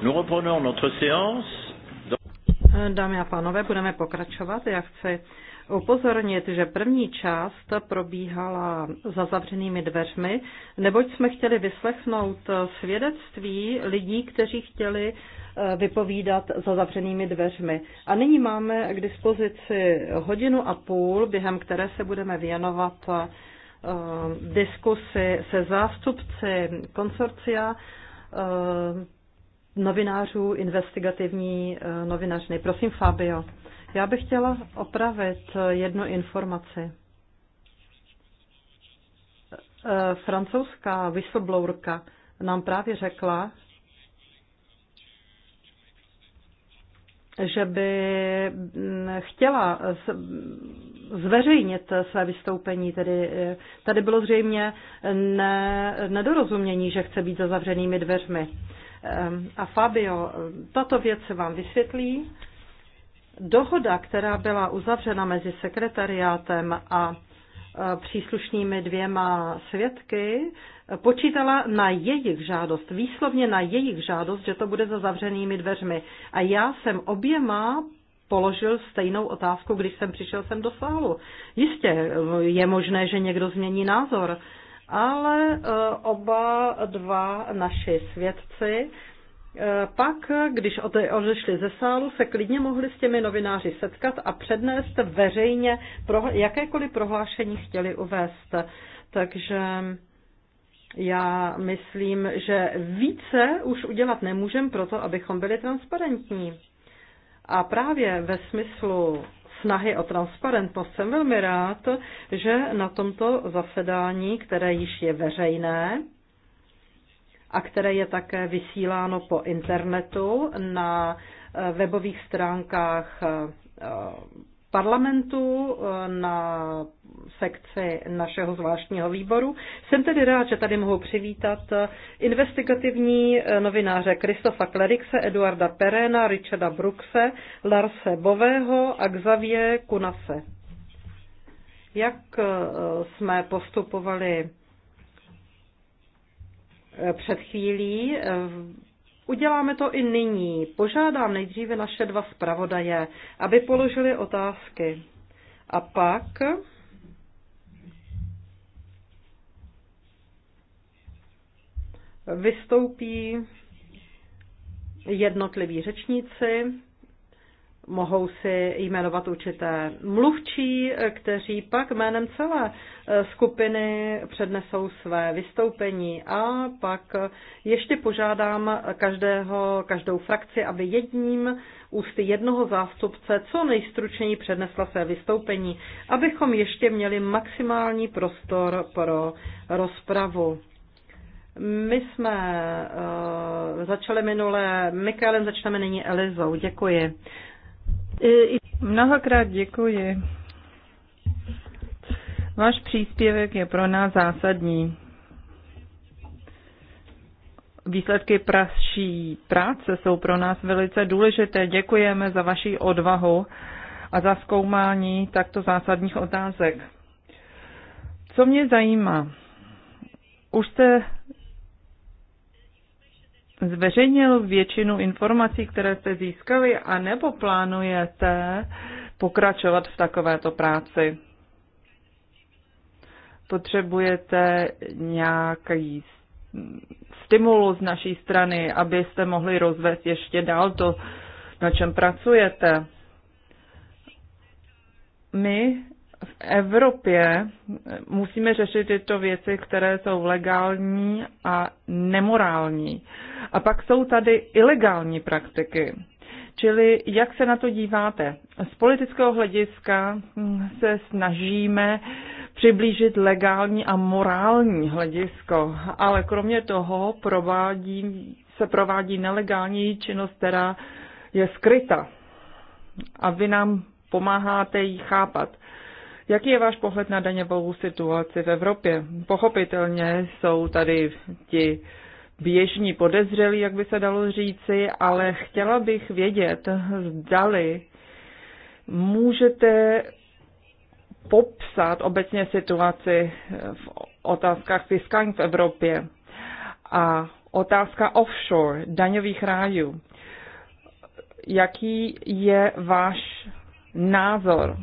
Nous reprenons notre séance. Eh, Dámy a pánové, budeme pokračovat. Já chci upozornit, že první část probíhala za zavřenými dveřmi, neboť jsme chtěli vyslechnout svědectví lidí, kteří chtěli eh, vypovídat za zavřenými dveřmi. A nyní máme k dispozici hodinu a půl, během které se budeme věnovat eh, diskusi se zástupci konsorcia novinářů, investigativní eh, novinařny. Prosím, Fabio. Já bych chtěla opravit eh, jednu informaci. Eh, francouzská whistleblowerka nám právě řekla, že by mm, chtěla zveřejnit své vystoupení. Tedy, tady bylo zřejmě ne, nedorozumění, že chce být za zavřenými dveřmi a Fabio tato věc se vám vysvětlí. Dohoda, která byla uzavřena mezi sekretariátem a e, příslušnými dvěma svědky, počítala na jejich žádost, výslovně na jejich žádost, že to bude za zavřenými dveřmi. A já jsem oběma položil stejnou otázku, když jsem přišel sem do sálu. Jistě e, je možné, že někdo změní názor, ale e, oba dva naši svědci e, pak, když odešli ze sálu, se klidně mohli s těmi novináři setkat a přednést veřejně prohla- jakékoliv prohlášení chtěli uvést. Takže já myslím, že více už udělat nemůžeme proto, abychom byli transparentní. A právě ve smyslu snahy o transparentnost. Jsem velmi rád, že na tomto zasedání, které již je veřejné a které je také vysíláno po internetu na eh, webových stránkách eh, parlamentu eh, na sekci našeho zvláštního výboru. Jsem tedy rád, že tady mohu přivítat eh, investigativní eh, novináře Kristofa Klerikse, Eduarda Perena, Richarda Bruxe, Larse Bového a Xavier Kunase. Jak jsme postupovali před chvílí Uděláme to i nyní. Požádám nejdříve naše dva zpravodaje, aby položili otázky. A pak vystoupí jednotliví řečníci mohou si jmenovat určité mluvčí, kteří pak jménem celé eh, skupiny přednesou své vystoupení a pak ještě požádám každého, každou frakci, aby jedním ústy jednoho zástupce co nejstručněji přednesla své vystoupení, abychom ještě měli maximální prostor pro rozpravu. My jsme uh, začali minule, Mikaelem začneme nyní Elizou. Děkuji. Mnohokrát děkuji. Váš příspěvek je pro nás zásadní. Výsledky praší práce jsou pro nás velice důležité. Děkujeme za vaši odvahu a za zkoumání takto zásadních otázek. Co mě zajímá? Už jste zveřejnil většinu informací, které jste získali, a nebo plánujete pokračovat v takovéto práci? Potřebujete nějaký stimul z naší strany, abyste mohli rozvést ještě dál to, na čem pracujete? My v Evropě musíme řešit tyto věci, které jsou legální a nemorální. A pak jsou tady ilegální praktiky. Čili jak se na to díváte? Z politického hlediska se snažíme přiblížit legální a morální hledisko, ale kromě toho provádí, se provádí nelegální činnost, která je skryta. A vy nám pomáháte ji chápat. Jaký je váš pohled na daňovou situaci v Evropě? Pochopitelně jsou tady ti běžní podezřelí, jak by se dalo říci, ale chtěla bych vědět, zdali můžete popsat obecně situaci v otázkách fiskální v Evropě a otázka offshore, daňových rájů. Jaký je váš názor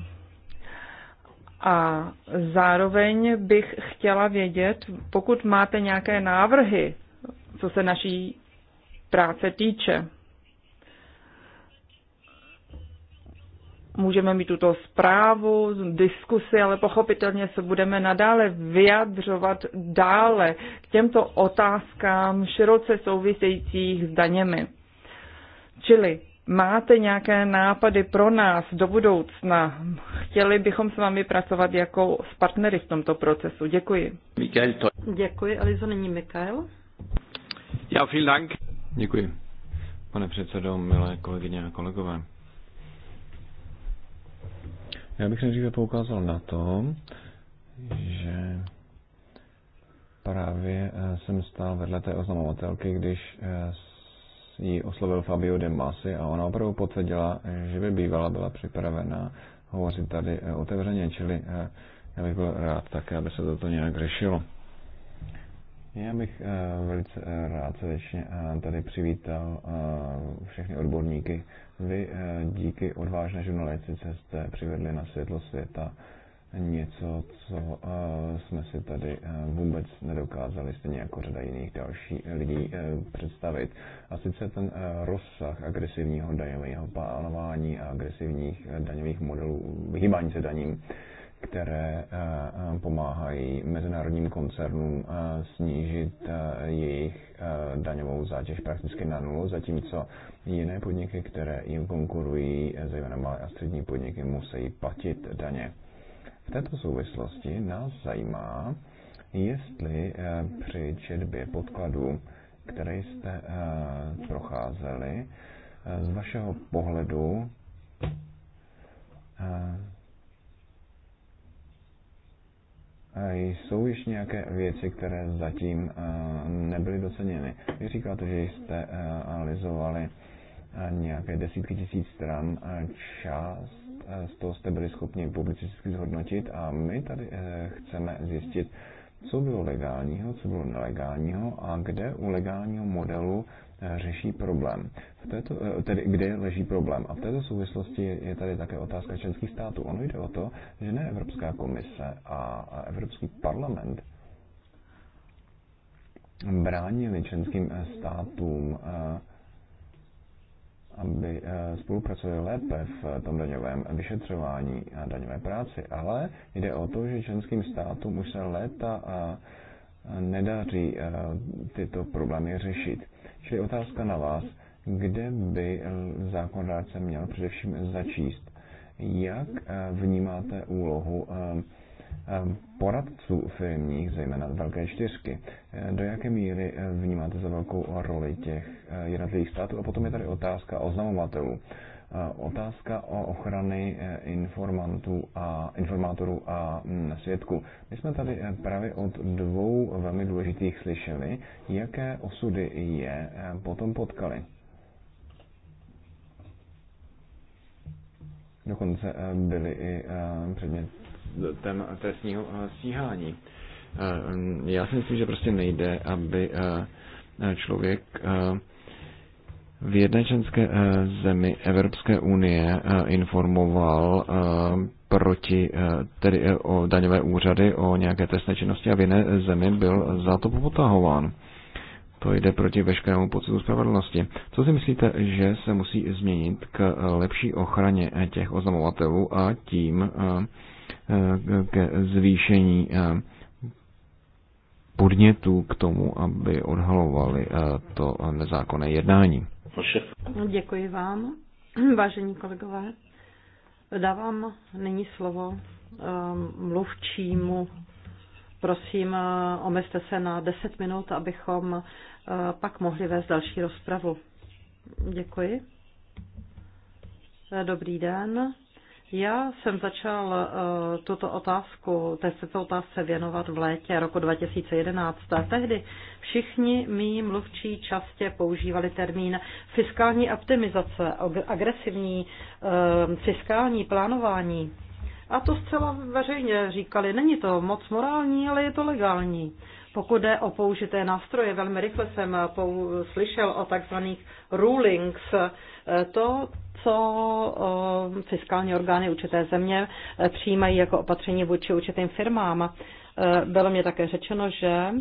a zároveň bych chtěla vědět, pokud máte nějaké návrhy, co se naší práce týče. Můžeme mít tuto zprávu, diskusy, ale pochopitelně se budeme nadále vyjadřovat dále k těmto otázkám široce souvisejících s daněmi. Čili máte nějaké nápady pro nás do budoucna, chtěli bychom s vámi pracovat jako s partnery v tomto procesu. Děkuji. Mikael to... Děkuji. Alizo, není Mikael? Já, vielen Dank. Děkuji. Pane předsedo, milé kolegyně a kolegové. Já bych nejdříve poukázal na to, že právě eh, jsem stál vedle té oznamovatelky, když eh, ji oslovil Fabio De Masi a ona opravdu potvrdila, že by bývala byla připravena hovořit tady eh, otevřeně, čili eh, já bych byl rád také, aby se toto nějak řešilo. Já bych eh, velice rád srdečně tady přivítal všechny odborníky. Vy díky odvážné žurnalistice jste přivedli na světlo světa něco, co eh, jsme si tady eh, vůbec nedokázali, stejně jako řada jiných dalších eh, lidí představit. A sice ten rozsah agresivního daňového plánování a agresivních daňových modelů, vyhýbání se daním, které pomáhají mezinárodním koncernům snížit jejich daňovou zátěž prakticky na nulu, zatímco jiné podniky, které jim konkurují, zejména malé a střední podniky, musí platit daně. V této souvislosti nás zajímá, jestli eh, při četbě podkladů, které jste eh, procházeli, eh, z vašeho pohledu jsou již nějaké věci, které zatím nebyly doceněny. Vy říkáte, že jste analyzovali nějaké desítky tisíc stran čas z toho jste byli schopni publicisticky zhodnotit a my tady eh, chceme zjistit, co bylo legálního, co bylo nelegálního a kde u legálního modelu eh, řeší problém. V této, eh, tedy kde leží problém. A v této souvislosti je tady také otázka členských států. Ono jde o to, že ne Evropská komise a Evropský parlament bránili členským státům uh, aby eh, spolupracovali lépe v tom daňovém vyšetřování a daňové práci, ale jde o to, že členským státům už se léta eh, nedaří eh, tyto problémy řešit. Čili otázka na vás, kde by zákonodárce měl především začíst? Jak vnímáte úlohu Ehm, poradců firmních, zejména Velké čtyřky. Eh, do jaké míry eh, vnímáte za velkou roli těch eh, jednotlivých států? A potom je tady otázka oznamovatelů. Otázka o ochrany informantů a informátorů a mm, svědků. My jsme tady právě od dvou velmi důležitých slyšeli, jaké osudy je potom potkali. Dokonce byly i předmět tém trestního eh, stíhání. Eh, já si myslím, že prostě nejde, aby eh, člověk v jedné členské zemi Evropské unie informoval proti, tedy o daňové úřady o nějaké trestné činnosti a v jiné zemi byl za to popotahován. To jde proti veškerému pocitu spravedlnosti. Co si myslíte, že se musí změnit k lepší ochraně těch oznamovatelů a tím ke zvýšení eh, podnětů k tomu, aby odhalovali eh, to nezákonné jednání. Děkuji vám, vážení kolegové. Dávám nyní slovo eh, mluvčímu. Prosím, omezte se na 10 minut, abychom pak mohli vést další rozpravu. Děkuji. Dobrý den. Já jsem začal uh, tuto otázku, to otázce věnovat v létě roku 2011. A tehdy všichni mý mluvčí častě používali termín fiskální optimizace, agresivní uh, fiskální plánování. A to zcela veřejně říkali, není to moc morální, ale je to legální. Pokud jde o použité nástroje, velmi rychle jsem slyšel o takzvaných rulings. To, co fiskální orgány určité země přijímají jako opatření vůči určitým firmám. E, bylo mě také řečeno, že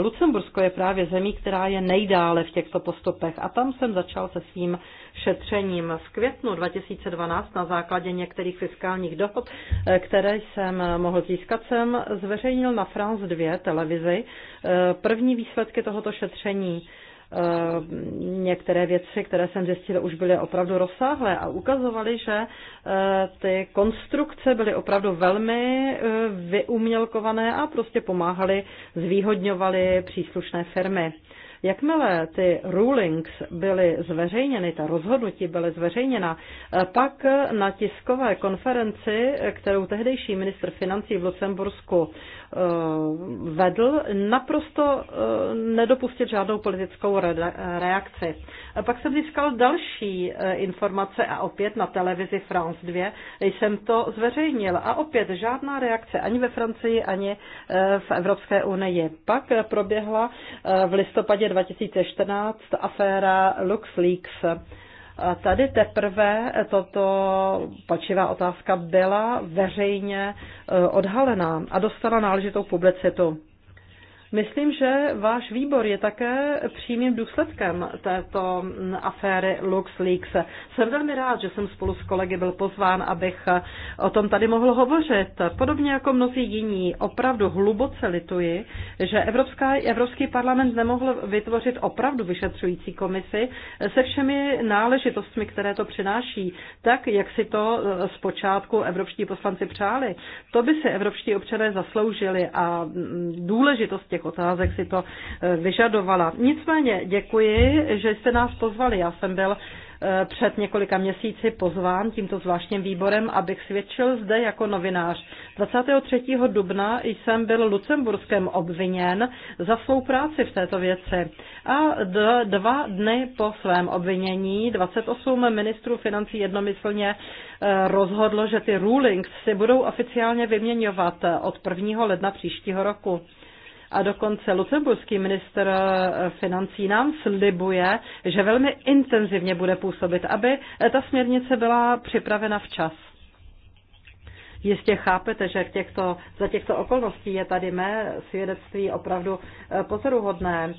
Lucembursko je právě zemí, která je nejdále v těchto postupech a tam jsem začal se svým šetřením. V květnu 2012 na základě některých fiskálních dohod, eh, které jsem eh, mohl získat, jsem zveřejnil na France 2 televizi eh, první výsledky tohoto šetření některé věci, které jsem zjistil, už byly opravdu rozsáhlé a ukazovaly, že ty konstrukce byly opravdu velmi vyumělkované a prostě pomáhaly, zvýhodňovaly příslušné firmy. Jakmile ty rulings byly zveřejněny, ta rozhodnutí byly zveřejněna, eh, pak na tiskové konferenci, kterou tehdejší ministr financí v Lucembursku Eh, vedl, naprosto eh, nedopustit žádnou politickou reakci. Pak jsem získal další eh, informace a opět na televizi France 2 jsem to zveřejnil a opět žádná reakce ani ve Francii, ani v Evropské unii. Pak proběhla v listopadě 2014 aféra LuxLeaks a tady teprve toto pačivá otázka byla veřejně eh, odhalená a dostala náležitou publicitu. Myslím, že váš výbor je také přímým důsledkem této aféry LuxLeaks. Jsem velmi rád, že jsem spolu s kolegy byl pozván, abych o tom tady mohl hovořit. Podobně jako mnozí jiní, opravdu hluboce lituji, že Evropská, Evropský parlament nemohl vytvořit opravdu vyšetřující komisi se všemi náležitostmi, které to přináší, tak, jak si to eh, zpočátku evropští poslanci přáli. To by si evropští občané zasloužili a mm, důležitost těch těch otázek si to eh, vyžadovala. Nicméně děkuji, že jste nás pozvali. Já jsem byl eh, před několika měsíci pozván tímto zvláštním výborem, abych svědčil zde jako novinář. 23. dubna jsem byl Lucemburskem obviněn za svou práci v této věci. A dva dny po svém obvinění 28 ministrů financí jednomyslně eh, rozhodlo, že ty rulings si budou oficiálně vyměňovat od 1. ledna příštího roku. A dokonce lucemburský minister eh, financí nám slibuje, že velmi intenzivně bude působit, aby eh, ta směrnice byla připravena včas. Jistě chápete, že těchto, za těchto okolností je tady mé svědectví opravdu eh, pozoruhodné.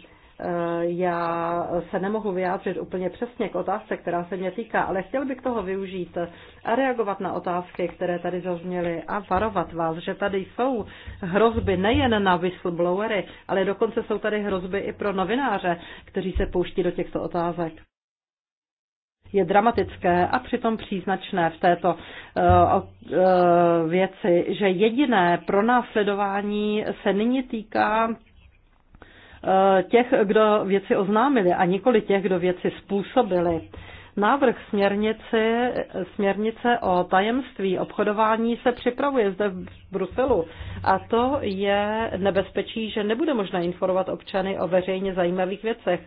Já se nemohu vyjádřit úplně přesně k otázce, která se mě týká, ale chtěl bych toho využít a reagovat na otázky, které tady zazněly a varovat vás, že tady jsou hrozby nejen na whistleblowery, ale dokonce jsou tady hrozby i pro novináře, kteří se pouští do těchto otázek je dramatické a přitom příznačné v této eh, eh, věci, že jediné pronásledování se nyní týká Eh, těch, kdo věci oznámili a nikoli těch, kdo věci způsobili. Návrh směrnice, směrnice o tajemství obchodování se připravuje zde v Bruselu a to je nebezpečí, že nebude možné informovat občany o veřejně zajímavých věcech.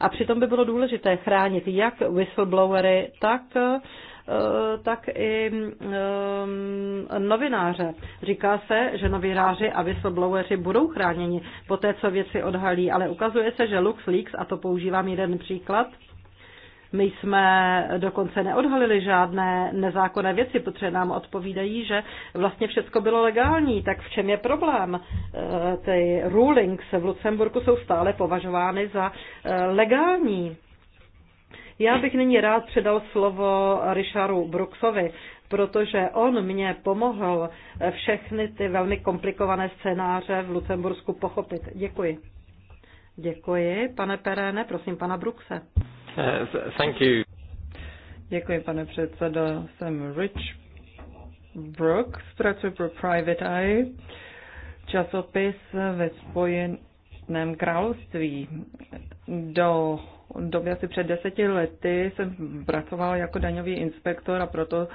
A přitom by bylo důležité chránit jak whistleblowery, tak Eh, tak i eh, novináře. Říká se, že novináři a whistlebloweri budou chráněni po té, co věci odhalí, ale ukazuje se, že LuxLeaks, a to používám jeden příklad, my jsme dokonce neodhalili žádné nezákonné věci, protože nám odpovídají, že vlastně všechno bylo legální. Tak v čem je problém? Eh, ty rulings v Lucemburku jsou stále považovány za legální. Já bych nyní rád předal slovo Richardu Brooksovi, protože on mě pomohl všechny ty velmi komplikované scénáře v Lucembursku pochopit. Děkuji. Děkuji, pane Peréne, prosím pana Brookse. Uh, thank you. Děkuji, pane předsedo. Jsem Rich Brooks, pracuji pro Private Eye, časopis ve Spojeném království. Do době asi před deseti lety jsem pracoval jako daňový inspektor a proto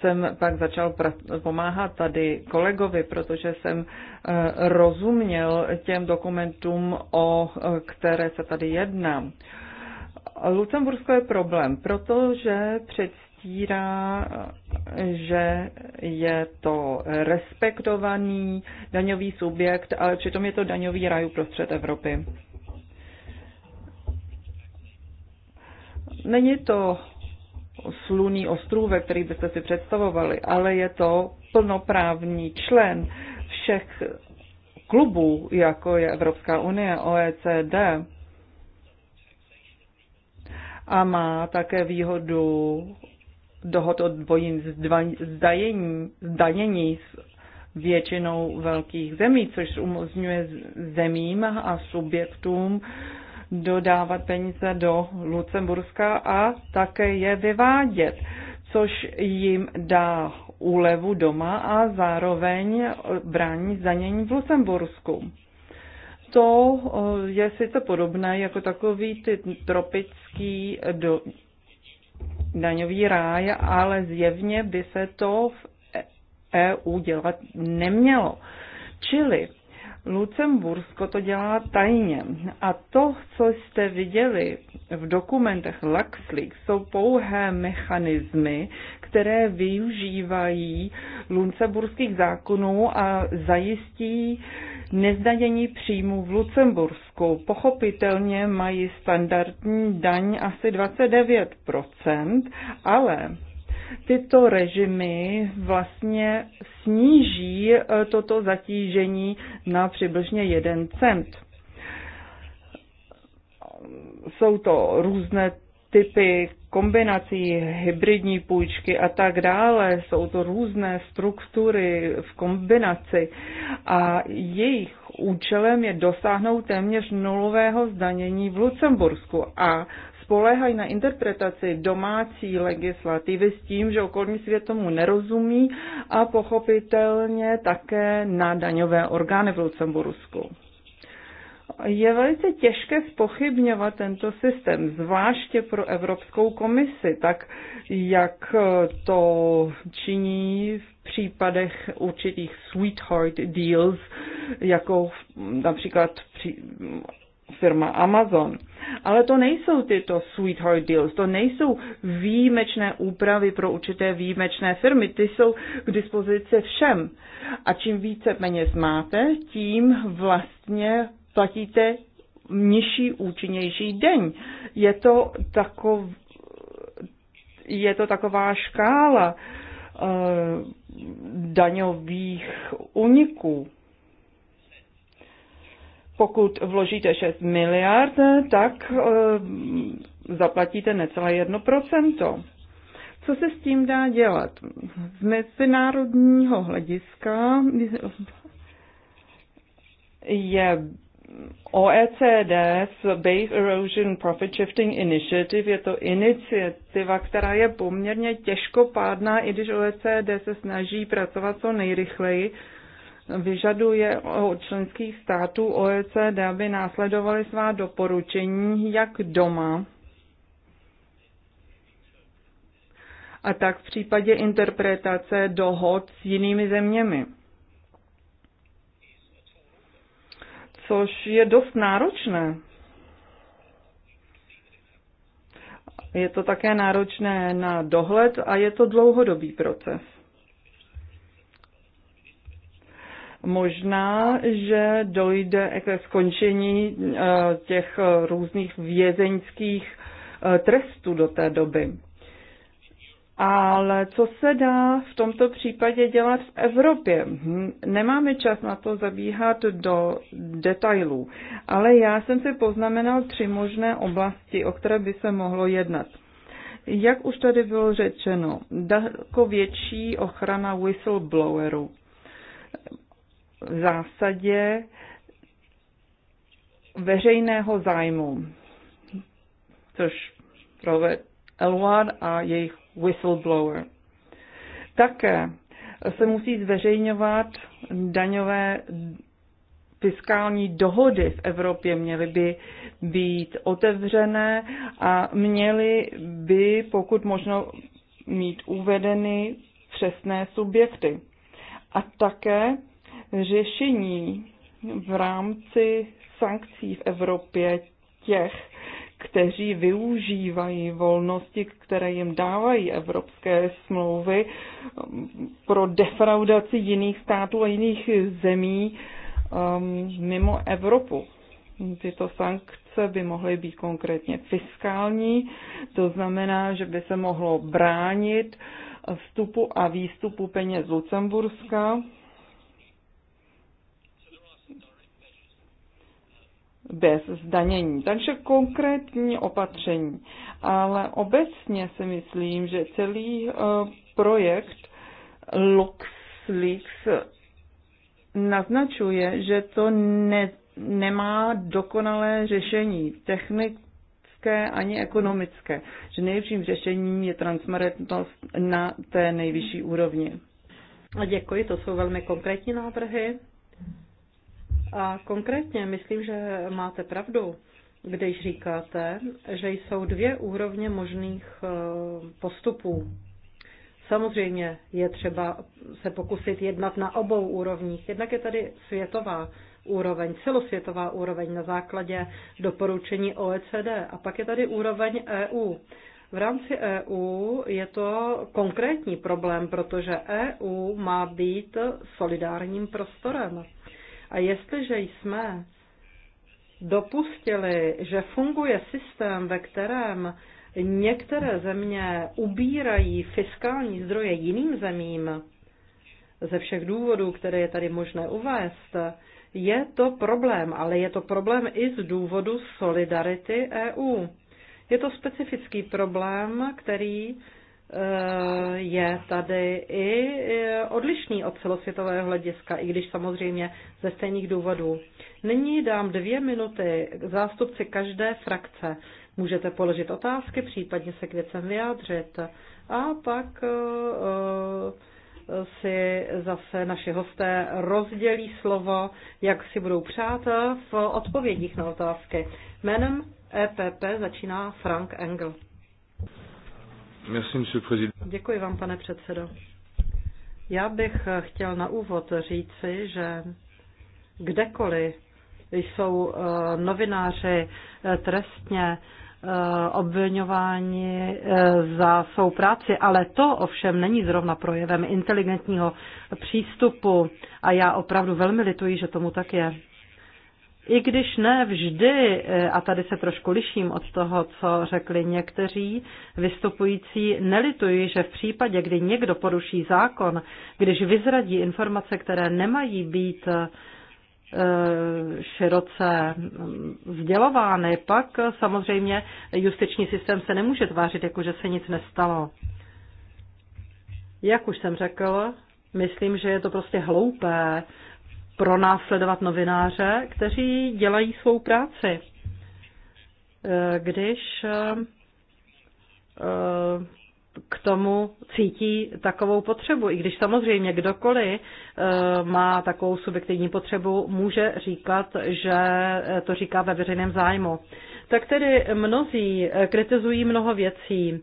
jsem pak začal pomáhat tady kolegovi, protože jsem eh, rozuměl těm dokumentům, o eh, které se tady jedná. Lucembursko je problém, protože předstírá, že je to respektovaný daňový subjekt, ale přitom je to daňový raj uprostřed Evropy. Není to sluný ostrůvek, který byste si představovali, ale je to plnoprávní člen všech klubů, jako je Evropská unie, OECD, a má také výhodu dohod o dvojím zdanění, zdanění s většinou velkých zemí, což umožňuje zemím a subjektům uh, dodávat peníze do Lucemburska a také je vyvádět, což jim dá úlevu doma a zároveň brání zdanění v Lucembursku. To eh, je sice podobné jako takový ty tropický do, daňový ráj, ale zjevně by se to v EU e dělat nemělo. Čili Lucembursko to dělá tajně. A to, co jste viděli v dokumentech LuxLeaks, jsou pouhé mechanismy, které využívají lucemburských zákonů a zajistí nezdanění příjmu v Lucembursku. Pochopitelně mají standardní daň asi 29%, ale tyto režimy vlastně sníží eh, toto zatížení na přibližně 1 cent. Jsou to různé typy kombinací, hybridní půjčky a tak dále. Jsou to různé struktury v kombinaci a jejich účelem je dosáhnout téměř nulového zdanění v Lucembursku. A spolehají na interpretaci domácí legislativy s tím, že okolní svět tomu nerozumí a pochopitelně také na daňové orgány v Lucembursku. Je velice těžké spochybňovat tento systém, zvláště pro Evropskou komisi, tak jak to činí v případech určitých sweetheart deals, jako například firma Amazon. Ale to nejsou tyto sweetheart deals, to nejsou výjimečné úpravy pro určité výjimečné firmy, ty jsou k dispozici všem. A čím více peněz máte, tím vlastně platíte nižší, účinnější deň. Je to, takov, je to taková škála uh, daňových uniků. Pokud vložíte 6 miliard, tak eh, zaplatíte necelé 1%. Co se s tím dá dělat? Z mezinárodního hlediska je OECD's Base Erosion Profit Shifting Initiative je to iniciativa, která je poměrně těžkopádná, i když OECD se snaží pracovat co nejrychleji vyžaduje od členských států OECD, aby následovali svá doporučení jak doma, a tak v případě interpretace dohod s jinými zeměmi. Což je dost náročné. Je to také náročné na dohled a je to dlouhodobý proces. Možná, že dojde k skončení eh, těch různých vězeňských eh, trestů do té doby. Ale co se dá v tomto případě dělat v Evropě? Hm, nemáme čas na to zabíhat do detailů, ale já jsem si poznamenal tři možné oblasti, o které by se mohlo jednat. Jak už tady bylo řečeno, daleko větší ochrana whistleblowerů v zásadě veřejného zájmu, což Robert Elward a jejich whistleblower. Také se musí zveřejňovat daňové fiskální dohody v Evropě měly by být otevřené a měly by pokud možno mít uvedeny přesné subjekty. A také řešení v rámci sankcí v Evropě těch, kteří využívají volnosti, které jim dávají evropské smlouvy pro defraudaci jiných států a jiných zemí um, mimo Evropu. Tyto sankce by mohly být konkrétně fiskální, to znamená, že by se mohlo bránit vstupu a výstupu peněz Lucemburska bez zdanění. Takže konkrétní opatření. Ale obecně si myslím, že celý eh, projekt LuxLeaks naznačuje, že to ne, nemá dokonalé řešení technické ani ekonomické. Že nejlepším řešením je transparentnost na té nejvyšší úrovni. Děkuji, to jsou velmi konkrétní návrhy. A konkrétně myslím, že máte pravdu, když říkáte, že jsou dvě úrovně možných eh, postupů. Samozřejmě je třeba se pokusit jednat na obou úrovních. Jednak je tady světová úroveň, celosvětová úroveň na základě doporučení OECD. A pak je tady úroveň EU. V rámci EU je to konkrétní problém, protože EU má být solidárním prostorem. A jestliže jsme dopustili, že funguje systém, ve kterém některé země ubírají fiskální zdroje jiným zemím, ze všech důvodů, které je tady možné uvést, je to problém, ale je to problém i z důvodu solidarity EU. Je to specifický problém, který je tady i odlišný od celosvětového hlediska, i když samozřejmě ze stejných důvodů. Nyní dám dvě minuty zástupci každé frakce. Můžete položit otázky, případně se k věcem vyjádřit. A pak eh, eh, si zase naši hosté rozdělí slovo, jak si budou přát eh, v odpovědích na otázky. Jménem EPP začíná Frank Engel. Děkuji vám, pane předsedo. Já bych chtěl na úvod říci, že kdekoliv jsou eh, novináři eh, trestně eh, obvinováni za svou práci, ale to ovšem není zrovna projevem inteligentního přístupu a já opravdu velmi lituji, že tomu tak je i když ne vždy, eh, a tady se trošku liším od toho, co řekli někteří vystupující, nelituji, že v případě, kdy někdo poruší zákon, když vyzradí informace, které nemají být eh, široce mm, vzdělovány, pak eh, samozřejmě justiční systém se nemůže tvářit, jako že se nic nestalo. Jak už jsem řekl, myslím, že je to prostě hloupé pronásledovat novináře, kteří dělají svou práci. Eh, když eh, eh, k tomu cítí takovou potřebu. I když samozřejmě kdokoliv má takovou subjektivní potřebu, může říkat, že to říká ve veřejném zájmu. Tak tedy mnozí kritizují mnoho věcí.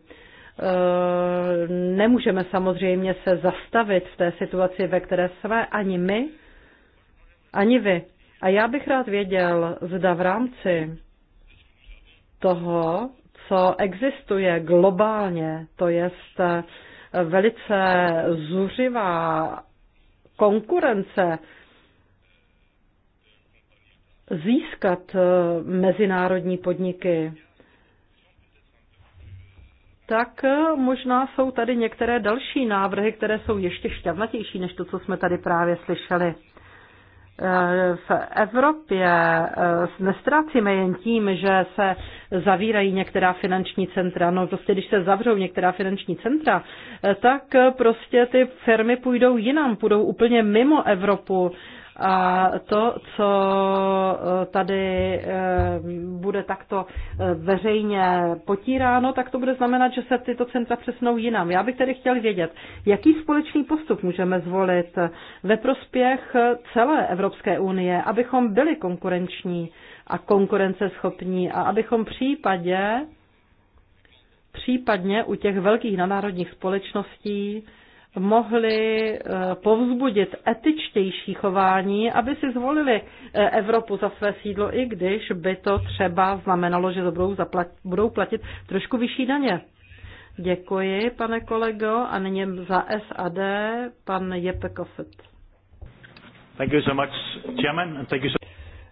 Nemůžeme samozřejmě se zastavit v té situaci, ve které jsme ani my, ani vy. A já bych rád věděl, zda v rámci toho, co existuje globálně, to jest eh, velice zuřivá konkurence, získat eh, mezinárodní podniky, tak eh, možná jsou tady některé další návrhy, které jsou ještě šťavnatější než to, co jsme tady právě slyšeli. Eh, v Evropě eh, nestrácíme jen tím, že se zavírají některá finanční centra. No prostě, když se zavřou některá finanční centra, eh, tak prostě ty firmy půjdou jinam, půjdou úplně mimo Evropu a to, co eh, tady eh, bude takto eh, veřejně potíráno, tak to bude znamenat, že se tyto centra přesnou jinam. Já bych tedy chtěl vědět, jaký společný postup můžeme zvolit ve prospěch celé Evropské unie, abychom byli konkurenční a konkurenceschopní a abychom případě případně u těch velkých nanárodních společností mohli eh, povzbudit etičtější chování, aby si zvolili eh, Evropu za své sídlo, i když by to třeba znamenalo, že budou, zaplat, budou platit trošku vyšší daně. Děkuji, pane kolego, a nyní za SAD pan Jeppe Kofet. Thank you so much, Chairman, thank you so...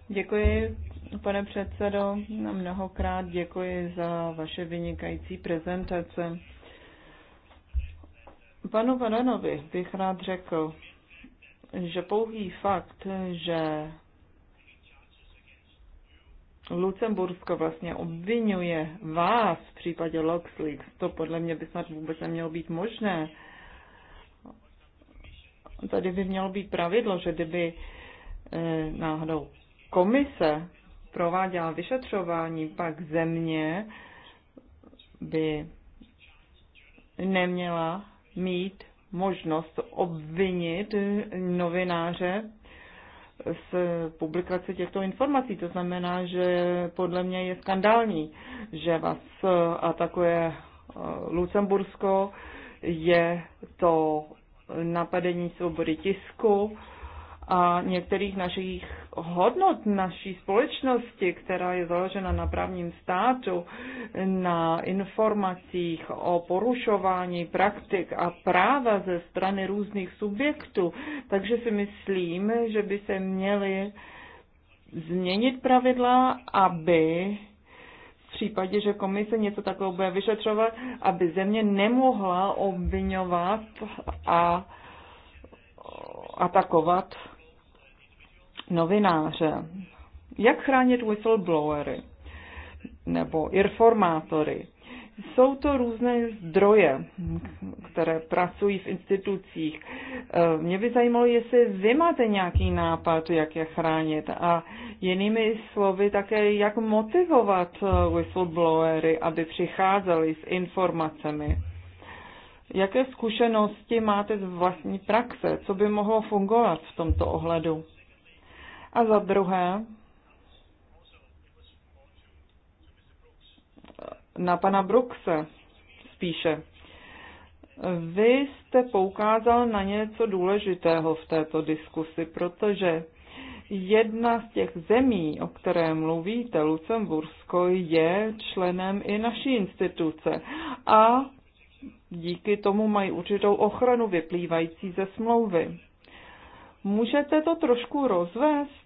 Děkuji, pane předsedo, mnohokrát děkuji za vaše vynikající prezentace. Panu Vanenovi bych rád řekl, že pouhý fakt, že Lucembursko vlastně obvinuje vás v případě LuxLeaks, to podle mě by snad vůbec nemělo být možné. Tady by mělo být pravidlo, že kdyby eh, náhodou komise prováděla vyšetřování, pak země by neměla mít možnost obvinit novináře z publikace těchto informací. To znamená, že podle mě je skandální, že vás atakuje eh, Lucembursko, je to napadení svobody tisku a některých našich hodnot naší společnosti, která je založena na právním státu, na informacích o porušování praktik a práva ze strany různých subjektů. Takže si myslím, že by se měly změnit pravidla, aby v případě, že komise něco takového bude vyšetřovat, aby země nemohla obvinovat a atakovat novináře. Jak chránit whistleblowery nebo informátory? Jsou to různé zdroje, které pracují v institucích. Eh, mě by zajímalo, jestli vy máte nějaký nápad, jak je chránit a jinými slovy také, jak motivovat eh, whistleblowery, aby přicházeli s informacemi. Jaké zkušenosti máte z vlastní praxe? Co by mohlo fungovat v tomto ohledu? A za druhé, na pana Brookse spíše. Vy jste poukázal na něco důležitého v této diskusi, protože jedna z těch zemí, o které mluvíte, Lucembursko, je členem i naší instituce a díky tomu mají určitou ochranu vyplývající ze smlouvy. Můžete to trošku rozvést?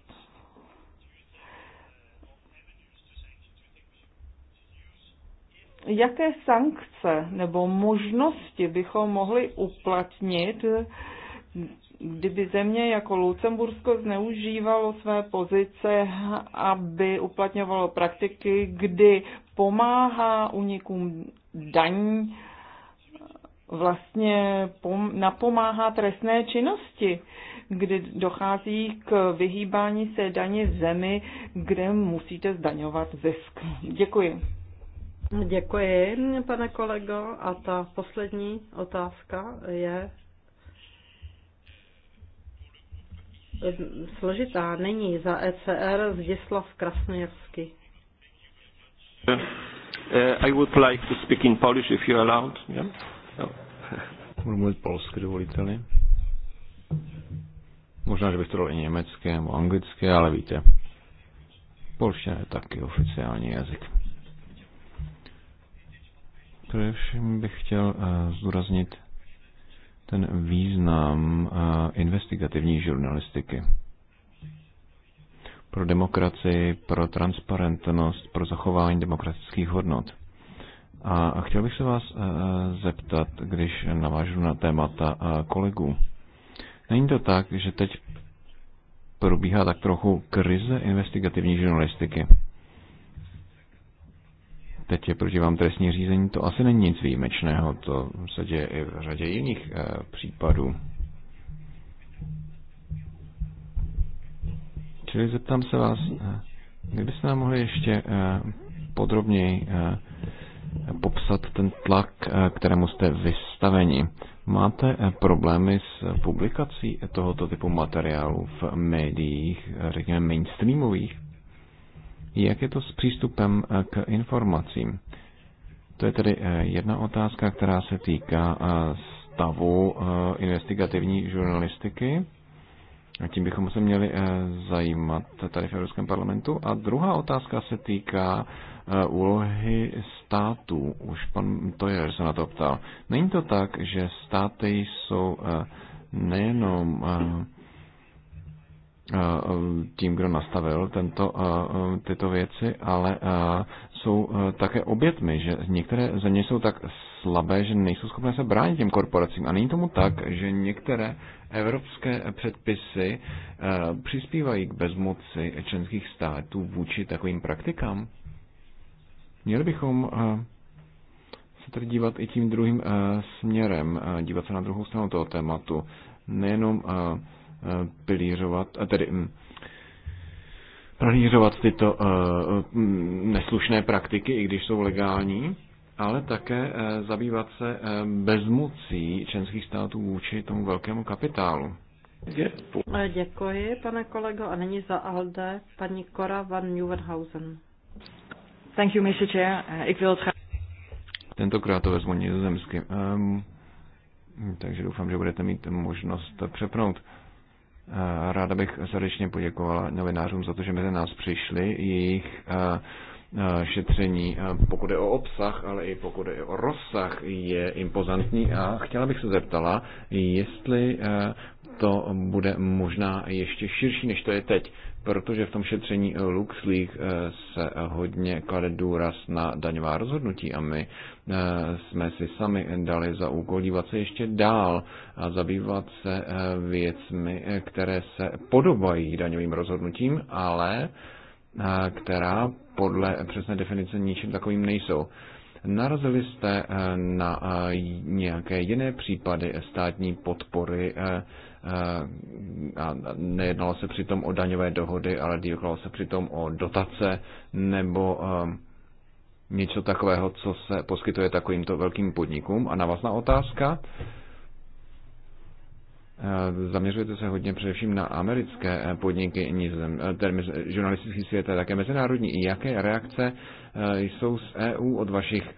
jaké sankce nebo možnosti bychom mohli uplatnit, kdyby země jako Lucembursko zneužívalo své pozice, aby uplatňovalo praktiky, kdy pomáhá unikům daní, vlastně napomáhá trestné činnosti, kdy dochází k vyhýbání se daně v zemi, kde musíte zdaňovat zisk. Děkuji. Děkuji, pane kolego. A ta poslední otázka je složitá. Není za ECR Zdislav Krasnojevský. Uh, I would like to speak in Polish, if you allowed. Yeah? No. mluvit polsky, dovolíte-li. Možná, že bych to dal i německé nebo anglické, ale víte, polština je taky oficiální jazyk. Především bych chtěl eh, zdůraznit ten význam eh, investigativní žurnalistiky pro demokracii, pro transparentnost, pro zachování demokratických hodnot. A chtěl bych se vás eh, zeptat, když navážu na témata kolegů. Není to tak, že teď probíhá tak trochu krize investigativní žurnalistiky? teď je proti vám trestní řízení, to asi není nic výjimečného, to se děje i v řadě jiných eh, případů. Čili zeptám se vás, eh, kdybyste nám mohli ještě eh, podrobněji popsat ten tlak, kterému jste vystaveni. Máte problémy s publikací tohoto typu materiálu v médiích, řekněme mainstreamových? Jak je to s přístupem eh, k informacím? To je tedy eh, jedna otázka, která se týká eh, stavu investigativní žurnalistiky. A tím bychom se měli zajímat tady v Evropském parlamentu. A druhá otázka se týká úlohy států. Už pan Tojer se na to ptal. Není to tak, že státy jsou nejenom Eh, tím, kdo nastavil tento, eh, tyto věci, ale eh, jsou také obětmi, že některé země jsou tak slabé, že nejsou schopné se bránit těm korporacím. A není tomu tak, že některé evropské předpisy přispívají k bezmoci členských států vůči takovým praktikám? Měli bychom se tedy dívat i tím druhým směrem, dívat se na druhou stranu toho tématu. Nejenom pilířovat, tedy mm, pranířovat tyto eh, mm, neslušné praktiky, i když jsou legální, ale také eh, zabývat se eh, bezmocí členských států vůči tomu velkému kapitálu. Děkuji, pane kolego. A nyní za ALDE paní Cora van Nieuwenhausen. Thank you, Mr. Chair. Ik wil het Tentokrát to vezmu nizozemsky. Um, takže doufám, že budete mít možnost přepnout. Eh, ráda bych srdečně poděkovala novinářům za to, že mezi nás přišli. Jejich eh, eh, šetření, pokud je o obsah, ale i pokud je o rozsah, je impozantní a chtěla bych se zeptala, jestli to bude možná ještě širší, než to je teď protože v tom šetření LuxLeaks eh, se hodně klade důraz na daňová rozhodnutí a my eh, jsme si sami dali za úkol dívat se ještě dál a zabývat se eh, věcmi, které se podobají daňovým rozhodnutím, ale která podle přesné definice ničím takovým nejsou. Narazili jste na nějaké jiné případy státní podpory Eh, a nejednalo se přitom o daňové dohody, ale jednalo se přitom o dotace nebo eh, něco takového, co se poskytuje takovýmto velkým podnikům. A návazná otázka. Eh, zaměřujete se hodně především na americké podniky, ten žurnalistický svět a také mezinárodní. Jaké reakce jsou z EU od vašich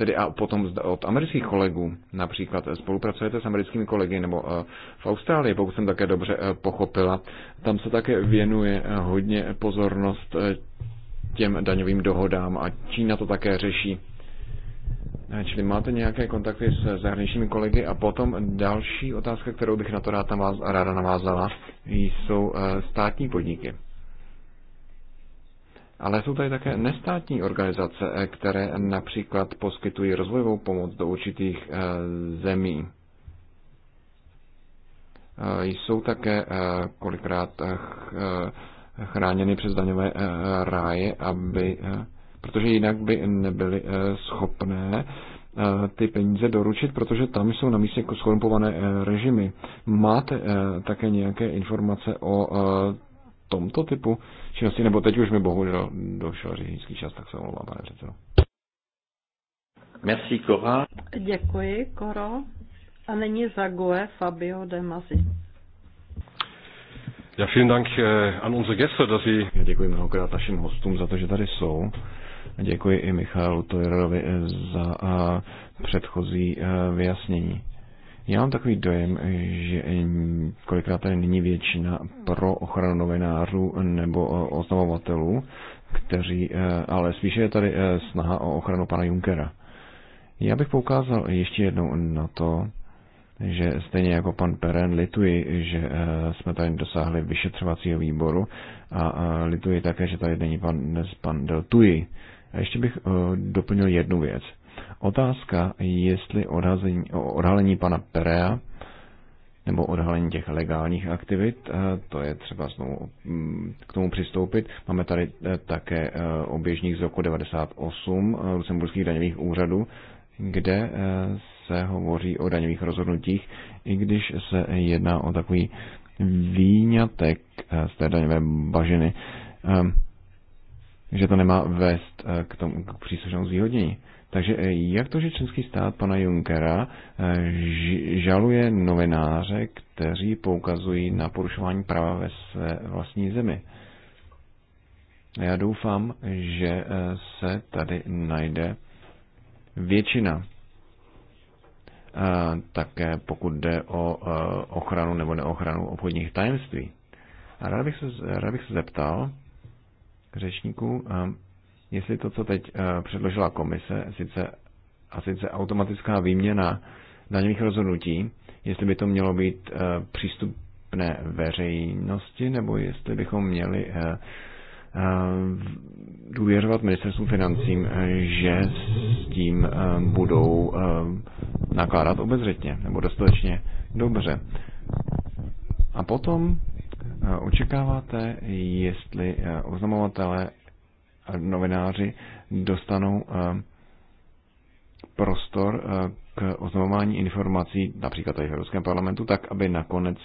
Tedy a potom od amerických kolegů, například eh, spolupracujete s americkými kolegy nebo eh, v Austrálii, pokud jsem také dobře eh, pochopila, tam se také věnuje hodně pozornost těm daňovým dohodám a Čína to také řeší. Čili máte nějaké kontakty s zahraničními kolegy a potom další otázka, kterou bych na to ráda, navázala, jsou státní podniky. Ale jsou tady také nestátní organizace, eh, které například poskytují rozvojovou pomoc do určitých eh, zemí. Eh, jsou také kolikrát chráněny přes daňové ráje, aby, protože jinak by nebyly schopné ty peníze doručit, protože tam jsou na místě skorumpované režimy. Máte také nějaké informace o tomto typu činnosti, nebo teď už mi bohužel došel řečnický čas, tak se omlouvám, pane předsedo. Merci, Kora. Děkuji, Koro. A za Goe Fabio de Masi. Ja, vielen Dank eh, an unsere Gäste, dass Sie... Ja, děkuji mnohokrát našim hostům za to, že tady jsou. Děkuji i Michalu Tojerovi eh, za eh, předchozí vyjasnění. Já mám takový dojem, že kolikrát tady není většina pro ochranu novinářů nebo eh, oznamovatelů, kteří, eh, ale spíše je tady eh, snaha o ochranu pana Junkera. Já bych poukázal ještě jednou na to, že stejně jako pan Peren lituji, že jsme tady dosáhli vyšetřovacího výboru a lituji také, že tady není pan, dnes pan Deltuji. A ještě bych doplnil jednu věc. Otázka, jestli odhazení, odhalení pana Perea nebo odhalení těch legálních aktivit, eh, to je třeba znovu mm, k tomu přistoupit. Máme tady eh, také eh, oběžník z roku 98 lucemburských daňových úřadů, kde se hovoří o daňových rozhodnutích, i když se jedná o takový výňatek z té daňové bažiny, že to nemá vést k tomu k příslušnému zvýhodnění. Takže eh, jak to, že členský stát pana Junkera eh, žaluje novináře, kteří poukazují na porušování práva ve své vlastní zemi? Já doufám, že eh, se tady najde většina. Také pokud jde o ochranu nebo neochranu obchodních tajemství. A rád bych se, rád bych se zeptal řečníků, jestli to, co teď eh, předložila komise, sice, a sice automatická výměna daňových rozhodnutí, jestli by to mělo být eh, přístupné veřejnosti, nebo jestli bychom měli eh, důvěřovat ministerstvu financím, že s tím budou nakládat obezřetně nebo dostatečně dobře. A potom očekáváte, jestli oznamovatele novináři dostanou eh, prostor eh, k oznamování informací, například tady v Evropském parlamentu, tak, aby nakonec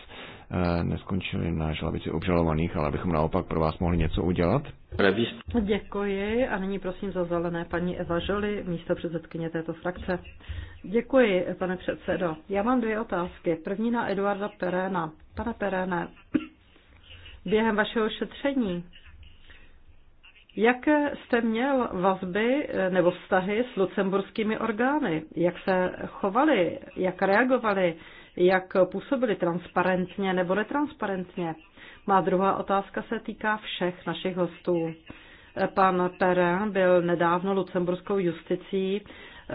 eh, neskončili na žlavici obžalovaných, ale abychom naopak pro vás mohli něco udělat. Děkuji a nyní prosím za zelené paní Eva Žoli, místo předsedkyně této frakce. Děkuji, pane předsedo. Já mám dvě otázky. První na Eduarda Peréna. Pane Peréne, během vašeho šetření Jaké jste měl vazby eh, nebo vztahy s lucemburskými orgány? Jak se chovali? Jak reagovali? Jak působili transparentně nebo netransparentně? Má druhá otázka se týká všech našich hostů. Eh, pan Perrin byl nedávno lucemburskou justicí eh,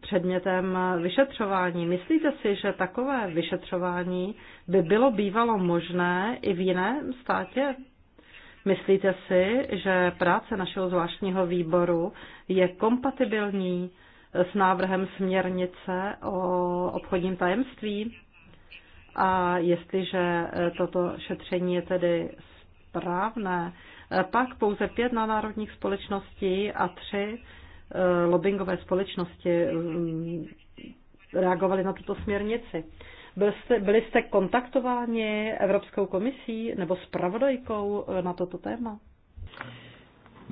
předmětem vyšetřování. Myslíte si, že takové vyšetřování by bylo bývalo možné i v jiném státě Myslíte si, že práce našeho zvláštního výboru je kompatibilní s návrhem směrnice o obchodním tajemství? A jestliže toto šetření je tedy správné, pak pouze pět národních společností a tři eh, lobbyingové společnosti mm, reagovaly na tuto směrnici. Byl jste, byli jste kontaktováni Evropskou komisí nebo s pravodajkou na toto téma?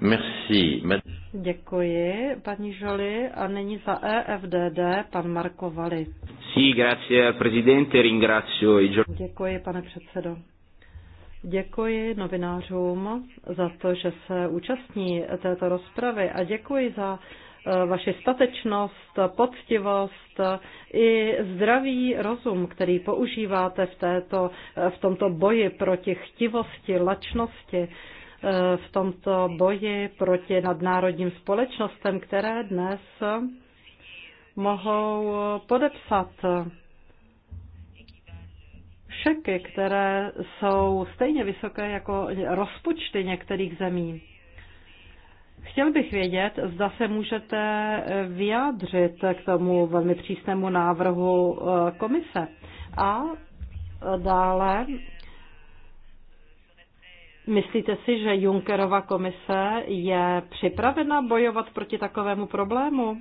Merci. Děkuji, paní Žoli. A není za EFDD pan Marko Vali. Sí, grazie, presidente, ringrazio i Děkuji, pane předsedo. Děkuji novinářům za to, že se účastní této rozpravy a děkuji za Eh, vaši statečnost, poctivost i zdravý rozum, který používáte v, této, eh, v tomto boji proti chtivosti, lačnosti, eh, v tomto boji proti nadnárodním společnostem, které dnes mohou podepsat šeky, které jsou stejně vysoké jako rozpočty některých zemí. Chtěl bych vědět, zda se můžete eh, vyjádřit k tomu velmi přísnému návrhu eh, komise. A eh, dále, myslíte si, že Junckerova komise je připravena bojovat proti takovému problému?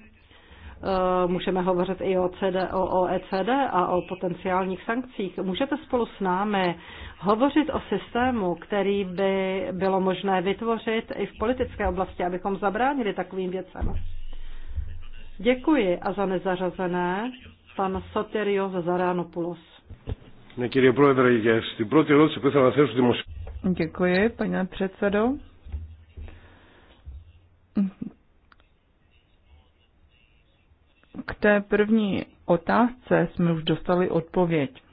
Můžeme hovořit i o, CD, o OECD a o potenciálních sankcích. Můžete spolu s námi Hovořit o systému, který by bylo možné vytvořit i v politické oblasti, abychom zabránili takovým věcem. Děkuji a za nezařazené pan Soterios Zaranopoulos. Děkuji, pane předsedo. K té první otázce jsme už dostali odpověď.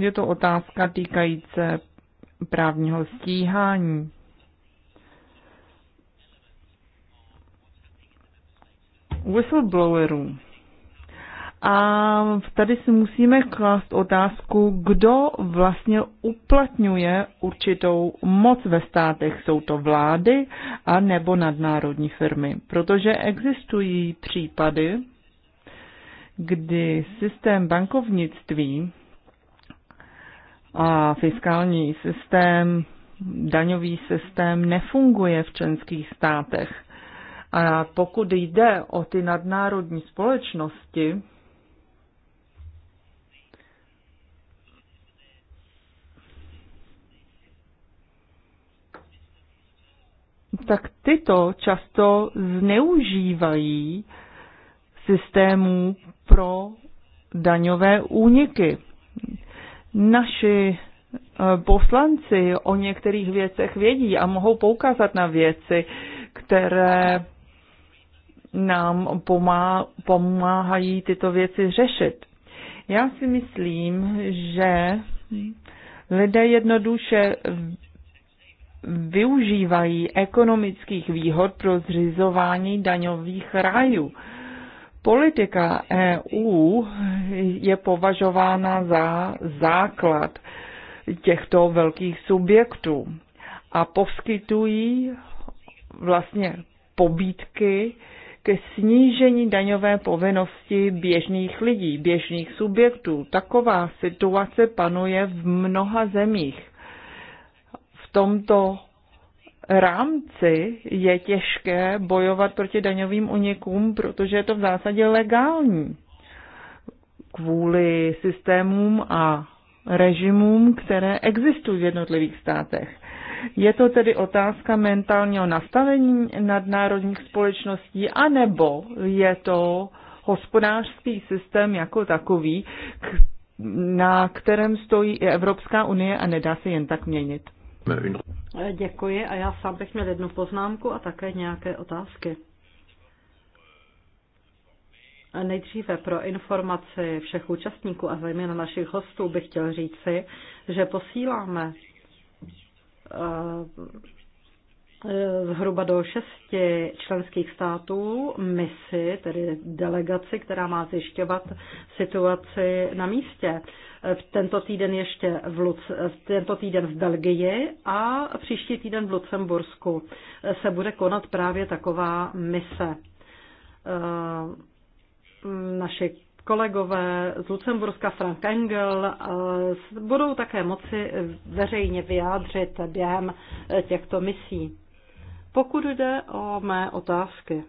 Je to otázka týkající právního stíhání. Whistleblowerů. A tady si musíme klást otázku, kdo vlastně uplatňuje určitou moc ve státech. Jsou to vlády a nebo nadnárodní firmy. Protože existují případy, kdy systém bankovnictví a fiskální systém, daňový systém nefunguje v členských státech. A pokud jde o ty nadnárodní společnosti, tak tyto často zneužívají systémů pro daňové úniky naši eh, poslanci o některých věcech vědí a mohou poukázat na věci, které nám pomáhají tyto věci řešit. Já si myslím, že lidé jednoduše využívají ekonomických výhod pro zřizování daňových rájů. Politika EU je považována za základ těchto velkých subjektů a poskytují vlastně pobídky ke snížení daňové povinnosti běžných lidí, běžných subjektů. Taková situace panuje v mnoha zemích. V tomto rámci je těžké bojovat proti daňovým unikům, protože je to v zásadě legální kvůli systémům a režimům, které existují v jednotlivých státech. Je to tedy otázka mentálního nastavení nadnárodních společností, anebo je to hospodářský systém jako takový, na kterém stojí i Evropská unie a nedá se jen tak měnit. Děkuji a já sám bych měl jednu poznámku a také nějaké otázky. Nejdříve pro informaci všech účastníků a zejména našich hostů bych chtěl říci, že posíláme eh, zhruba do šesti členských států misi, tedy delegaci, která má zjišťovat situaci na místě tento týden ještě v, Luc, tento týden v Belgii a příští týden v Lucembursku se bude konat právě taková mise. Eh, naši kolegové z Lucemburska Frank Engel eh, budou také moci veřejně vyjádřit během eh, těchto misí. Pokud jde o mé otázky.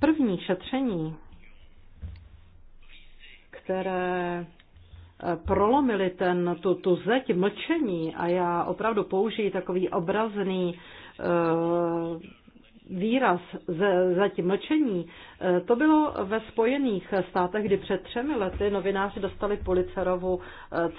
První šetření které eh, prolomily ten, tu, tu zeď mlčení a já opravdu použiji takový obrazný eh, výraz ze, za tím mlčení, eh, to bylo ve Spojených státech, kdy před třemi lety novináři dostali Pulitzerovu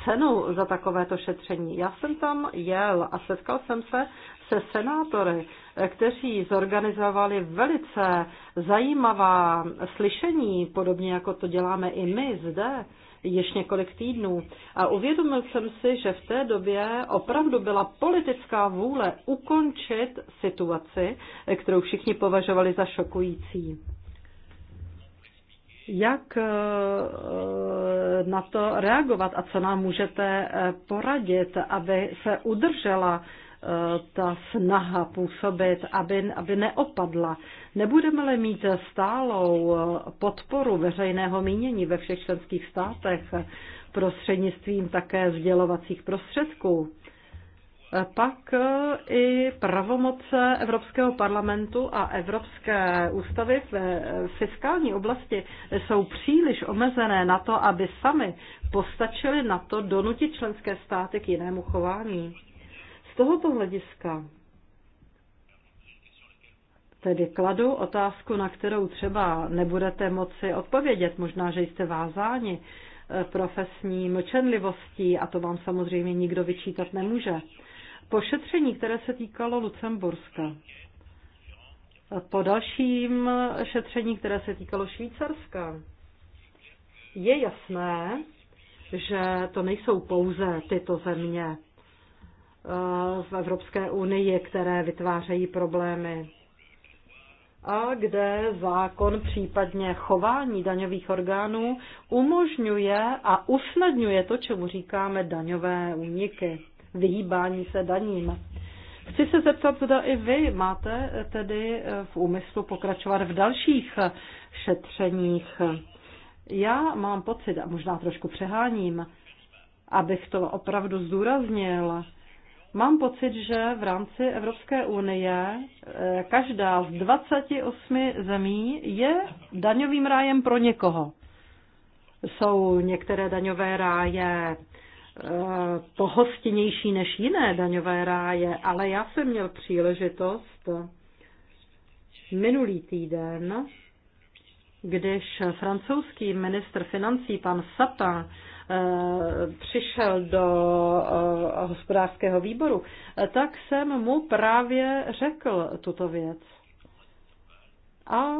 cenu za takovéto šetření. Já jsem tam jel a setkal jsem se se senátory kteří zorganizovali velice zajímavá slyšení, podobně jako to děláme i my zde, již několik týdnů. A uvědomil jsem si, že v té době opravdu byla politická vůle ukončit situaci, kterou všichni považovali za šokující. Jak eh, na to reagovat a co nám můžete eh, poradit, aby se udržela ta snaha působit, aby, aby neopadla. Nebudeme-li mít stálou podporu veřejného mínění ve všech členských státech prostřednictvím také sdělovacích prostředků, pak i pravomoce Evropského parlamentu a Evropské ústavy v fiskální oblasti jsou příliš omezené na to, aby sami postačili na to donutit členské státy k jinému chování tohoto hlediska tedy kladu otázku, na kterou třeba nebudete moci odpovědět, možná, že jste vázáni eh, profesní mlčenlivostí a to vám samozřejmě nikdo vyčítat nemůže. Pošetření, které se týkalo Lucemburska. Po dalším šetření, které se týkalo Švýcarska, je jasné, že to nejsou pouze tyto země, v Evropské unii, které vytvářejí problémy a kde zákon případně chování daňových orgánů umožňuje a usnadňuje to, čemu říkáme daňové úniky, vyhýbání se daním. Chci se zeptat, zda i vy máte tedy v úmyslu pokračovat v dalších šetřeních. Já mám pocit, a možná trošku přeháním, abych to opravdu zdůraznil, Mám pocit, že v rámci Evropské unie eh, každá z 28 zemí je daňovým rájem pro někoho. Jsou některé daňové ráje pohostinější eh, než jiné daňové ráje, ale já jsem měl příležitost minulý týden, když francouzský ministr financí pan Sapin přišel do eh, hospodářského výboru, tak jsem mu právě řekl tuto věc. A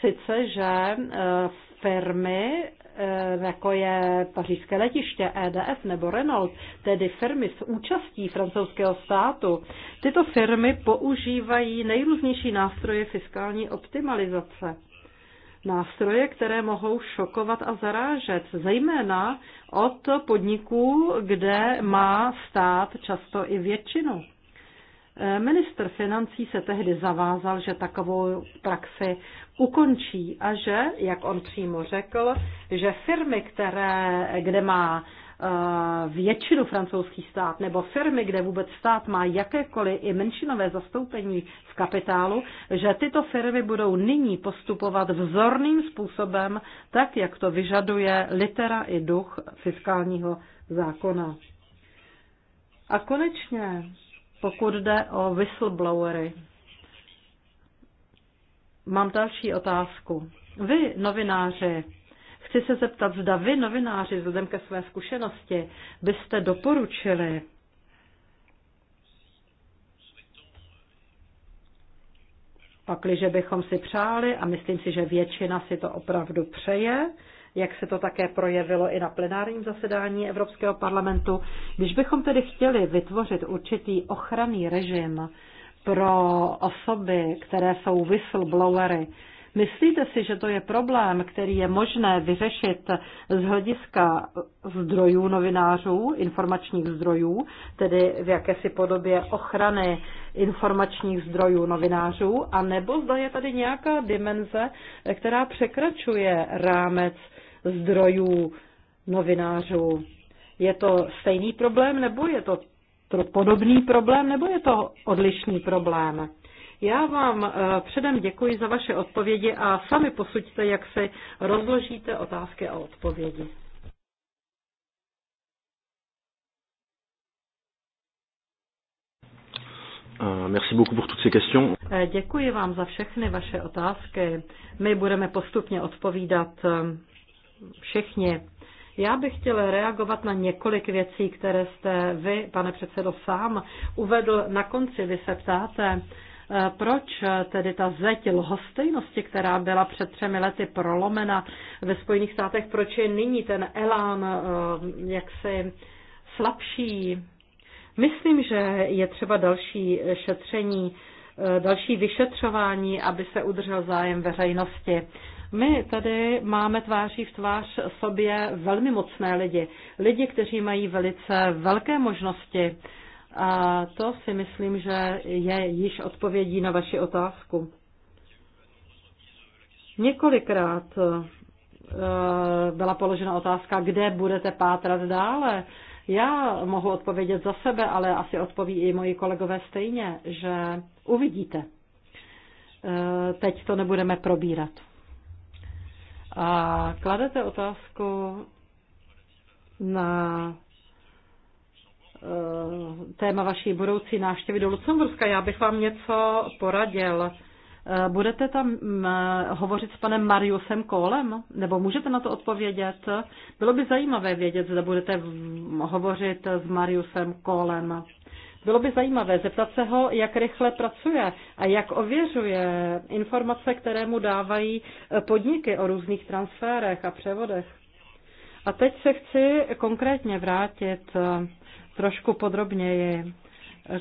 sice, že eh, firmy eh, jako je pařížské letiště, EDF nebo Renault, tedy firmy s účastí francouzského státu, tyto firmy používají nejrůznější nástroje fiskální optimalizace nástroje, které mohou šokovat a zarážet, zejména od podniků, kde má stát často i většinu. Eh, Minister financí se tehdy zavázal, že takovou praxi ukončí a že, jak on přímo řekl, že firmy, které, kde má většinu francouzský stát nebo firmy, kde vůbec stát má jakékoliv i menšinové zastoupení v kapitálu, že tyto firmy budou nyní postupovat vzorným způsobem, tak jak to vyžaduje litera i duch fiskálního zákona. A konečně, pokud jde o whistleblowery, mám další otázku. Vy, novináři, Chci se zeptat, zda vy, novináři, vzhledem ke své zkušenosti, byste doporučili pakliže bychom si přáli, a myslím si, že většina si to opravdu přeje, jak se to také projevilo i na plenárním zasedání Evropského parlamentu, když bychom tedy chtěli vytvořit určitý ochranný režim pro osoby, které jsou whistleblowery, Myslíte si, že to je problém, který je možné vyřešit z hlediska zdrojů novinářů, informačních zdrojů, tedy v jakési podobě ochrany informačních zdrojů novinářů, a nebo zda je tady nějaká dimenze, která překračuje rámec zdrojů novinářů? Je to stejný problém, nebo je to podobný problém, nebo je to odlišný problém? Já vám eh, předem děkuji za vaše odpovědi a sami posuďte, jak se rozložíte otázky a odpovědi. Ah, merci beaucoup pour toutes ces questions. Eh, děkuji vám za všechny vaše otázky. My budeme postupně odpovídat eh, všichni. Já bych chtěl reagovat na několik věcí, které jste vy, pane předsedo, sám uvedl na konci. Vy se ptáte, proč tedy ta zeď lhostejnosti, která byla před třemi lety prolomena ve Spojených státech, proč je nyní ten elán eh, jaksi slabší? Myslím, že je třeba další šetření, eh, další vyšetřování, aby se udržel zájem veřejnosti. My tady máme tváří v tvář sobě velmi mocné lidi. Lidi, kteří mají velice velké možnosti a to si myslím, že je již odpovědí na vaši otázku. Několikrát eh, byla položena otázka, kde budete pátrat dále. Já mohu odpovědět za sebe, ale asi odpoví i moji kolegové stejně, že uvidíte. Eh, teď to nebudeme probírat. A kladete otázku na Eh, téma vaší budoucí návštěvy do Lucemburska. Já bych vám něco poradil. Eh, budete tam mm, eh, hovořit s panem Mariusem Kolem? Nebo můžete na to odpovědět? Bylo by zajímavé vědět, zda budete hovořit s Mariusem Kolem. Bylo by zajímavé zeptat se ho, jak rychle pracuje a jak ověřuje informace, které mu dávají podniky o různých transferech a převodech. A teď se chci konkrétně vrátit trošku podrobněji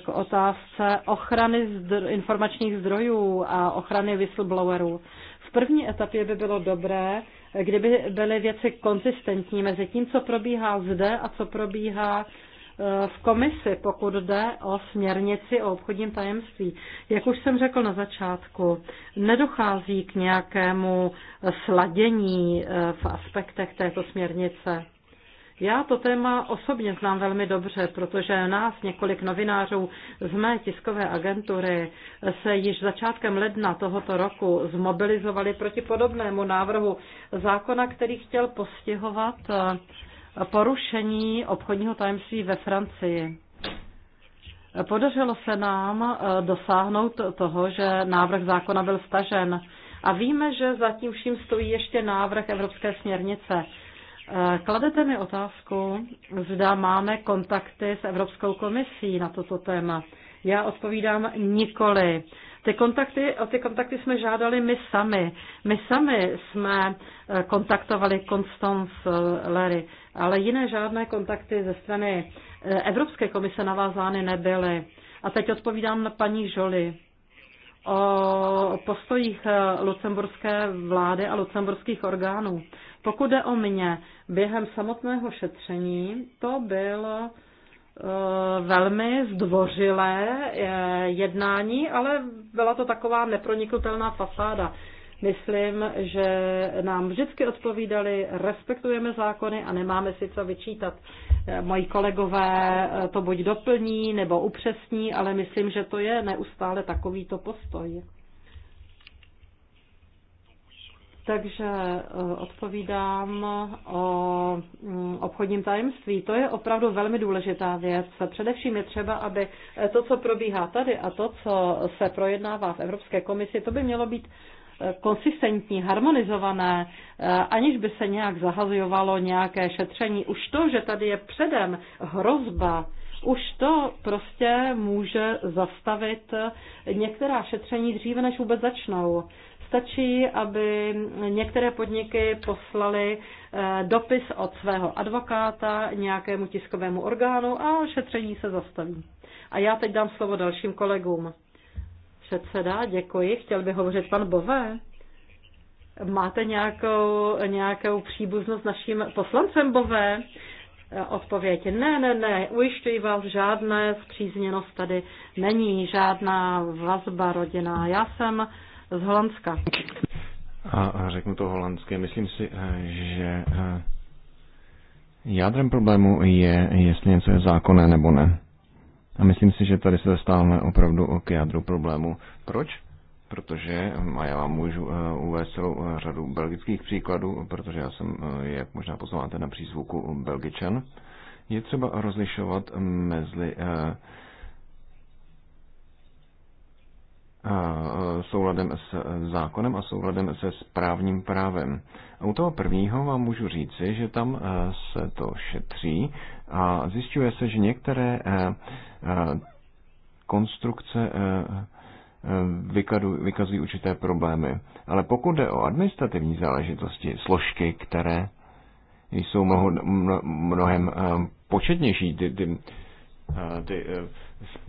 k otázce ochrany zdr- informačních zdrojů a ochrany whistleblowerů. V první etapě by bylo dobré, kdyby byly věci konzistentní mezi tím, co probíhá zde a co probíhá e, v komisi, pokud jde o směrnici o obchodním tajemství. Jak už jsem řekl na začátku, nedochází k nějakému sladění e, v aspektech této směrnice. Já to téma osobně znám velmi dobře, protože nás, několik novinářů z mé tiskové agentury, se již začátkem ledna tohoto roku zmobilizovali proti podobnému návrhu zákona, který chtěl postihovat eh, porušení obchodního tajemství ve Francii. Podařilo se nám eh, dosáhnout toho, že návrh zákona byl stažen. A víme, že zatím vším stojí ještě návrh Evropské směrnice. Eh, kladete mi otázku, zda máme kontakty s Evropskou komisí na toto téma. Já odpovídám nikoli. Ty kontakty, o ty kontakty jsme žádali my sami. My sami jsme eh, kontaktovali Constance Lery, ale jiné žádné kontakty ze strany eh, Evropské komise navázány nebyly. A teď odpovídám na paní Žoli o postojích lucemburské vlády a lucemburských orgánů. Pokud jde o mě, během samotného šetření to bylo eh, velmi zdvořilé eh, jednání, ale byla to taková neproniknutelná fasáda. Myslím, že nám vždycky odpovídali, respektujeme zákony a nemáme si co vyčítat. Eh, moji kolegové to buď doplní nebo upřesní, ale myslím, že to je neustále takovýto postoj. Takže eh, odpovídám eh, o mm, obchodním tajemství. To je opravdu velmi důležitá věc. Především je třeba, aby eh, to, co probíhá tady a to, co se projednává v Evropské komisi, to by mělo být konsistentní, harmonizované, aniž by se nějak zahazovalo nějaké šetření. Už to, že tady je předem hrozba, už to prostě může zastavit některá šetření dříve, než vůbec začnou. Stačí, aby některé podniky poslali eh, dopis od svého advokáta nějakému tiskovému orgánu a šetření se zastaví. A já teď dám slovo dalším kolegům. Předseda, děkuji. Chtěl by hovořit pan Bové. Máte nějakou, nějakou příbuznost s naším poslancem Bové? Odpověď. Ne, ne, ne, ujišťuji vás, žádné zpřízněnost tady není, žádná vazba rodina. Já jsem z Holandska. A, a řeknu to Holandské. Myslím si, eh, že eh, jádrem problému je, jestli něco je zákonné nebo ne. A myslím si, že tady se dostáváme opravdu k jádru problému. Proč? Protože, a já vám můžu eh, uvést celou řadu belgických příkladů, protože já jsem, jak možná poznáte na přízvuku, belgičan, je třeba rozlišovat mezi souladem s zákonem a souladem se správním právem. U toho prvního vám můžu říci, že tam se to šetří a zjišťuje se, že některé konstrukce vykazují určité problémy. Ale pokud jde o administrativní záležitosti, složky, které jsou mnohem početnější, ty, ty, ty,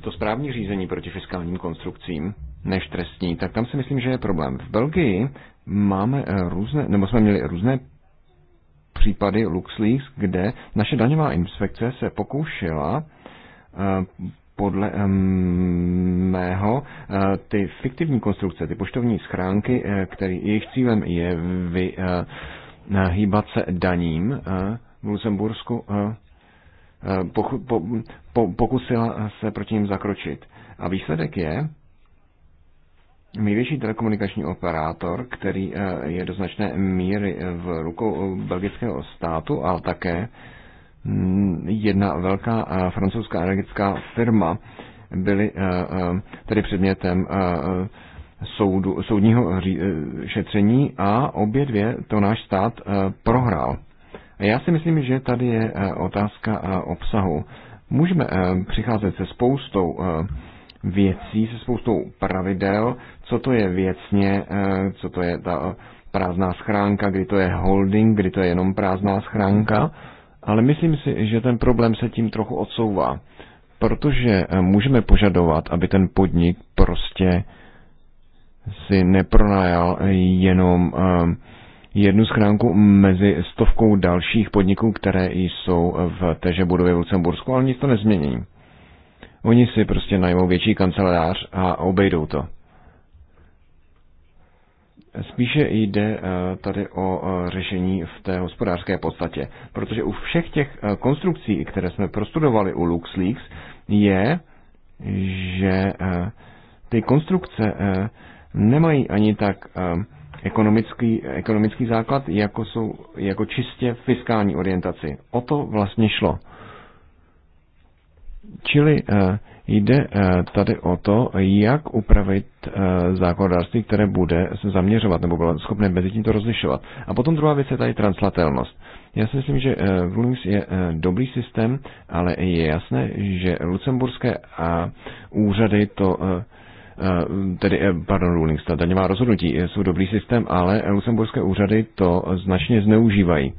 to správní řízení proti fiskálním konstrukcím, než trestní, tak tam si myslím, že je problém. V Belgii máme eh, různé, nebo jsme měli různé případy LuxLeaks, kde naše daňová inspekce se pokoušela eh, podle mého eh, ty fiktivní konstrukce, ty poštovní schránky, který jejich cílem je vyhýbat se daním v Lucembursku, pokusila se proti ním zakročit. A výsledek je, největší telekomunikační operátor, který eh, je do značné míry eh, v rukou eh, belgického státu, ale také mm, jedna velká francouzská energetická firma byly tedy předmětem soudu, soudního šetření a obě dvě to náš stát prohrál. Já si myslím, že tady je otázka obsahu. Můžeme přicházet se spoustou věcí se spoustou pravidel, co to je věcně, eh, co to je ta prázdná schránka, kdy to je holding, kdy to je jenom prázdná schránka, ale myslím si, že ten problém se tím trochu odsouvá, protože eh, můžeme požadovat, aby ten podnik prostě si nepronajal jenom eh, jednu schránku mezi stovkou dalších podniků, které jsou v téže budově v Lucembursku, ale nic to nezmění. Oni si prostě najmou větší kancelář a obejdou to. Spíše jde eh, tady o eh, řešení v té hospodářské podstatě, protože u všech těch eh, konstrukcí, které jsme prostudovali u LuxLeaks, je, že ty konstrukce nemají ani tak ekonomický, ekonomický základ, jako, jsou, jako čistě fiskální orientaci. O to vlastně šlo. Čili eh, jde eh, tady o to, jak upravit eh, zákonodárství, které bude se zaměřovat nebo bylo schopné mezi tím to rozlišovat. A potom druhá věc je tady translatelnost. Já si myslím, že Linux je dobrý systém, ale je jasné, že lucemburské a úřady to tedy, pardon, ruling ta daňová rozhodnutí jsou dobrý systém, ale lucemburské úřady to značně zneužívají.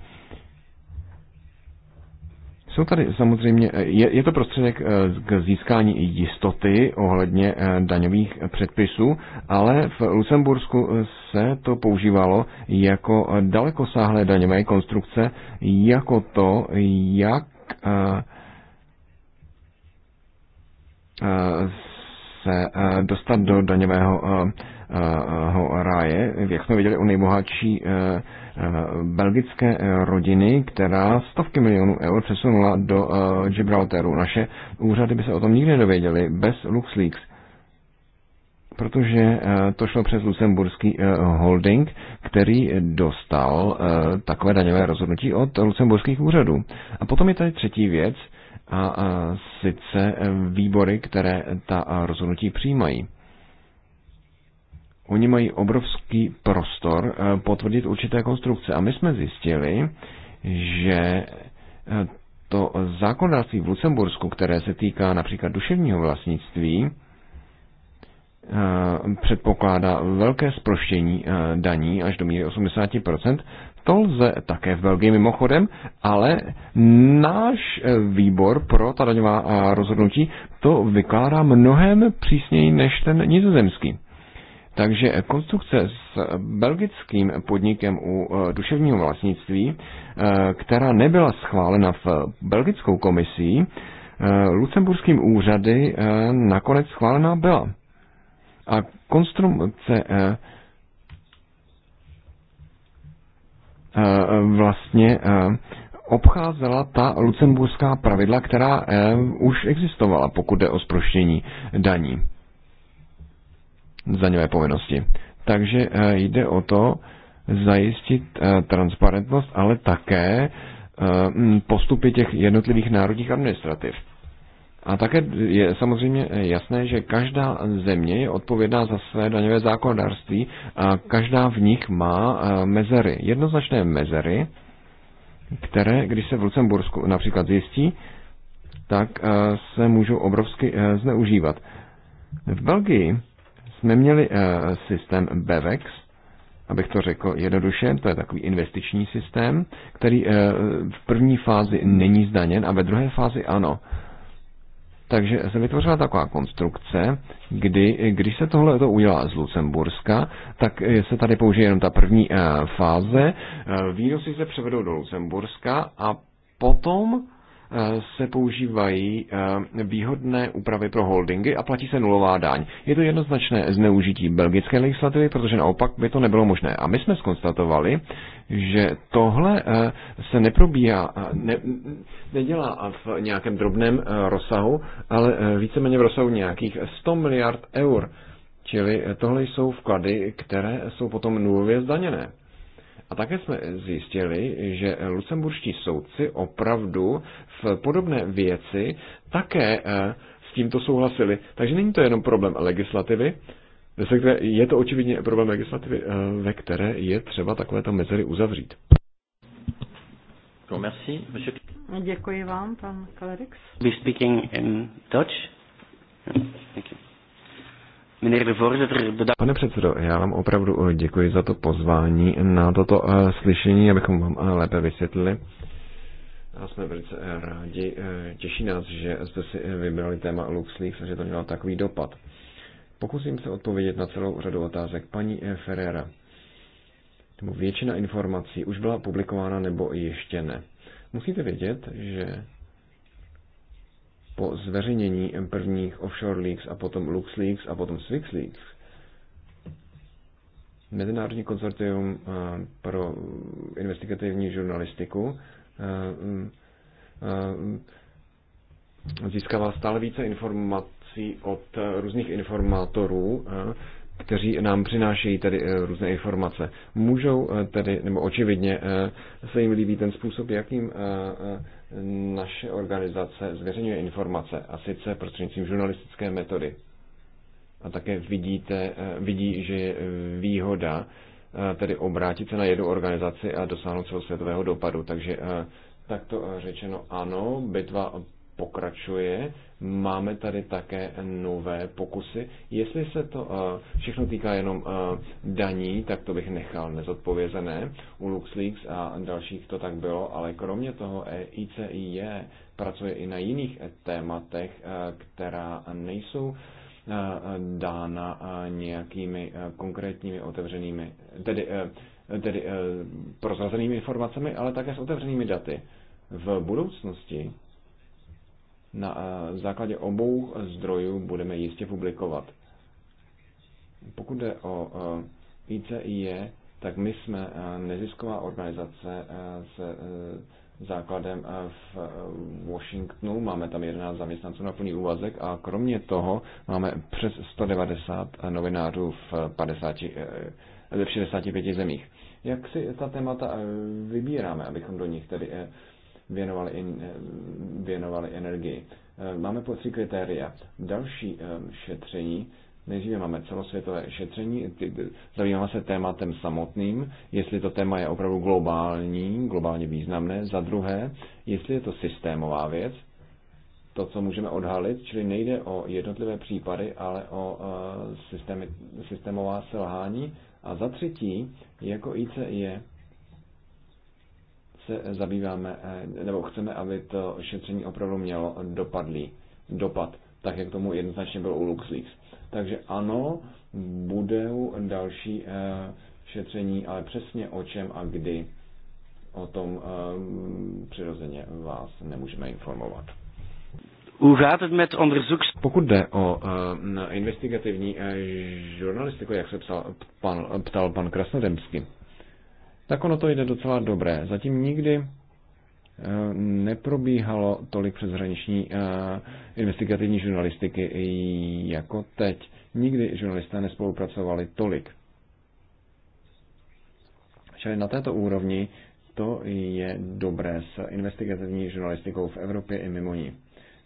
Jsou tady samozřejmě, eh, je, je to prostředek eh, k získání jistoty ohledně eh, daňových předpisů, ale v Lucembursku se to používalo jako dalekosáhlé daňové konstrukce, jako to, jak se dostat do daňového ráje, jak jsme viděli u nejbohatší Eh, belgické eh, rodiny, která stovky milionů eur přesunula do eh, Gibraltaru. Naše úřady by se o tom nikdy nedověděly bez LuxLeaks, protože to šlo přes lucemburský holding, který dostal takové daňové rozhodnutí od lucemburských úřadů. A potom je tady třetí věc, a sice výbory, které ta rozhodnutí přijímají. Oni mají obrovský prostor eh, potvrdit určité konstrukce. A my jsme zjistili, že eh, to zákonodárství v Lucembursku, které se týká například duševního vlastnictví, eh, předpokládá velké sproštění daní až do míry 80%. To lze také v Belgii mimochodem, ale náš výbor pro ta daňová rozhodnutí to vykládá mnohem přísněji než ten nizozemský. Takže konstrukce s belgickým podnikem u eh, duševního vlastnictví, eh, která nebyla schválena v belgickou komisí, eh, lucemburským úřady nakonec schválená byla. A konstrukce vlastně obcházela ta lucemburská pravidla, která už existovala, pokud jde o sproštění daní daňové povinnosti. Takže eh, jde o to zajistit eh, transparentnost, ale také eh, postupy těch jednotlivých národních administrativ. A také je samozřejmě jasné, že každá země je odpovědná za své daňové zákonodárství a každá v nich má mezery, jednoznačné mezery, které, když se v Lucembursku například zjistí, tak se můžou obrovsky zneužívat. V Belgii jsme měli eh, systém BEVEX, abych to řekl jednoduše, to je takový investiční systém, který eh, v první fázi není zdaněn a ve druhé fázi ano. Takže se vytvořila taková konstrukce, kdy, když se tohle to udělá z Lucemburska, tak eh, se tady použije jenom ta první fáze, výnosy se převedou do Lucemburska a potom se používají eh, výhodné úpravy pro holdingy a platí se nulová daň. Je to jednoznačné zneužití belgické legislativy, protože naopak by to nebylo možné. A my jsme skonstatovali, že tohle eh, se neprobíhá, eh, ne, nedělá v nějakém drobném rozsahu, ale víceméně v rozsahu nějakých 100 miliard eur. Čili tohle jsou vklady, které jsou potom nulově zdaněné. A také jsme zjistili, že lucemburští soudci opravdu v podobné věci také eh, s tímto souhlasili. Takže není to jenom problém legislativy, je to očividně problém legislativy, eh, ve které je třeba takovéto mezery uzavřít. Děkuji vám, pan Kalerix. Be speaking in Dutch. Thank you. Pane předsedo, já vám opravdu eh, děkuji za to pozvání na toto eh, slyšení, abychom vám eh, lépe vysvětlili. A jsme velice rádi. Těší nás, že jste si vybrali téma LuxLeaks a že to mělo takový dopad. Pokusím se odpovědět na celou řadu otázek. Paní Ferrera, většina informací už byla publikována nebo ještě ne. Musíte vědět, že po zveřejnění prvních offshore leaks a potom Lux leaks a potom Swix leaks, Mezinárodní konzortium eh, pro investigativní žurnalistiku eh, mm, eh, získává stále více informací od různých informátorů, kteří nám přinášejí tedy různé informace. Můžou tedy, nebo očividně se jim líbí ten způsob, jakým naše organizace zveřejňuje informace, a sice prostřednictvím žurnalistické metody. A také vidíte, eh, vidí, že je výhoda eh, tedy obrátit se na jednu organizaci a dosáhnout celosvětového dopadu. Takže eh, takto řečeno ano, bitva pokračuje Máme tady také nové pokusy. Jestli se to eh, všechno týká jenom eh, daní, tak to bych nechal nezodpovězené. U LuxLeaks a dalších to tak bylo, ale kromě toho e ICIJ pracuje i na jiných eh, tématech, která nejsou dána nějakými konkrétními otevřenými, tedy, tedy prozrazenými informacemi, ale také s otevřenými daty. V budoucnosti na eh, základě obou zdrojů budeme jistě publikovat. Pokud jde o eh, ICIE, tak my jsme eh, nezisková organizace se základem v Washingtonu. Máme tam 11 zaměstnanců na plný úvazek a kromě toho máme přes 190 novinářů v 50, ze 65 zemích. Jak si ta témata vybíráme, abychom do nich tedy věnovali, in, eh, věnovali energii. Eh, máme po tři kritéria. Další eh, šetření, nejdříve máme celosvětové šetření, zabýváme se tématem samotným, jestli to téma je opravdu globální, globálně významné. Za druhé, jestli je to systémová věc, to, co můžeme odhalit, čili nejde o jednotlivé případy, ale o systémy, systémová selhání. A za třetí, jako ICE je se zabýváme, eh, nebo chceme, aby to šetření opravdu mělo dopadlý dopad, tak jak tomu jednoznačně bylo u LuxLeaks. Takže ano, budou další eh, šetření, ale přesně o čem a kdy, o tom eh, přirozeně vás nemůžeme informovat. Pokud jde o uh, investigativní uh, žurnalistiku, jak se psal, pan, ptal pan Krasnodemský, tak ono to jde docela dobré. Zatím nikdy eh, neprobíhalo tolik přeshraniční eh, investigativní žurnalistiky jako teď. Nikdy žurnalisté nespolupracovali tolik. Čili na této úrovni to je dobré s investigativní žurnalistikou v Evropě i mimo ní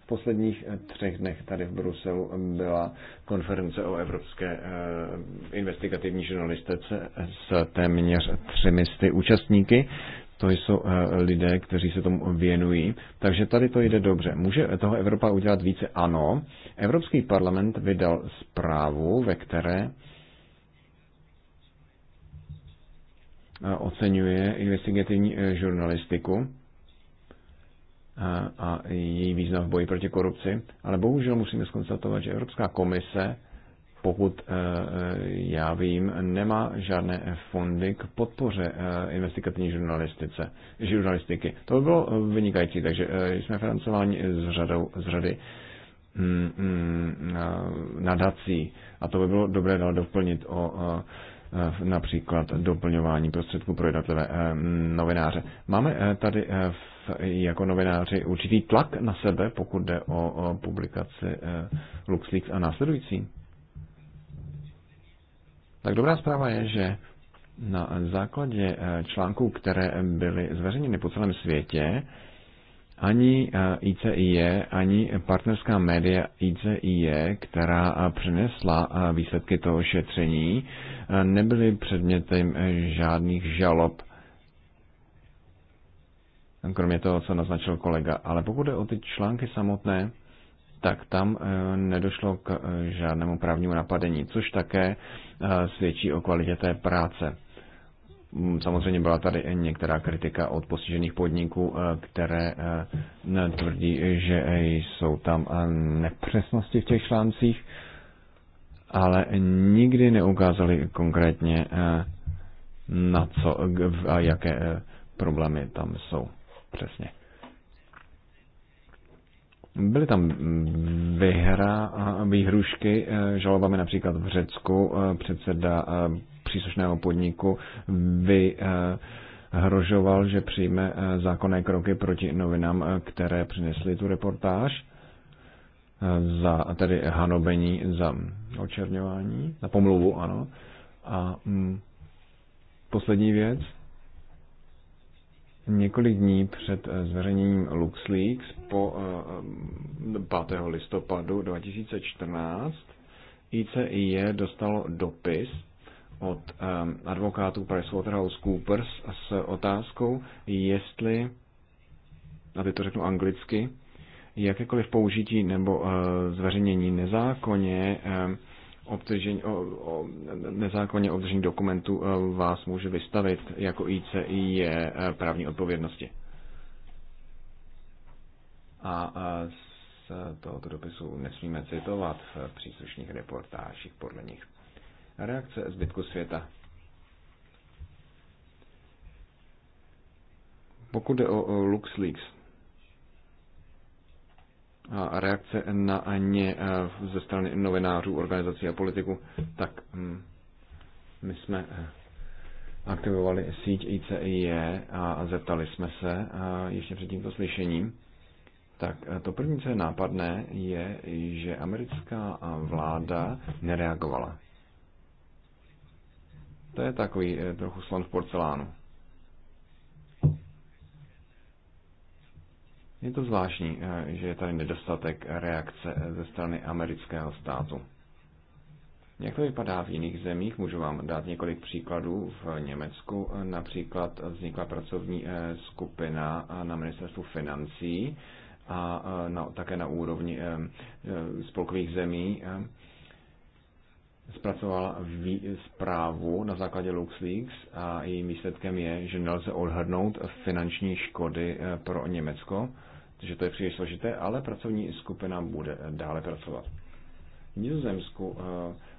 posledních eh, třech dnech tady v Bruselu byla konference o evropské eh, investigativní žurnalistice s téměř třemi sty účastníky. To jsou eh, lidé, kteří se tomu věnují. Takže tady to jde dobře. Může toho Evropa udělat více? Ano. Evropský parlament vydal zprávu, ve které oceňuje investigativní žurnalistiku a její význam v boji proti korupci, ale bohužel musíme skonstatovat, že Evropská komise, pokud e, e, já vím, nemá žádné fondy k podpoře e, investigativní žurnalistice, žurnalistiky. To by bylo vynikající, takže jsme financováni z, řadou, z řady mm, mm, nadací a to by bylo dobré dál doplnit o Eh, například doplňování prostředků pro jednotlivé eh, novináře. Máme eh, tady jako novináři určitý tlak na sebe, pokud jde o publikaci LuxLeaks a následující? Tak dobrá zpráva je, že na základě článků, které byly zveřejněny po celém světě, ani eh, ICIE, ani partnerská média ICIE, která eh, přinesla eh, výsledky toho šetření, nebyly předmětem žádných žalob kromě toho, co naznačil kolega. Ale pokud jde o ty články samotné, tak tam nedošlo k žádnému právnímu napadení, což také svědčí o kvalitě té práce. Mm, samozřejmě byla tady některá kritika od postižených podniků, eh, které eh, tvrdí, že eh, jsou tam nepřesnosti v těch článcích, ale nikdy neukázali konkrétně na co a jaké problémy tam jsou přesně. Byly tam mm, vyhra a výhrušky žalobami například v Řecku. Předseda příslušného podniku vyhrožoval, eh, že přijme eh, zákonné kroky proti novinám, eh, které přinesly tu reportáž za tedy hanobení, za očerňování, za pomluvu, ano. A mm, poslední věc. Několik dní před zveřejněním LuxLeaks po 5. Mm, listopadu 2014 ICI e dostalo dopis od um, advokátů Coopers s otázkou, jestli, a teď to řeknu anglicky, jakékoliv použití nebo uh, zveřejnění nezákonně um, obdržení, o, o, nezákonně obdržení dokumentů eh, vás může vystavit jako ICI je eh, právní odpovědnosti. A z tohoto dopisu nesmíme citovat v příslušných reportážích podle nich reakce zbytku světa. Pokud jde o LuxLeaks a reakce na ně eh, ze strany novinářů, organizací a politiků, tak hm, my jsme eh, aktivovali síť ICIE a zeptali jsme se eh, ještě před tímto slyšením, tak to první, co je nápadné, je, že americká vláda nereagovala. To je takový eh, trochu slon v porcelánu. Je to zvláštní, eh, že je tady nedostatek reakce eh, ze strany amerického státu. Jak to vypadá v jiných zemích? Můžu vám dát několik příkladů. V Německu například vznikla pracovní skupina na ministerstvu financí a na, také na úrovni spolkových zemí zpracovala zprávu na základě LuxLeaks a jejím výsledkem je, že nelze odhadnout finanční škody eh, pro Německo, že to je příliš složité, ale pracovní skupina bude eh, dále pracovat. V Nizozemsku eh,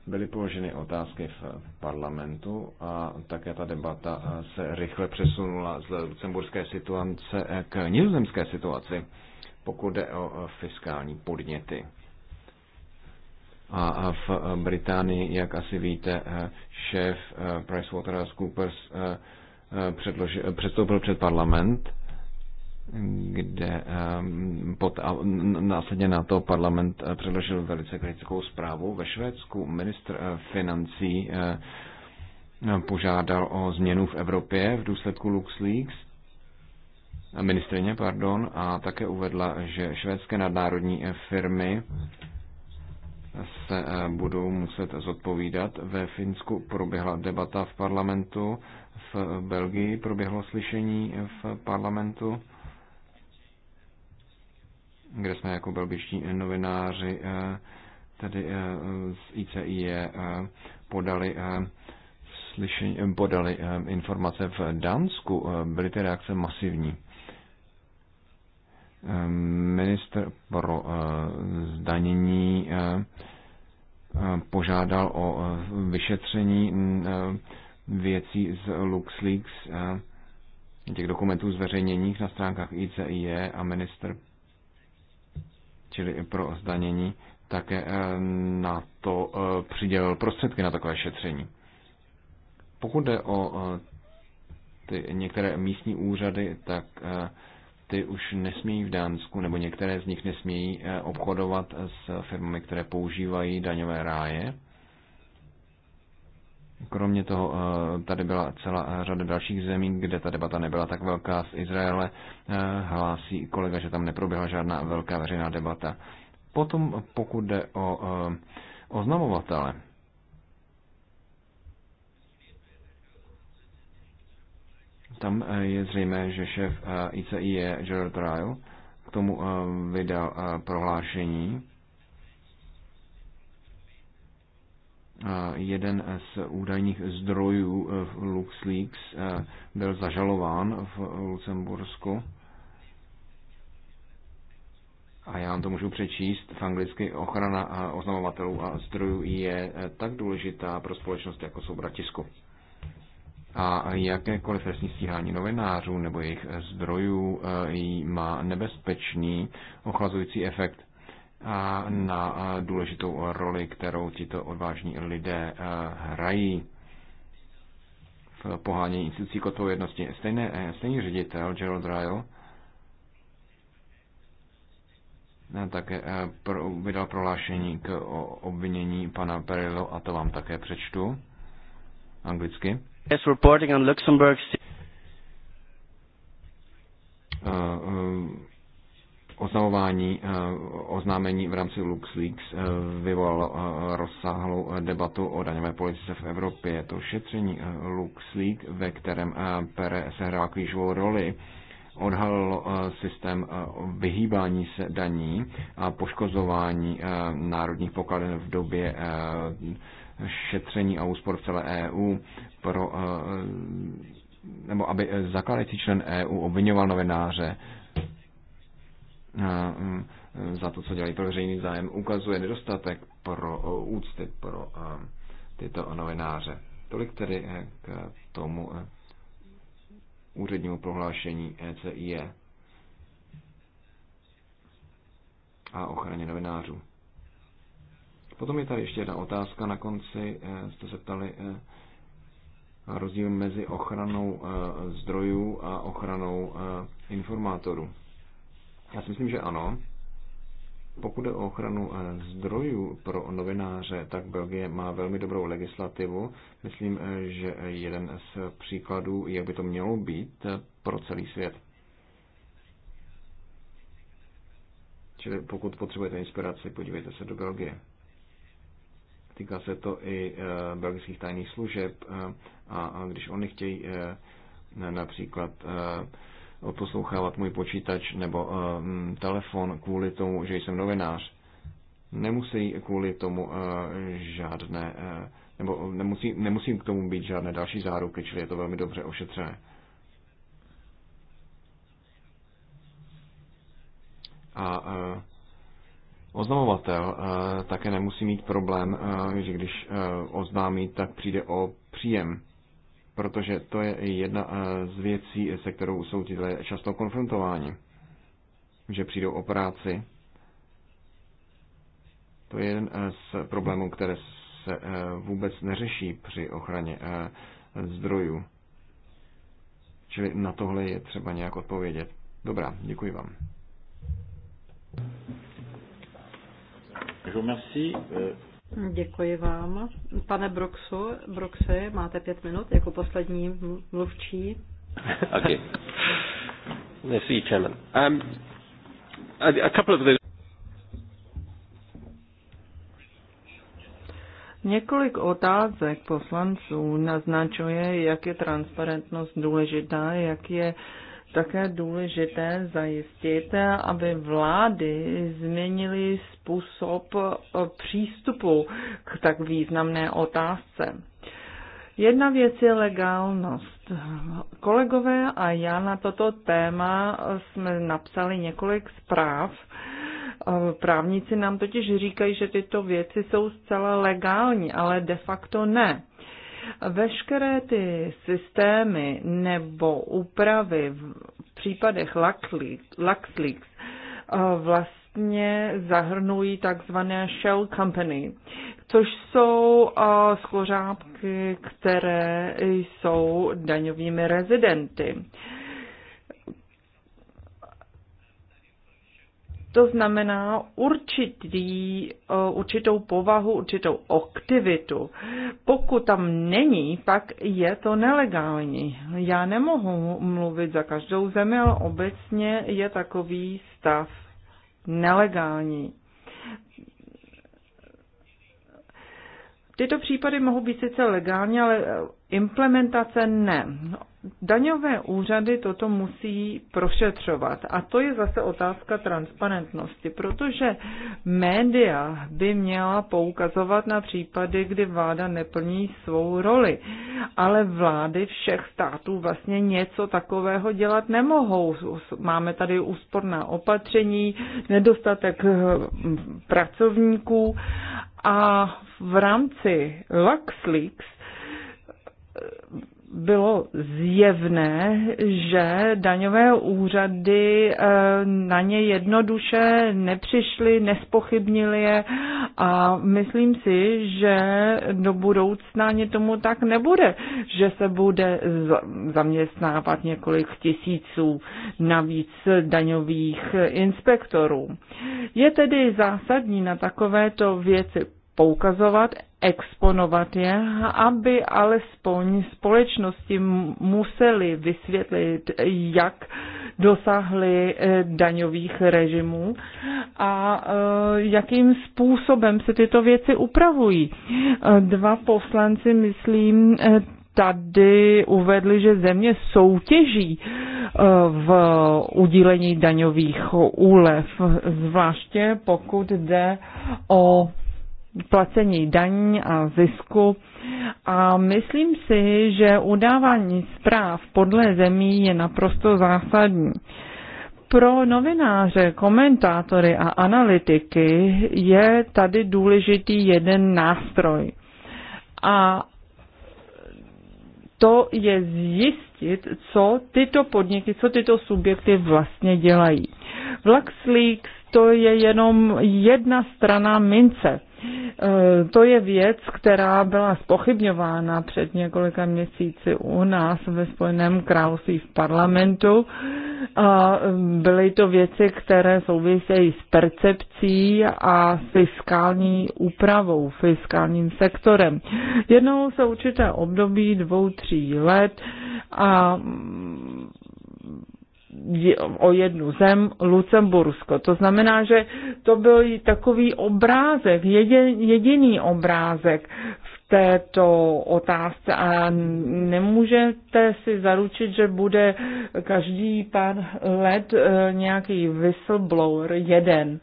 byly položeny otázky v parlamentu a také ta debata se rychle přesunula z lucemburské situace k nizozemské situaci, pokud jde o fiskální podněty. A v eh, Británii, jak asi víte, eh, šéf eh, PricewaterhouseCoopers předstoupil před parlament, kde pod, a následně na to parlament předložil velice kritickou zprávu. Ve Švédsku ministr financí požádal o změnu v Evropě v důsledku LuxLeaks ministrině, pardon, a také uvedla, že švédské nadnárodní firmy se eh, budou muset zodpovídat. Ve Finsku proběhla debata v parlamentu, v Belgii proběhlo slyšení v parlamentu, kde jsme jako belgičtí novináři eh, tedy eh, z ICIE podali slyšení, podali informace v Dánsku, byly ty reakce masivní. Ehm, minister pro eh, zdanění eh, eh, požádal o vyšetření věcí z LuxLeaks, těch dokumentů zveřejněních na stránkách ICIE a minister, čili pro zdanění, také na to přidělil prostředky na takové šetření. Pokud jde o ty některé místní úřady, tak ty už nesmějí v Dánsku, nebo některé z nich nesmějí eh, obchodovat s firmami, které používají daňové ráje. Kromě toho eh, tady byla celá řada dalších zemí, kde ta debata nebyla tak velká. Z Izraele eh, hlásí kolega, že tam neproběhla žádná velká veřejná debata. Potom pokud jde o oznamovatele, Tam eh, je zřejmé, že šéf ICI eh, je Gerard Ryle. K tomu eh, vydal prohlášení. Jeden z údajných zdrojů v LuxLeaks byl zažalován v Lucembursku. A já vám to můžu přečíst v anglicky. Ochrana oznamovatelů a zdrojů je tak důležitá pro společnost, jako jsou bratisku a jakékoliv trestní stíhání novinářů nebo jejich zdrojů eh, má nebezpečný ochlazující efekt a eh, na eh, důležitou roli, kterou tito odvážní lidé hrají v pohánění institucí k odpovědnosti. Stejné, stejný ředitel Gerald Ryle také pro, vydal prohlášení k obvinění pana Perillo a to vám také přečtu anglicky. Yes, reporting on Luxembourg. Eh, eh, oznamování, eh, oznámení v rámci LuxLeaks vyvolalo rozsáhlou debatu o daňové politice v Evropě. To šetření LuxLeaks, ve kterém uh, Pere sehrává klíčovou roli, odhalilo systém vyhýbání se daní a poškozování národních pokladen v době šetření a úspor v celé EU pro eh, nebo aby eh, zakladající člen EU obvinoval novináře eh, za to, co dělají pro veřejný zájem, ukazuje nedostatek pro úcty pro tyto novináře. Tolik tedy k tomu úřednímu prohlášení ECIE e a ochraně novinářů. Potom je tady ještě jedna otázka. Na konci eh, jste se ptali eh, rozdíl mezi ochranou eh, zdrojů a ochranou informátorů. Já si myslím, že ano. Pokud je o ochranu zdrojů pro novináře, tak Belgie má velmi dobrou legislativu. Myslím, že jeden z příkladů, jak by to mělo být pro celý svět. Čili pokud potřebujete inspiraci, podívejte se do Belgie. Týká se to i eh, belgických tajných služeb eh, a když oni chtějí eh, například odposlouchávat můj počítač nebo telefon kvůli tomu, že jsem novinář, nemusí kvůli tomu žádné, nebo nemusí, nemusí k tomu být žádné další záruky, čili je to velmi dobře ošetřené. A Oznamovatel eh, také nemusí mít problém, eh, že když eh, oznámí, tak přijde o příjem, protože to je jedna z věcí, se kterou jsou tyhle často konfrontováni, že přijdou o práci. To je jeden z problémů, které se vůbec neřeší při ochraně zdrojů. Čili na tohle je třeba nějak odpovědět. Dobrá, děkuji vám. Euh, Děkuji vám. Pane Broxu, Broxe, máte pět minut jako poslední mluvčí. okay. Merci, Chairman. Um, a couple of the... Několik otázek poslanců naznačuje, jak je transparentnost důležitá, jak je uh, také důležité zajistit, aby vlády změnily způsob eh, přístupu k tak významné otázce. Jedna věc je legálnost. Kolegové a já na toto téma jsme napsali několik zpráv. Eh, právníci nám totiž říkají, že tyto věci jsou zcela legální, ale de facto ne. Veškeré ty systémy nebo úpravy v případech LuxLeaks eh, vlastně zahrnují takzvané shell company, což jsou eh, skořápky, které jsou daňovými rezidenty. To znamená určitý, eh, určitou povahu, určitou aktivitu. Pokud tam není, pak je to nelegální. Já nemohu mluvit za každou zemi, ale obecně je takový stav nelegální. Tyto případy mohou být sice legální, ale eh, Implementace ne. Daňové úřady toto musí prošetřovat. A to je zase otázka transparentnosti, protože média by měla poukazovat na případy, kdy vláda neplní svou roli. Ale vlády všech států vlastně něco takového dělat nemohou. Máme tady úsporná opatření, nedostatek eh, pracovníků a v rámci LuxLeaks bylo zjevné, že daňové úřady eh, na ně jednoduše nepřišly, nespochybnili je a myslím si, že do budoucna ani tomu tak nebude, že se bude zaměstnávat několik tisíců navíc daňových inspektorů. Je tedy zásadní na takovéto věci poukazovat, exponovat je, aby alespoň společnosti museli vysvětlit, jak dosáhly eh, daňových režimů a eh, jakým způsobem se tyto věci upravují. Eh, dva poslanci, myslím, tady uvedli, že země soutěží v udílení daňových úlev, zvláště pokud jde o placení daní a zisku. A myslím si, že udávání zpráv podle zemí je naprosto zásadní. Pro novináře, komentátory a analytiky je tady důležitý jeden nástroj. A to je zjistit, co tyto podniky, co tyto subjekty vlastně dělají. V LuxLeaks to je jenom jedna strana mince. E, to je věc, která byla spochybňována před několika měsíci u nás ve Spojeném království v parlamentu. A byly to věci, které souvisejí s percepcí a fiskální úpravou, fiskálním sektorem. Jednou se určité období dvou, tří let a o jednu zem, Lucembursko. To znamená, že to byl takový obrázek, jediný obrázek v této otázce a nemůžete si zaručit, že bude každý pár let eh, nějaký whistleblower jeden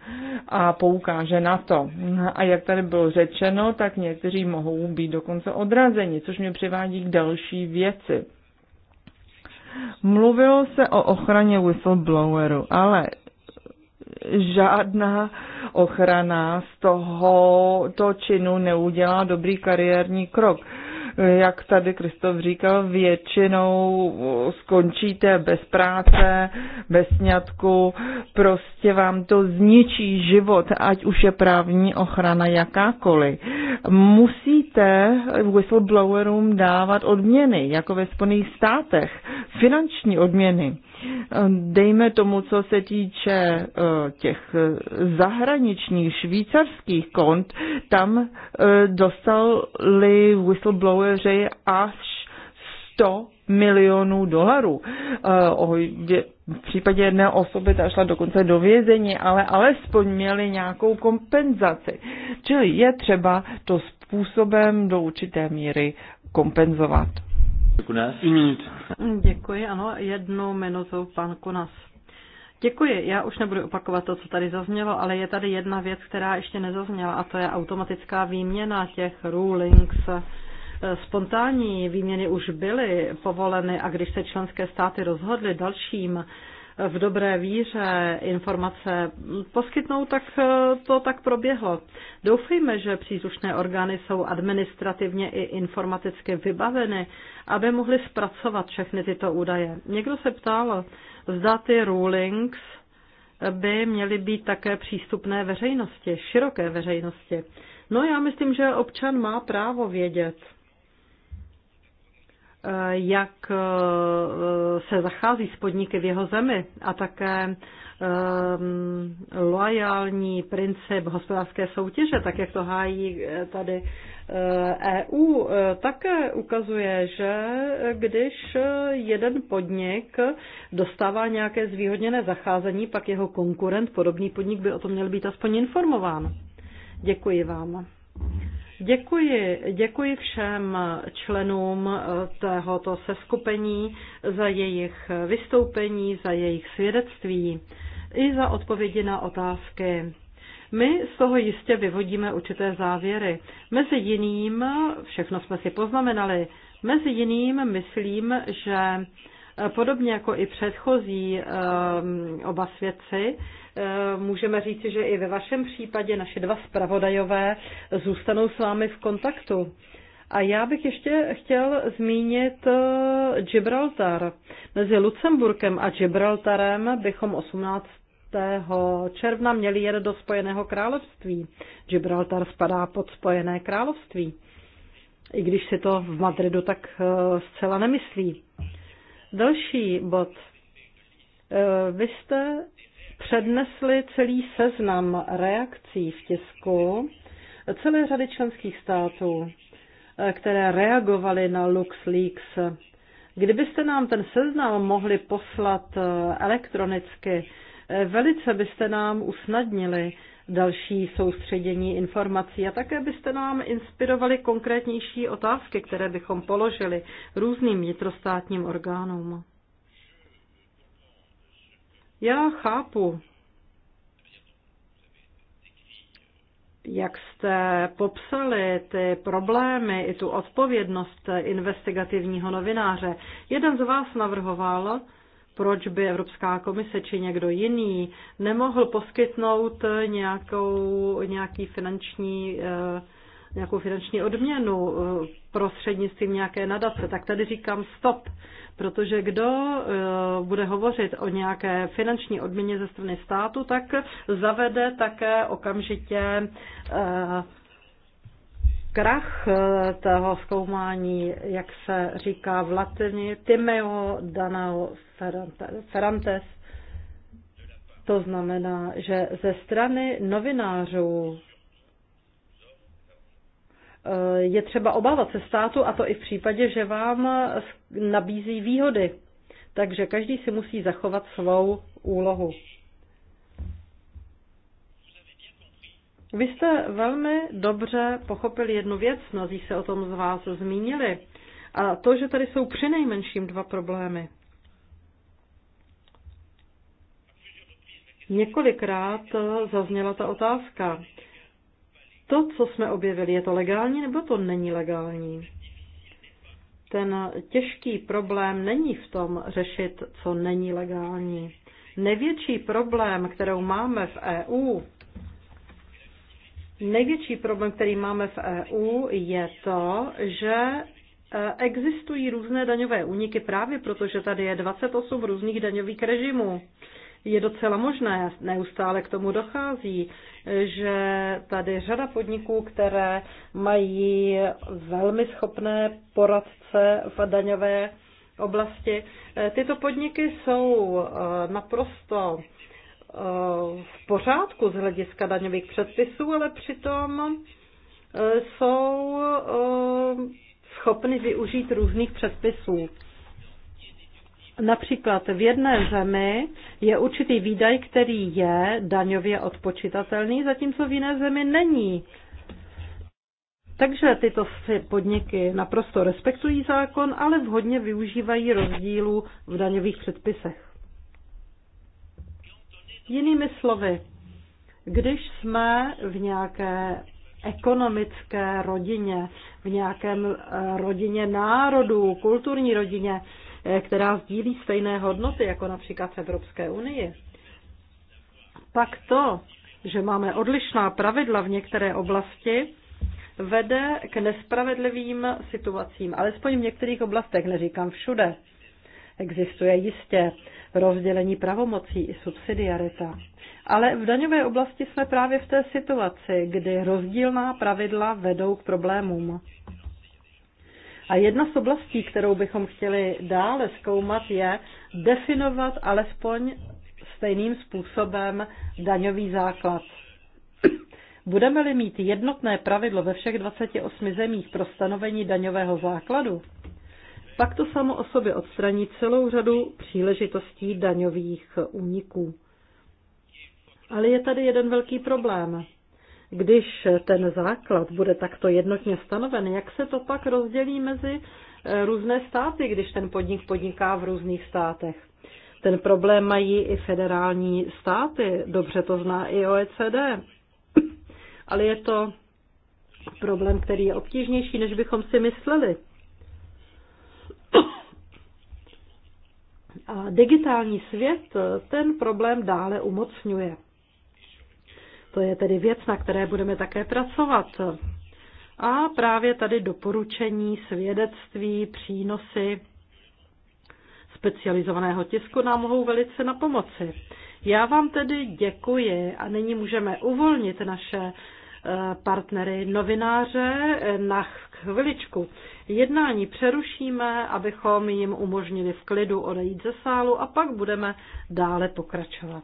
a poukáže na to. A jak tady bylo řečeno, tak někteří mohou být dokonce odrazeni, což mě přivádí k další věci Mluvilo se o ochraně whistlebloweru, ale žádná ochrana z toho to činu neudělá dobrý kariérní krok jak tady Kristof říkal, většinou skončíte bez práce, bez sňatku, prostě vám to zničí život, ať už je právní ochrana jakákoliv. Musíte whistleblowerům dávat odměny, jako ve Spojených státech, finanční odměny. Dejme tomu, co se týče eh, těch eh, zahraničních švýcarských kont, tam eh, dostali whistlebloweri až 100 milionů dolarů. V případě jedné osoby ta šla dokonce do vězení, ale alespoň měli nějakou kompenzaci. Čili je třeba to způsobem do určité míry kompenzovat. Děkuji, ano, jednu minutu, pan Kunas. Děkuji. Já už nebudu opakovat to, co tady zaznělo, ale je tady jedna věc, která ještě nezazněla, a to je automatická výměna těch rulings. Spontánní výměny už byly povoleny a když se členské státy rozhodly dalším v dobré víře informace poskytnou, tak eh, to tak proběhlo. Doufejme, že příslušné orgány jsou administrativně i informaticky vybaveny, aby mohly zpracovat všechny tyto údaje. Někdo se ptal, zda ty rulings by měly být také přístupné veřejnosti, široké veřejnosti. No já myslím, že občan má právo vědět, Eh, jak eh, se zachází s podniky v jeho zemi a také eh, loajální princip hospodářské soutěže, tak jak to hájí tady EU, e také ukazuje, že když jeden podnik dostává nějaké zvýhodněné zacházení, pak jeho konkurent, podobný podnik, by o tom měl být aspoň informován. Děkuji vám. Děkuji, děkuji všem členům eh, tohoto seskupení za jejich vystoupení, za jejich svědectví i za odpovědi na otázky. My z toho jistě vyvodíme určité závěry. Mezi jiným, všechno jsme si poznamenali, mezi jiným myslím, že podobně jako i předchozí eh, oba svědci, Eh, můžeme říci, že i ve vašem případě naše dva zpravodajové zůstanou s vámi v kontaktu. A já bych ještě chtěl zmínit eh, Gibraltar. Mezi Lucemburkem a Gibraltarem bychom 18. června měli jet do Spojeného království. Gibraltar spadá pod Spojené království, i když si to v Madridu tak eh, zcela nemyslí. Další bod. Vy jste přednesli celý seznam reakcí v tisku celé řady členských států, eh, které reagovaly na LuxLeaks. Kdybyste nám ten seznam mohli poslat eh, elektronicky, eh, velice byste nám usnadnili další soustředění informací a také byste nám inspirovali konkrétnější otázky, které bychom položili různým vnitrostátním orgánům. Já chápu, jak jste popsali ty problémy i tu odpovědnost investigativního novináře. Jeden z vás navrhoval, proč by Evropská komise či někdo jiný nemohl poskytnout nějakou, nějaký finanční eh, nějakou finanční odměnu eh, prostřednictvím nějaké nadace, tak tady říkám stop, protože kdo eh, bude hovořit o nějaké finanční odměně ze strany státu, tak zavede také okamžitě eh, krach toho zkoumání, jak se říká v latině, timeo danao ferrantes. To znamená, že ze strany novinářů Eh, je třeba obávat se státu a to i v případě, že vám nabízí výhody. Takže každý si musí zachovat svou úlohu. Vy jste velmi dobře pochopili jednu věc, mnozí se o tom z vás zmínili, a to, že tady jsou přinejmenším dva problémy. Několikrát eh, zazněla ta otázka to, co jsme objevili, je to legální nebo to není legální? Ten těžký problém není v tom řešit, co není legální. Největší problém, kterou máme v EU, největší problém, který máme v EU, je to, že e, existují různé daňové úniky právě proto, že tady je 28 různých daňových režimů je docela možné, neustále k tomu dochází, že tady řada podniků, které mají velmi schopné poradce v daňové oblasti, tyto podniky jsou eh, naprosto eh, v pořádku z hlediska daňových předpisů, ale přitom eh, jsou schopny využít různých předpisů. Například v jedné zemi je určitý výdaj, který je daňově odpočitatelný, zatímco v jiné zemi není. Takže tyto podniky naprosto respektují zákon, ale vhodně využívají rozdílů v daňových předpisech. Jinými slovy, když jsme v nějaké ekonomické rodině, v nějakém eh, rodině národů, kulturní rodině, která sdílí stejné hodnoty, jako například v Evropské unii, pak to, že máme odlišná pravidla v některé oblasti, vede k nespravedlivým situacím, alespoň v některých oblastech, neříkám všude. Existuje jistě rozdělení pravomocí i subsidiarita. Ale v daňové oblasti jsme právě v té situaci, kdy rozdílná pravidla vedou k problémům. A jedna z oblastí, kterou bychom chtěli dále zkoumat, je definovat alespoň stejným způsobem daňový základ. Budeme-li mít jednotné pravidlo ve všech 28 zemích pro stanovení daňového základu, pak to samo o sobě odstraní celou řadu příležitostí daňových úniků. Ale je tady jeden velký problém. Když ten základ bude takto jednotně stanoven, jak se to pak rozdělí mezi eh, různé státy, když ten podnik podniká v různých státech? Ten problém mají i federální státy, dobře to zná i OECD. Ale je to problém, který je obtížnější, než bychom si mysleli. A digitální svět eh, ten problém dále umocňuje. To je tedy věc, na které budeme také pracovat. A právě tady doporučení, svědectví, přínosy specializovaného tisku nám mohou velice na pomoci. Já vám tedy děkuji a nyní můžeme uvolnit naše eh, partnery, novináře eh, na chviličku. Jednání přerušíme, abychom jim umožnili v klidu odejít ze sálu a pak budeme dále pokračovat.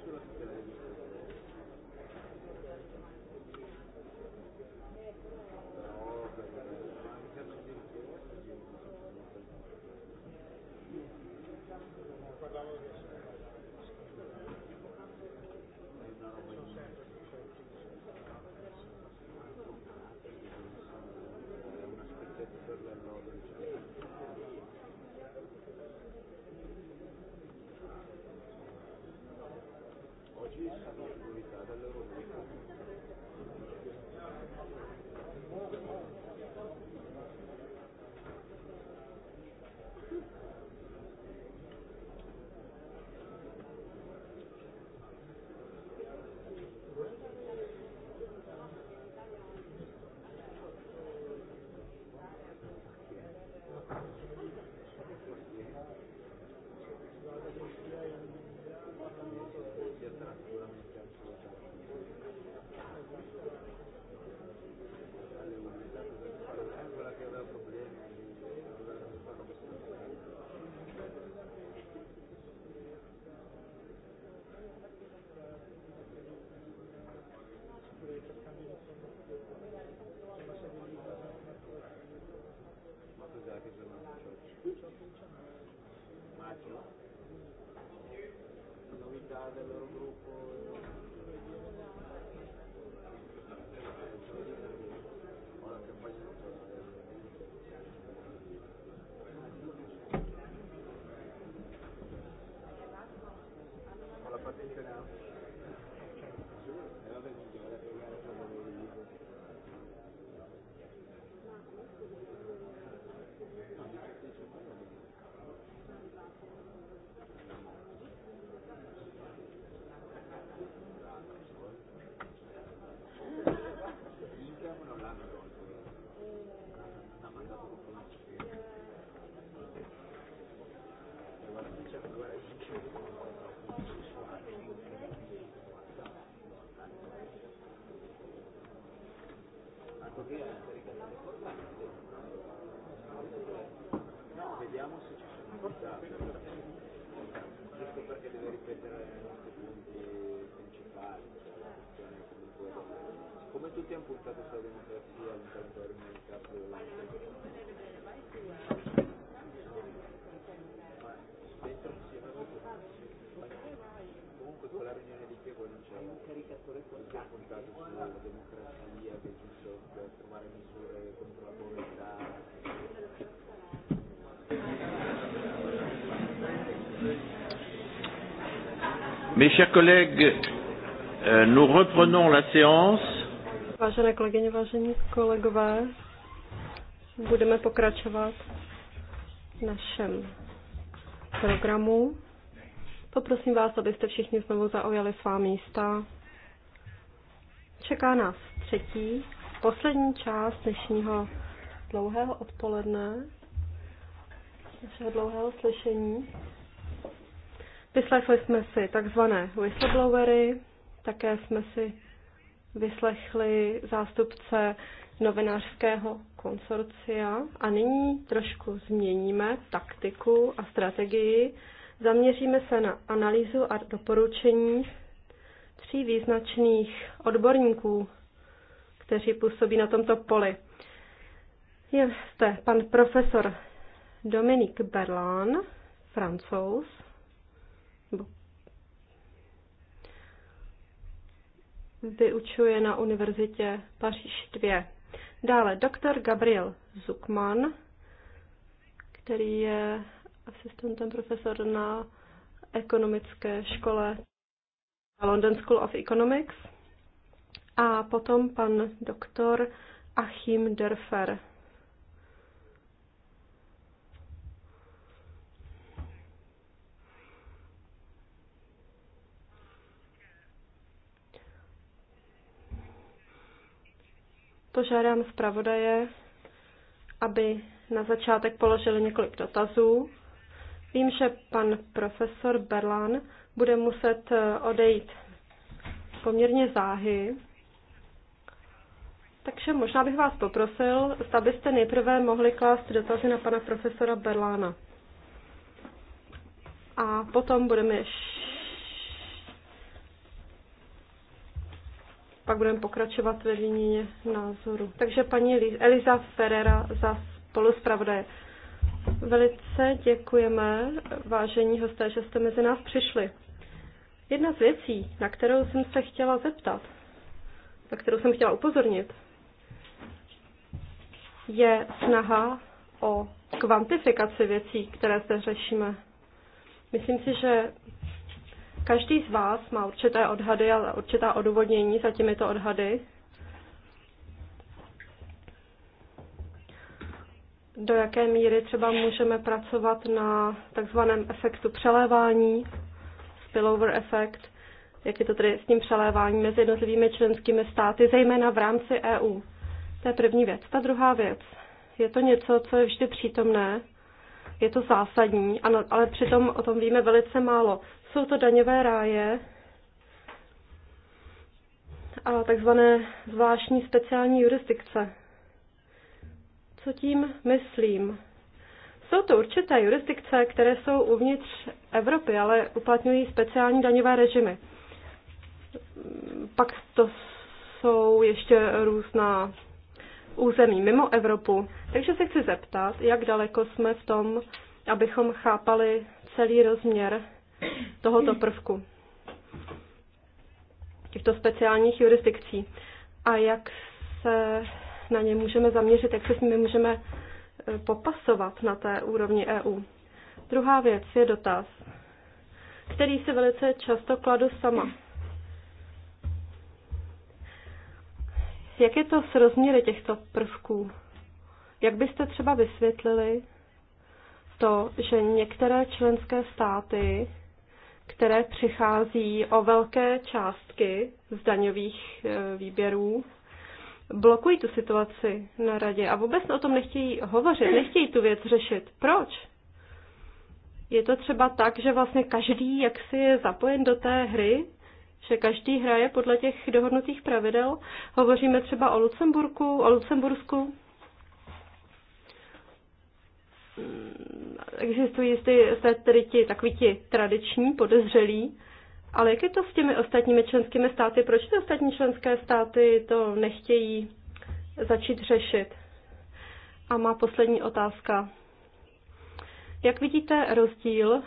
No, chers collègues, euh, nous reprenons la séance. Vážené kolegyně, vážení kolegové, budeme pokračovat v našem programu. Poprosím vás, abyste všichni znovu zaujali svá místa. Čeká nás třetí, poslední část dnešního dlouhého odpoledne, našeho dlouhého slyšení. Vyslechli jsme si takzvané whistleblowery, také jsme si vyslechli zástupce novinářského konsorcia a nyní trošku změníme taktiku a strategii. Zaměříme se na analýzu a doporučení tří význačných odborníků, kteří působí na tomto poli. Je zde pan profesor Dominik Berlán, francouz, vyučuje na univerzitě Paříž 2. Dále doktor Gabriel Zukman, který je asistentem profesor na ekonomické škole London School of Economics. A potom pan doktor Achim Derfer, požádám zpravodaje, aby na začátek položili několik dotazů. Vím, že pan profesor Berlan bude muset eh, odejít poměrně záhy, takže možná bych vás poprosil, zda byste nejprve mohli klást dotazy na pana profesora Berlána. A potom budeme pak budeme pokračovat ve výměně názoru. Takže paní Eliza Ferrera za spoluspravodaje. Velice děkujeme, vážení hosté, že jste mezi nás přišli. Jedna z věcí, na kterou jsem se chtěla zeptat, na kterou jsem chtěla upozornit, je snaha o kvantifikaci věcí, které zde řešíme. Myslím si, že Každý z vás má určité odhady a určitá odůvodnění za těmito odhady. Do jaké míry třeba můžeme pracovat na takzvaném efektu přelévání, spillover efekt, jak je to tedy s tím přeléváním mezi jednotlivými členskými státy, zejména v rámci EU. To je první věc. Ta druhá věc. Je to něco, co je vždy přítomné, je to zásadní, ale přitom o tom víme velice málo. Jsou to daňové ráje a takzvané zvláštní speciální jurisdikce. Co tím myslím? Jsou to určité jurisdikce, které jsou uvnitř Evropy, ale uplatňují speciální daňové režimy. Pak to jsou ještě různá území mimo Evropu. Takže se chci zeptat, jak daleko jsme v tom, abychom chápali celý rozměr tohoto prvku, těchto speciálních jurisdikcí a jak se na ně můžeme zaměřit, jak se s nimi můžeme e, popasovat na té úrovni EU. Druhá věc je dotaz, který si velice často kladu sama. Jak je to s rozměry těchto prvků? Jak byste třeba vysvětlili to, že některé členské státy které přichází o velké částky z daňových e, výběrů, blokují tu situaci na radě a vůbec o tom nechtějí hovořit, nechtějí tu věc řešit. Proč? Je to třeba tak, že vlastně každý si je zapojen do té hry, že každý hraje podle těch dohodnutých pravidel. Hovoříme třeba o Lucemburku, o Lucembursku existují ty, tedy ti, takový ti tradiční podezřelí, ale jak je to s těmi ostatními členskými státy? Proč ty ostatní členské státy to nechtějí začít řešit? A má poslední otázka. Jak vidíte rozdíl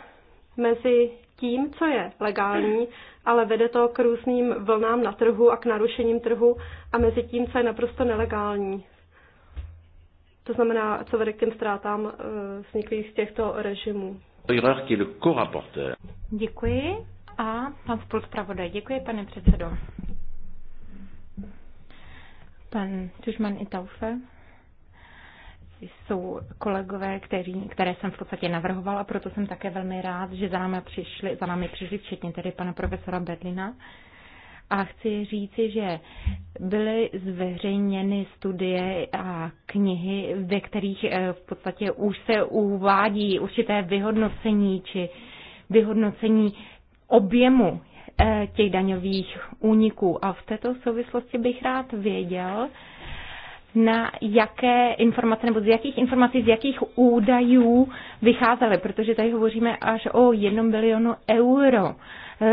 mezi tím, co je legální, ale vede to k různým vlnám na trhu a k narušením trhu a mezi tím, co je naprosto nelegální? To znamená, co vede k těm ztrátám eh, vzniklých z těchto režimů. Děkuji. A pan spolupravodaj. děkuji, pane předsedo. Pan Tužman Itaufe jsou kolegové, kteří, které jsem v podstatě navrhovala, proto jsem také velmi rád, že za námi přišli, za námi přišli včetně tedy pana profesora Bedlina. Uh, a chci říci, že byly zveřejněny studie a knihy, ve kterých eh, v podstatě už se uvádí určité vyhodnocení či vyhodnocení objemu eh, těch daňových úniků. A v této souvislosti bych rád věděl, na jaké informace nebo z jakých informací, z jakých údajů vycházely, protože tady hovoříme až o jednom bilionu euro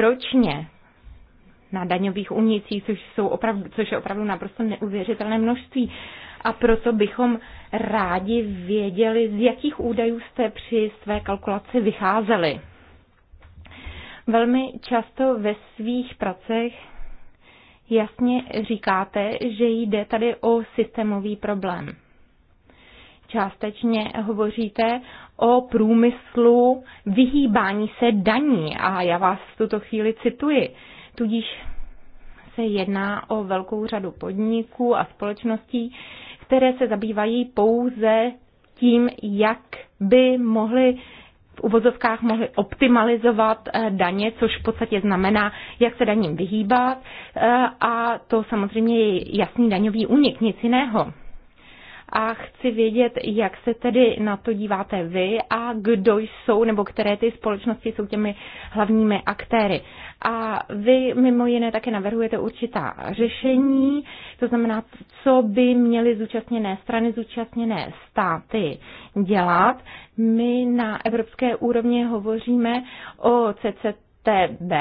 ročně na daňových unicích, což, jsou opravdu, což je opravdu naprosto neuvěřitelné množství. A proto bychom rádi věděli, z jakých údajů jste při své kalkulaci vycházeli. Velmi často ve svých pracech jasně říkáte, že jde tady o systémový problém. Částečně hovoříte o průmyslu vyhýbání se daní a já vás v tuto chvíli cituji. Tudíž se jedná o velkou řadu podniků a společností, které se zabývají pouze tím, jak by mohly v uvozovkách mohli optimalizovat eh, daně, což v podstatě znamená, jak se daním vyhýbat eh, a to samozřejmě je jasný daňový únik, nic jiného a chci vědět, jak se tedy na to díváte vy a kdo jsou nebo které ty společnosti jsou těmi hlavními aktéry. A vy mimo jiné také navrhujete určitá řešení, to znamená, co by měly zúčastněné strany, zúčastněné státy dělat. My na evropské úrovni hovoříme o CCT TB,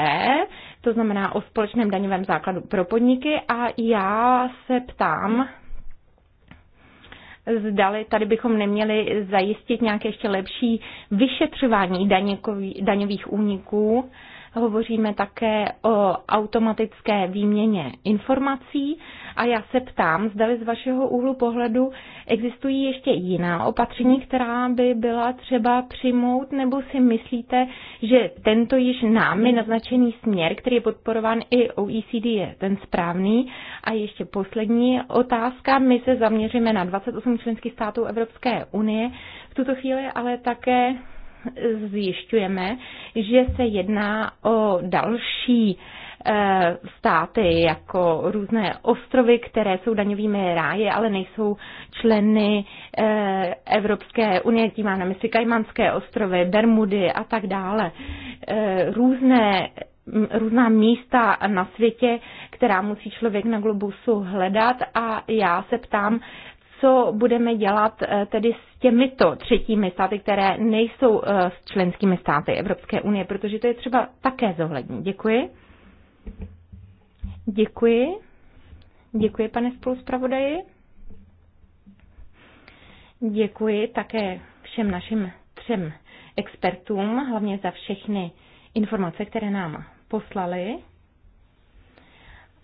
to znamená o společném daňovém základu pro podniky a já se ptám, zdali tady bychom neměli zajistit nějaké ještě lepší vyšetřování daňových úniků hovoříme také o automatické výměně informací a já se ptám, zda z vašeho úhlu pohledu existují ještě jiná opatření, která by byla třeba přijmout, nebo si myslíte, že tento již námi naznačený směr, který je podporován i OECD, je ten správný? A ještě poslední otázka. My se zaměříme na 28 členských států Evropské unie. V tuto chvíli ale také zjišťujeme, že se jedná o další eh, státy jako různé ostrovy, které jsou daňovými ráje, ale nejsou členy eh, Evropské unie, tím má na mysli Kajmanské ostrovy, Bermudy a tak dále. Eh, různé různá místa na světě, která musí člověk na globusu hledat a já se ptám, co budeme dělat eh, tedy s těmito třetími státy, které nejsou eh, s členskými státy Evropské unie, protože to je třeba také zohlednit. Děkuji. Děkuji. Děkuji, pane spoluspravodaji. Děkuji také všem našim třem expertům, hlavně za všechny informace, které nám poslali.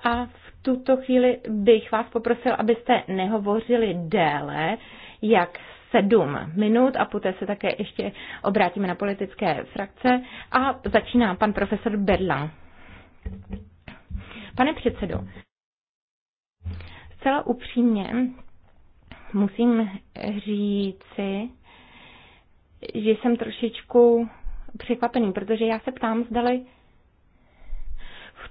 A v tuto chvíli bych vás poprosil, abyste nehovořili déle, jak sedm minut a poté se také ještě obrátíme na politické frakce. A začíná pan profesor Berlan. Pane předsedo, zcela upřímně musím říci, že jsem trošičku překvapený, protože já se ptám, zdali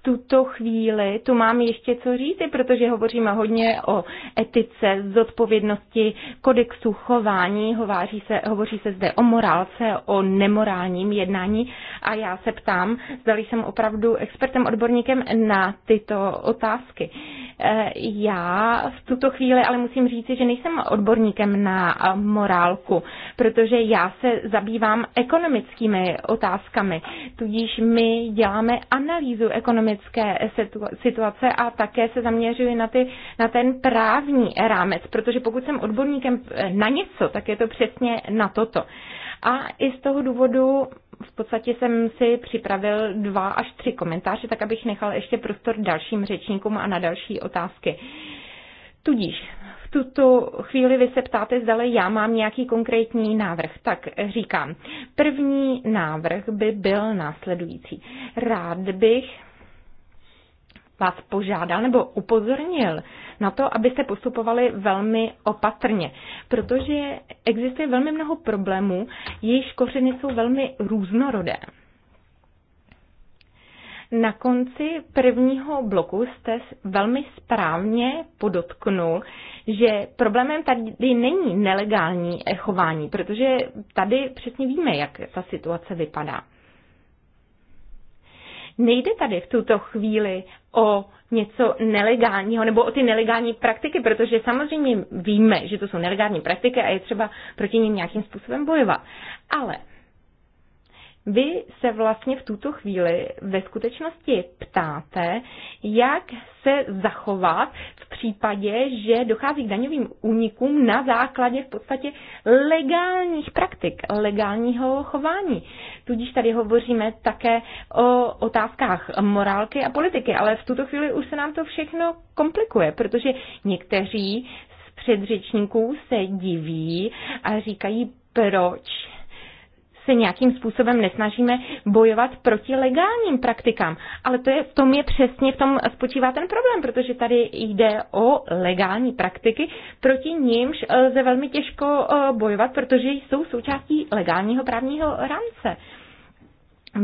tuto chvíli tu mám ještě co říct, protože hovoříme hodně o etice, zodpovědnosti, kodexu chování, hováří se, hovoří se zde o morálce, o nemorálním jednání a já se ptám, zdali jsem opravdu expertem, odborníkem na tyto otázky. Uh, E, já v tuto chvíli ale musím říci, že nejsem odborníkem na e, morálku, protože já se zabývám ekonomickými otázkami, tudíž my děláme analýzu ekonomické situace a také se zaměřuji na, ty, na ten právní rámec, protože pokud jsem odborníkem na něco, tak je to přesně na toto. A i z toho důvodu v podstatě jsem si připravil dva až tři komentáře, tak abych nechal ještě prostor dalším řečníkům a na další otázky. Tudíž v tuto chvíli vy se ptáte, zdali já mám nějaký konkrétní návrh. Tak říkám, první návrh by byl následující. Rád bych vás požádal nebo upozornil na to, abyste postupovali velmi opatrně, protože existuje velmi mnoho problémů, jejichž kořeny jsou velmi různorodé. Na konci prvního bloku jste velmi správně podotknul, že problémem tady není nelegální chování, protože tady přesně víme, jak ta situace vypadá. Nejde tady v tuto chvíli o něco nelegálního nebo o ty nelegální praktiky, protože samozřejmě víme, že to jsou nelegální praktiky a je třeba proti ním nějakým způsobem bojovat. Ale vy se vlastně v tuto chvíli ve skutečnosti ptáte, jak se zachovat v případě, že dochází k daňovým únikům na základě v podstatě legálních praktik, legálního chování. Tudíž tady hovoříme také o otázkách morálky a politiky, ale v tuto chvíli už se nám to všechno komplikuje, protože někteří z předřečníků se diví a říkají, proč se nějakým způsobem nesnažíme bojovat proti legálním praktikám. Ale to je, v tom je přesně, v tom spočívá ten problém, protože tady jde o legální praktiky, proti nímž eh, lze velmi těžko eh, bojovat, protože jsou součástí legálního právního rámce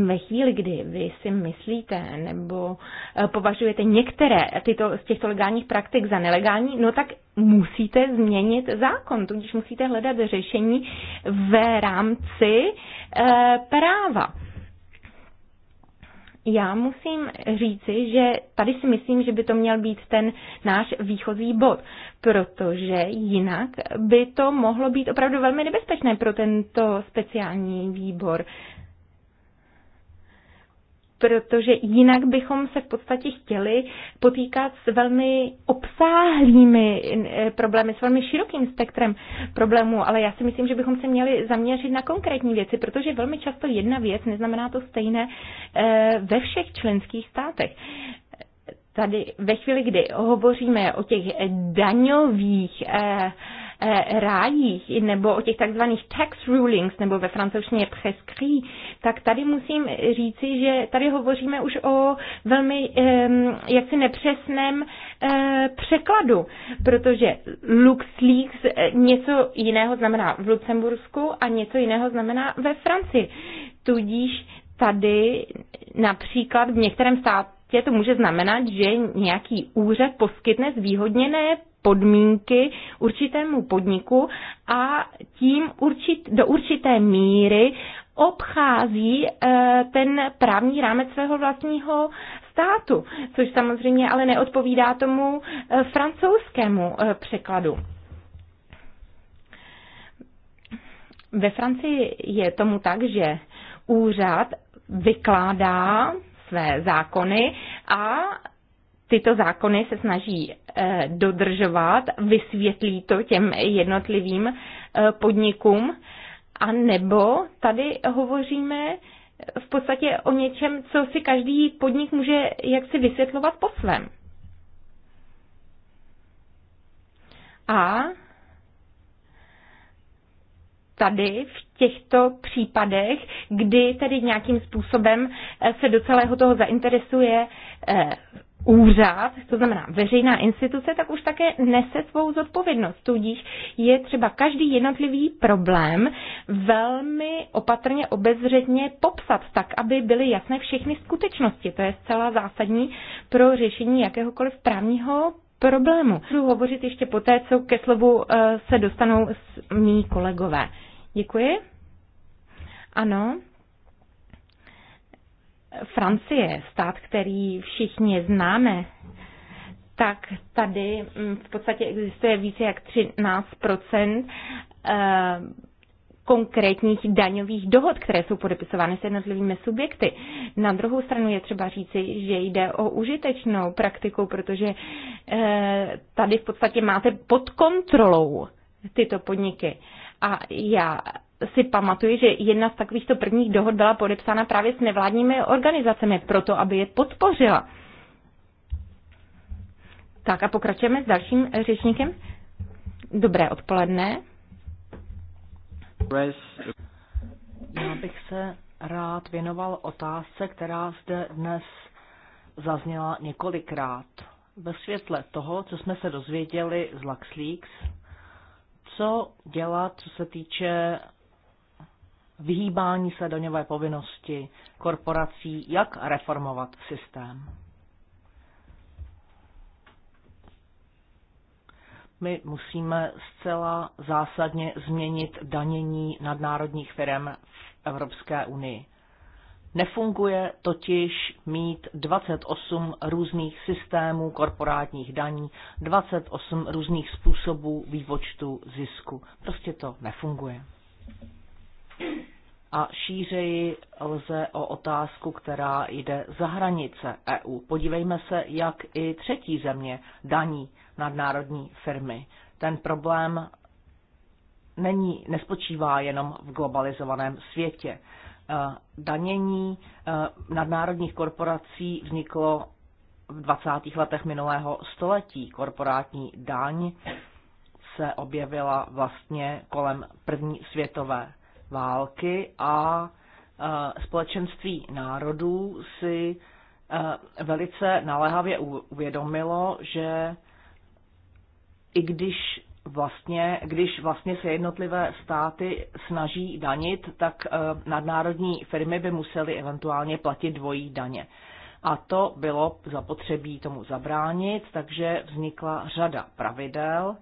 ve chvíli, kdy vy si myslíte nebo eh, považujete některé tyto, z těchto legálních praktik za nelegální, no tak musíte změnit zákon, tudíž musíte hledat řešení v rámci e, práva. Já musím říci, že tady si myslím, že by to měl být ten náš výchozí bod, protože jinak by to mohlo být opravdu velmi nebezpečné pro tento speciální výbor protože jinak bychom se v podstatě chtěli potýkat s velmi obsáhlými eh, problémy, s velmi širokým spektrem problémů, ale já si myslím, že bychom se měli zaměřit na konkrétní věci, protože velmi často jedna věc neznamená to stejné eh, ve všech členských státech tady ve chvíli, kdy hovoříme o těch daňových eh, Eh, rájích nebo o těch takzvaných tax rulings nebo ve francouzštině prescrit, tak tady musím říci, že tady hovoříme už o velmi jaksi nepřesném eh, překladu, protože LuxLeaks eh, něco jiného znamená v Lucembursku a něco jiného znamená ve Francii. Tudíž tady například v některém státě to může znamenat, že nějaký úřad poskytne zvýhodněné podmínky určitému podniku a tím určit, do určité míry obchází eh, ten právní rámec svého vlastního státu, což samozřejmě ale neodpovídá tomu eh, francouzskému eh, překladu. Ve Francii je tomu tak, že úřad vykládá své zákony a tyto zákony se snaží Eh, dodržovat, vysvětlí to těm jednotlivým eh, podnikům, a nebo tady hovoříme v podstatě o něčem, co si každý podnik může jaksi vysvětlovat po svém. A tady v těchto případech, kdy tedy nějakým způsobem eh, se do celého toho zainteresuje úřad, to znamená veřejná instituce, tak už také nese svou zodpovědnost. Tudíž je třeba každý jednotlivý problém velmi opatrně, obezřetně popsat, tak aby byly jasné všechny skutečnosti. To je zcela zásadní pro řešení jakéhokoliv právního problému. Budu hovořit ještě poté, co ke slovu eh, se dostanou mý kolegové. Děkuji. Ano. Francie, stát, který všichni známe, tak tady mm, v podstatě existuje více jak 13 eh, konkrétních daňových dohod, které jsou podepisovány s jednotlivými subjekty. Na druhou stranu je třeba říci, že jde o užitečnou praktiku, protože eh, tady v podstatě máte pod kontrolou tyto podniky. A já si pamatuji, že jedna z takovýchto prvních dohod byla podepsána právě s nevládními organizacemi, proto aby je podpořila. Tak a pokračujeme s dalším řečníkem. Dobré odpoledne. Já bych se rád věnoval otázce, která zde dnes zazněla několikrát. Ve světle toho, co jsme se dozvěděli z LuxLeaks, co dělat, co se týče vyhýbání se daňové povinnosti korporací, jak reformovat systém. My musíme zcela zásadně změnit danění nadnárodních firm v Evropské unii. Nefunguje totiž mít 28 různých systémů korporátních daní, 28 různých způsobů vývočtu zisku. Prostě to nefunguje a šířeji lze o otázku, která jde za hranice EU. Podívejme se, jak i třetí země daní nadnárodní firmy. Ten problém není, nespočívá jenom v globalizovaném světě. E, danění e, nadnárodních korporací vzniklo v 20. letech minulého století. Korporátní daň se objevila vlastně kolem první světové války a e, společenství národů si e, velice naléhavě uvědomilo, že i když vlastně, když vlastně se jednotlivé státy snaží danit, tak e, nadnárodní firmy by musely eventuálně platit dvojí daně. A to bylo zapotřebí tomu zabránit, takže vznikla řada pravidel,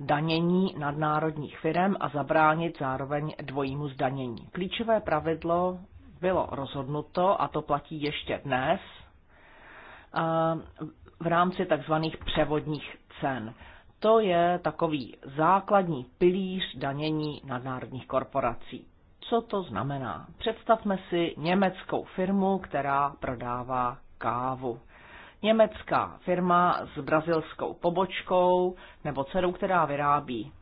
danění nadnárodních firm a zabránit zároveň dvojímu zdanění. Klíčové pravidlo bylo rozhodnuto, a to platí ještě dnes, v rámci tzv. převodních cen. To je takový základní pilíř danění nadnárodních korporací. Co to znamená? Představme si německou firmu, která prodává kávu německá firma s brazilskou pobočkou nebo dcerou, která vyrábí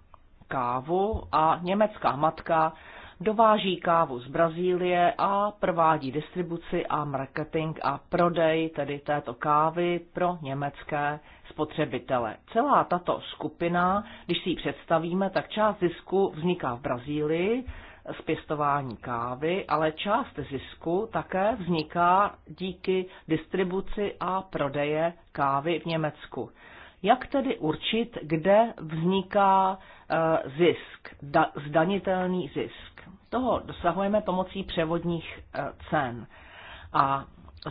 kávu a německá matka dováží kávu z Brazílie a provádí distribuci a marketing a prodej tedy této kávy pro německé spotřebitele. Celá tato skupina, když si ji představíme, tak část zisku vzniká v Brazílii z pěstování kávy, ale část zisku také vzniká díky distribuci a prodeje kávy v Německu. Jak tedy určit, kde vzniká e, zisk, zdanitelný zisk? Toho dosahujeme pomocí převodních e, cen. A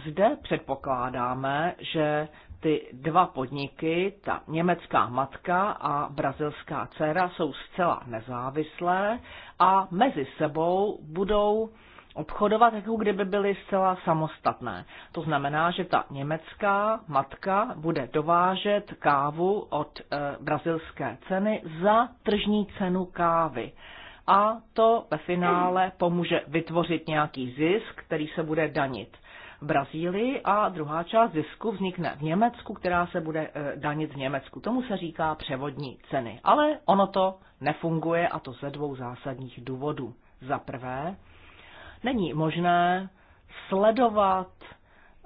zde předpokládáme, že ty dva podniky, ta německá matka a brazilská dcera, jsou zcela nezávislé a mezi sebou budou obchodovat, jako kdyby byly zcela samostatné. To znamená, že ta německá matka bude dovážet kávu od e, brazilské ceny za tržní cenu kávy. A to ve finále pomůže vytvořit nějaký zisk, který se bude danit v Brazílii a druhá část zisku vznikne v Německu, která se bude eh, danit v Německu. Tomu se říká převodní ceny. Ale ono to nefunguje a to ze dvou zásadních důvodů. Za prvé, není možné sledovat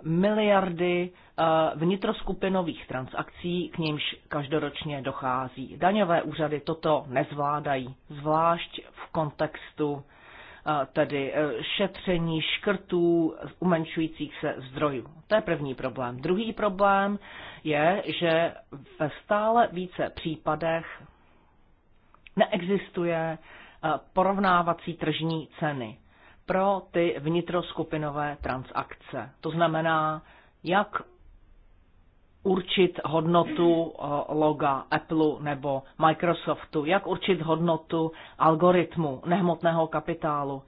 miliardy eh, vnitroskupinových transakcí, k nímž každoročně dochází. Daňové úřady toto nezvládají, zvlášť v kontextu tedy e, šetření škrtů umenšujících se zdrojů. To je první problém. Druhý problém je, že ve stále více případech neexistuje e, porovnávací tržní ceny pro ty vnitroskupinové transakce. To znamená, jak určit hodnotu eh, loga Apple nebo Microsoftu, jak určit hodnotu algoritmu nehmotného kapitálu.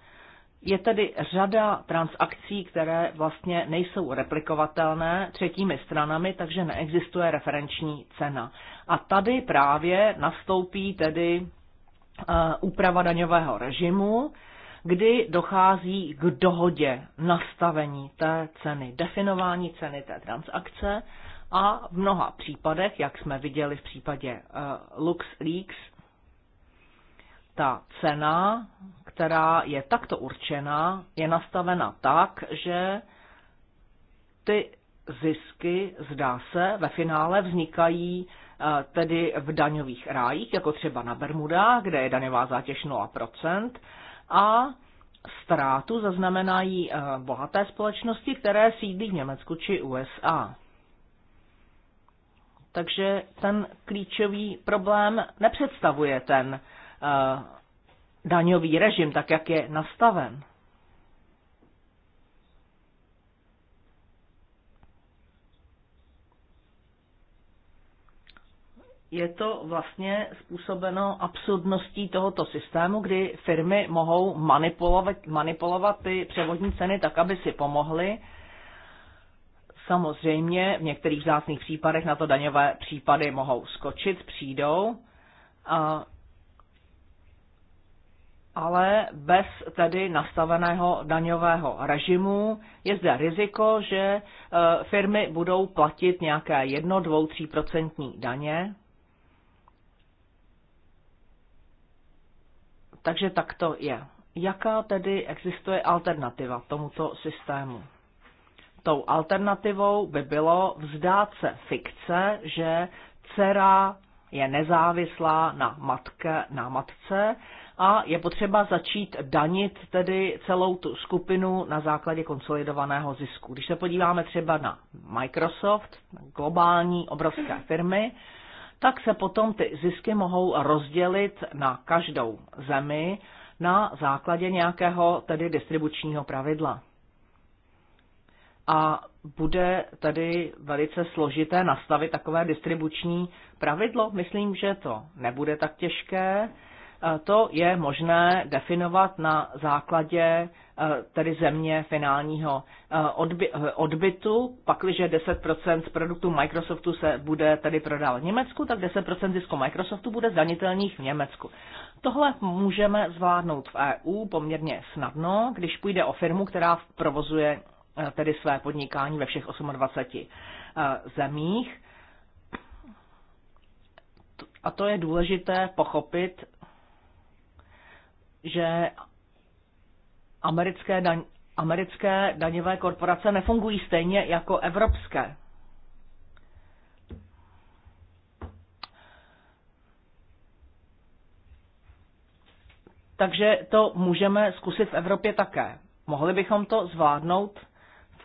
Je tedy řada transakcí, které vlastně nejsou replikovatelné třetími stranami, takže neexistuje referenční cena. A tady právě nastoupí tedy eh, úprava daňového režimu, kdy dochází k dohodě nastavení té ceny, definování ceny té transakce a v mnoha případech, jak jsme viděli v případě eh, LuxLeaks, ta cena, která je takto určena, je nastavena tak, že ty zisky, zdá se, ve finále vznikají eh, tedy v daňových rájích, jako třeba na Bermudách, kde je daňová zátěž 0%, a ztrátu zaznamenají eh, bohaté společnosti, které sídlí v Německu či USA. Takže ten klíčový problém nepředstavuje ten uh, daňový režim, tak jak je nastaven. je to vlastně způsobeno absurdností tohoto systému, kdy firmy mohou manipulovat, manipulovat ty převodní ceny tak, aby si pomohly Samozřejmě v některých vzácných případech na to daňové případy mohou skočit, přijdou, a, ale bez tedy nastaveného daňového režimu je zde riziko, že e, firmy budou platit nějaké 1, 2, 3 procentní daně. Takže tak to je. Jaká tedy existuje alternativa tomuto systému? Tou alternativou by bylo vzdát se fikce, že dcera je nezávislá na, matke, na matce a je potřeba začít danit tedy celou tu skupinu na základě konsolidovaného zisku. Když se podíváme třeba na Microsoft, globální obrovské firmy, tak se potom ty zisky mohou rozdělit na každou zemi na základě nějakého tedy distribučního pravidla a bude tedy velice složité nastavit takové distribuční pravidlo. Myslím, že to nebude tak těžké. E, to je možné definovat na základě e, tedy země finálního e, odby, odbytu. Pakliže 10% z produktů Microsoftu se bude tedy prodávat v Německu, tak 10% zisku Microsoftu bude zdanitelných v Německu. Tohle můžeme zvládnout v EU poměrně snadno, když půjde o firmu, která provozuje Eh, tedy své podnikání ve všech 28 eh, zemích. A to je důležité pochopit, že americké, daň, americké daňové korporace nefungují stejně jako evropské. Takže to můžeme zkusit v Evropě také. Mohli bychom to zvládnout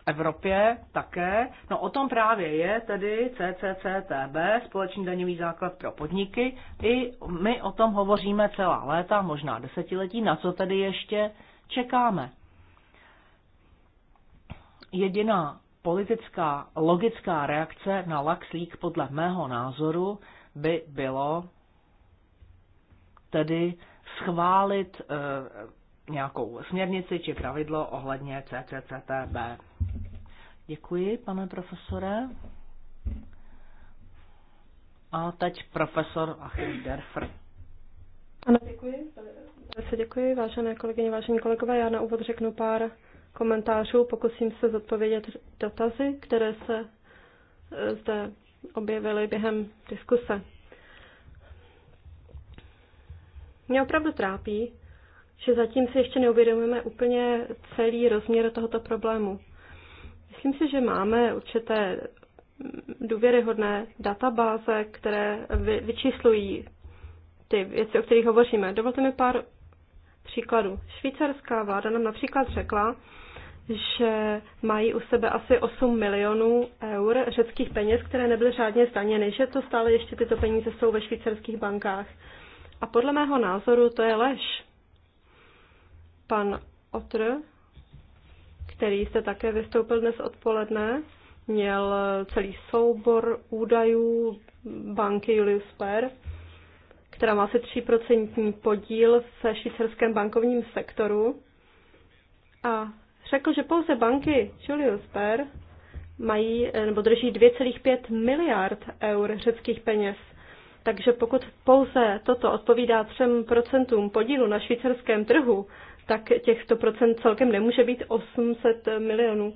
Evropě také. No o tom právě je tedy CCCTB, společný daňový základ pro podniky. I my o tom hovoříme celá léta, možná desetiletí, na co tedy ještě čekáme. Jediná politická logická reakce na League podle mého názoru by bylo tedy schválit e, nějakou směrnici či pravidlo ohledně CCCTB. Děkuji, pane profesore. A teď profesor Achim Derfer. Ano, děkuji. Velice děkuji, vážené kolegyně, vážení kolegové. Já na úvod řeknu pár komentářů, pokusím se zodpovědět dotazy, které se eh, zde objevily během diskuse. Mě opravdu trápí, že zatím si ještě neuvědomujeme úplně celý rozměr tohoto problému. Myslím si, že máme určité důvěryhodné databáze, které vyčíslují ty věci, o kterých hovoříme. Dovolte mi pár příkladů. Švýcarská vláda nám například řekla, že mají u sebe asi 8 milionů eur řeckých peněz, které nebyly řádně zdaněny, že to stále ještě tyto peníze jsou ve švýcarských bankách. A podle mého názoru to je lež. Pan Otr který jste také vystoupil dnes odpoledne. Měl celý soubor údajů banky Julius Per, která má asi 3% podíl ve švýcarském bankovním sektoru. A řekl, že pouze banky Julius Per mají nebo drží 2,5 miliard eur řeckých peněz. Takže pokud pouze toto odpovídá 3% podílu na švýcarském trhu, tak těch 100% celkem nemůže být 800 milionů.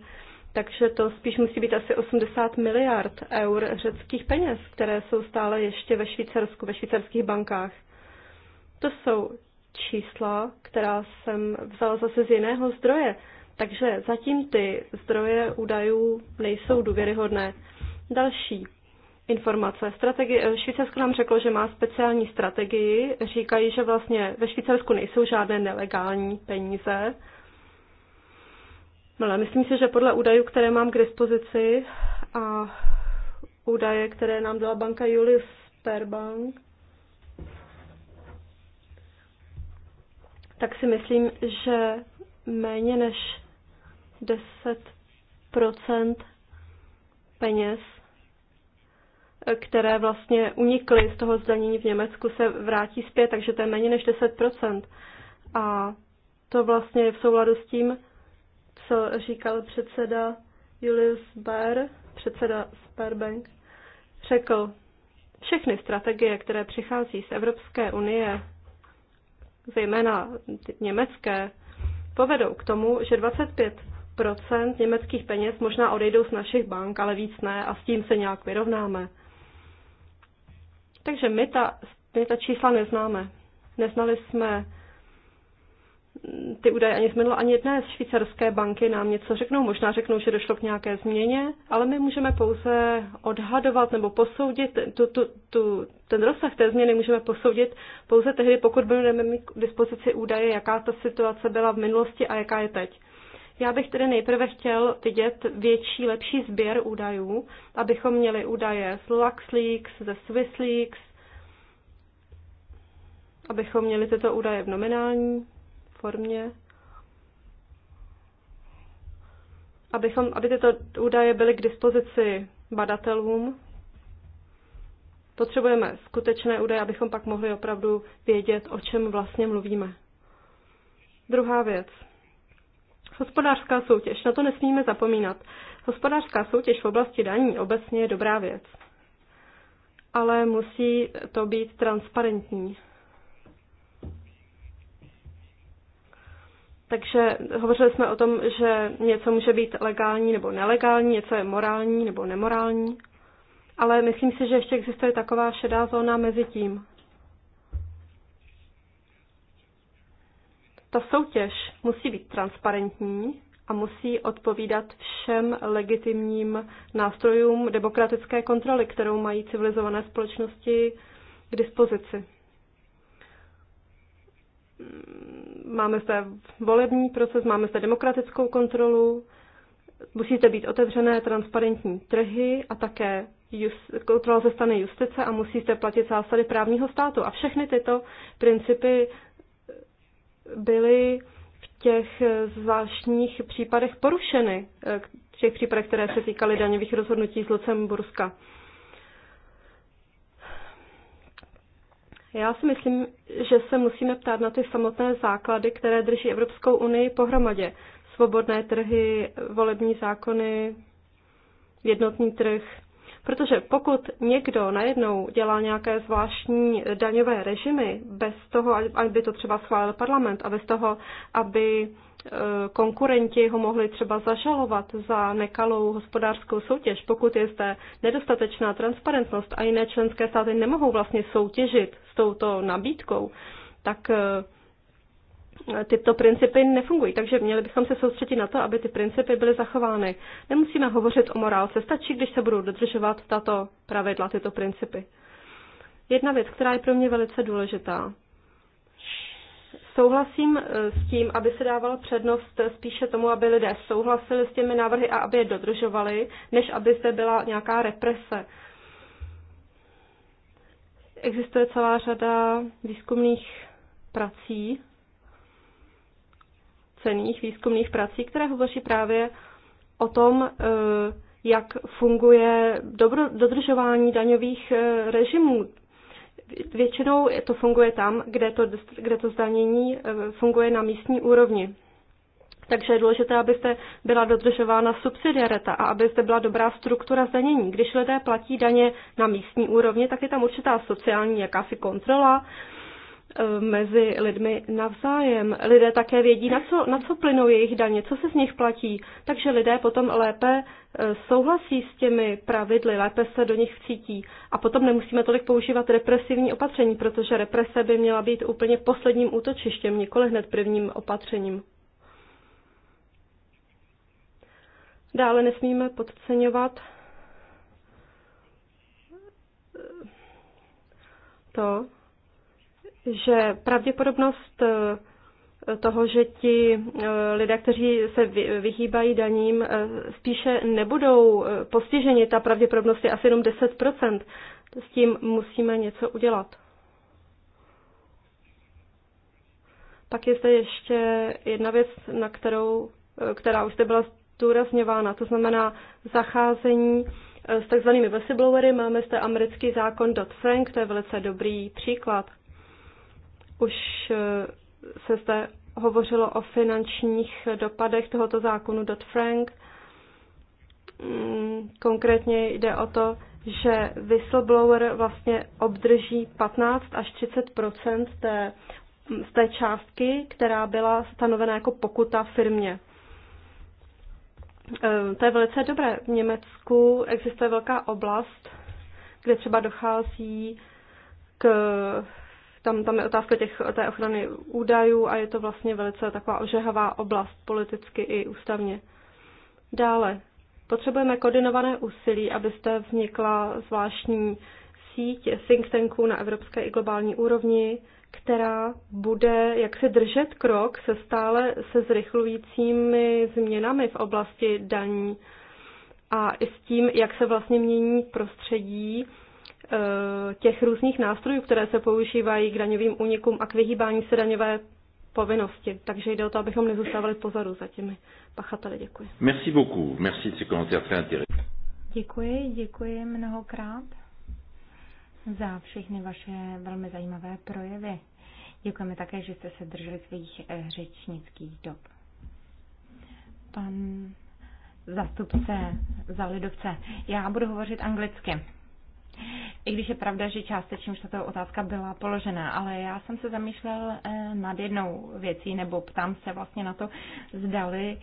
Takže to spíš musí být asi 80 miliard eur řeckých peněz, které jsou stále ještě ve Švýcarsku, ve švýcarských bankách. To jsou čísla, která jsem vzala zase z jiného zdroje. Takže zatím ty zdroje údajů nejsou důvěryhodné. Další informace. Strategie, eh, Švýcarsko nám řeklo, že má speciální strategii. Říkají, že vlastně ve Švýcarsku nejsou žádné nelegální peníze. No, ale myslím si, že podle údajů, které mám k dispozici a údaje, které nám dala banka Julius Sperbank, tak si myslím, že méně než 10 peněz které vlastně unikly z toho zdanění v Německu, se vrátí zpět, takže to je méně než 10%. A to vlastně je v souladu s tím, co říkal předseda Julius Baer, předseda Sperbank, řekl, všechny strategie, které přichází z Evropské unie, zejména německé, povedou k tomu, že 25 německých peněz možná odejdou z našich bank, ale víc ne a s tím se nějak vyrovnáme. Takže my ta, my ta čísla neznáme. Neznali jsme ty údaje ani z minula, ani jedné z švýcarské banky nám něco řeknou. Možná řeknou, že došlo k nějaké změně, ale my můžeme pouze odhadovat nebo posoudit tu, tu, tu, ten rozsah té změny můžeme posoudit pouze tehdy, pokud budeme mít k dispozici údaje, jaká ta situace byla v minulosti a jaká je teď. Já bych tedy nejprve chtěl vidět větší, lepší sběr údajů, abychom měli údaje z LuxLeaks, ze SwissLeaks, abychom měli tyto údaje v nominální formě, abychom, aby tyto údaje byly k dispozici badatelům. Potřebujeme skutečné údaje, abychom pak mohli opravdu vědět, o čem vlastně mluvíme. Druhá věc. Hospodářská soutěž. Na to nesmíme zapomínat. Hospodářská soutěž v oblasti daní obecně je dobrá věc. Ale musí to být transparentní. Takže hovořili jsme o tom, že něco může být legální nebo nelegální, něco je morální nebo nemorální, ale myslím si, že ještě existuje taková šedá zóna mezi tím. ta soutěž musí být transparentní a musí odpovídat všem legitimním nástrojům demokratické kontroly, kterou mají civilizované společnosti k dispozici. Máme zde volební proces, máme zde demokratickou kontrolu, musíte být otevřené, transparentní trhy a také just, kontrola ze strany justice a musíte platit zásady právního státu. A všechny tyto principy byly v těch zvláštních případech porušeny, eh, v těch případech, které se týkaly daňových rozhodnutí z Lucemburska. Já si myslím, že se musíme ptát na ty samotné základy, které drží Evropskou unii pohromadě. Svobodné trhy, volební zákony, jednotný trh, Protože pokud někdo najednou dělá nějaké zvláštní daňové režimy bez toho, aby to třeba schválil parlament a bez toho, aby e, konkurenti ho mohli třeba zažalovat za nekalou hospodářskou soutěž, pokud je zde nedostatečná transparentnost a jiné členské státy nemohou vlastně soutěžit s touto nabídkou, tak e, tyto principy nefungují, takže měli bychom se soustředit na to, aby ty principy byly zachovány. Nemusíme hovořit o morálce, stačí, když se budou dodržovat tato pravidla, tyto principy. Jedna věc, která je pro mě velice důležitá. Souhlasím eh, s tím, aby se dávala přednost spíše tomu, aby lidé souhlasili s těmi návrhy a aby je dodržovali, než aby zde byla nějaká represe. Existuje celá řada výzkumných prací cených výzkumných prací, které hovoří právě o tom, eh, jak funguje dobro, dodržování daňových eh, režimů. Většinou to funguje tam, kde to, kde to zdanění eh, funguje na místní úrovni. Takže je důležité, abyste byla dodržována subsidiarita a aby zde byla dobrá struktura zdanění. Když lidé platí daně na místní úrovni, tak je tam určitá sociální jakási kontrola, Eh, mezi lidmi navzájem. Lidé také vědí, na co, na co plynou jejich daně, co se z nich platí, takže lidé potom lépe eh, souhlasí s těmi pravidly, lépe se do nich cítí. A potom nemusíme tolik používat represivní opatření, protože represe by měla být úplně posledním útočištěm, nikoli hned prvním opatřením. Dále nesmíme podceňovat eh, to, že pravděpodobnost eh, toho, že ti eh, lidé, kteří se vyhýbají daním, eh, spíše nebudou postiženi. Ta pravděpodobnost je asi jenom 10%. S tím musíme něco udělat. Pak je zde ještě jedna věc, na kterou, která už zde byla zdůrazňována, to znamená zacházení s takzvanými whistleblowery. Máme zde americký zákon Dodd-Frank, to je velice dobrý příklad. Už eh, se zde hovořilo o finančních dopadech tohoto zákonu Dodd-Frank. Mm, konkrétně jde o to, že whistleblower vlastně obdrží 15 až 30 té, z té částky, která byla stanovena jako pokuta firmě. Eh, to je velice dobré. V Německu existuje velká oblast, kde třeba dochází k tam, tam je otázka těch, té ochrany údajů a je to vlastně velice taková ožehavá oblast politicky i ústavně. Dále, potřebujeme koordinované úsilí, abyste vznikla zvláštní síť think tanků na evropské i globální úrovni, která bude jak se držet krok se stále se zrychlujícími změnami v oblasti daní a i s tím, jak se vlastně mění prostředí Eh, těch různých nástrojů, které se používají k daňovým únikům a k vyhýbání se daňové povinnosti. Takže jde o to, abychom nezůstávali pozoru za těmi pachateli. Děkuji. Merci beaucoup. Merci Děkuji, děkuji mnohokrát za všechny vaše velmi zajímavé projevy. Děkujeme také, že jste se drželi svých eh, řečnických dob. Pan zastupce za lidovce, já budu hovořit anglicky. I když je pravda, že částečně už tato otázka byla položena, ale já jsem se zamýšlel eh, nad jednou věcí, nebo ptám se vlastně na to, zdali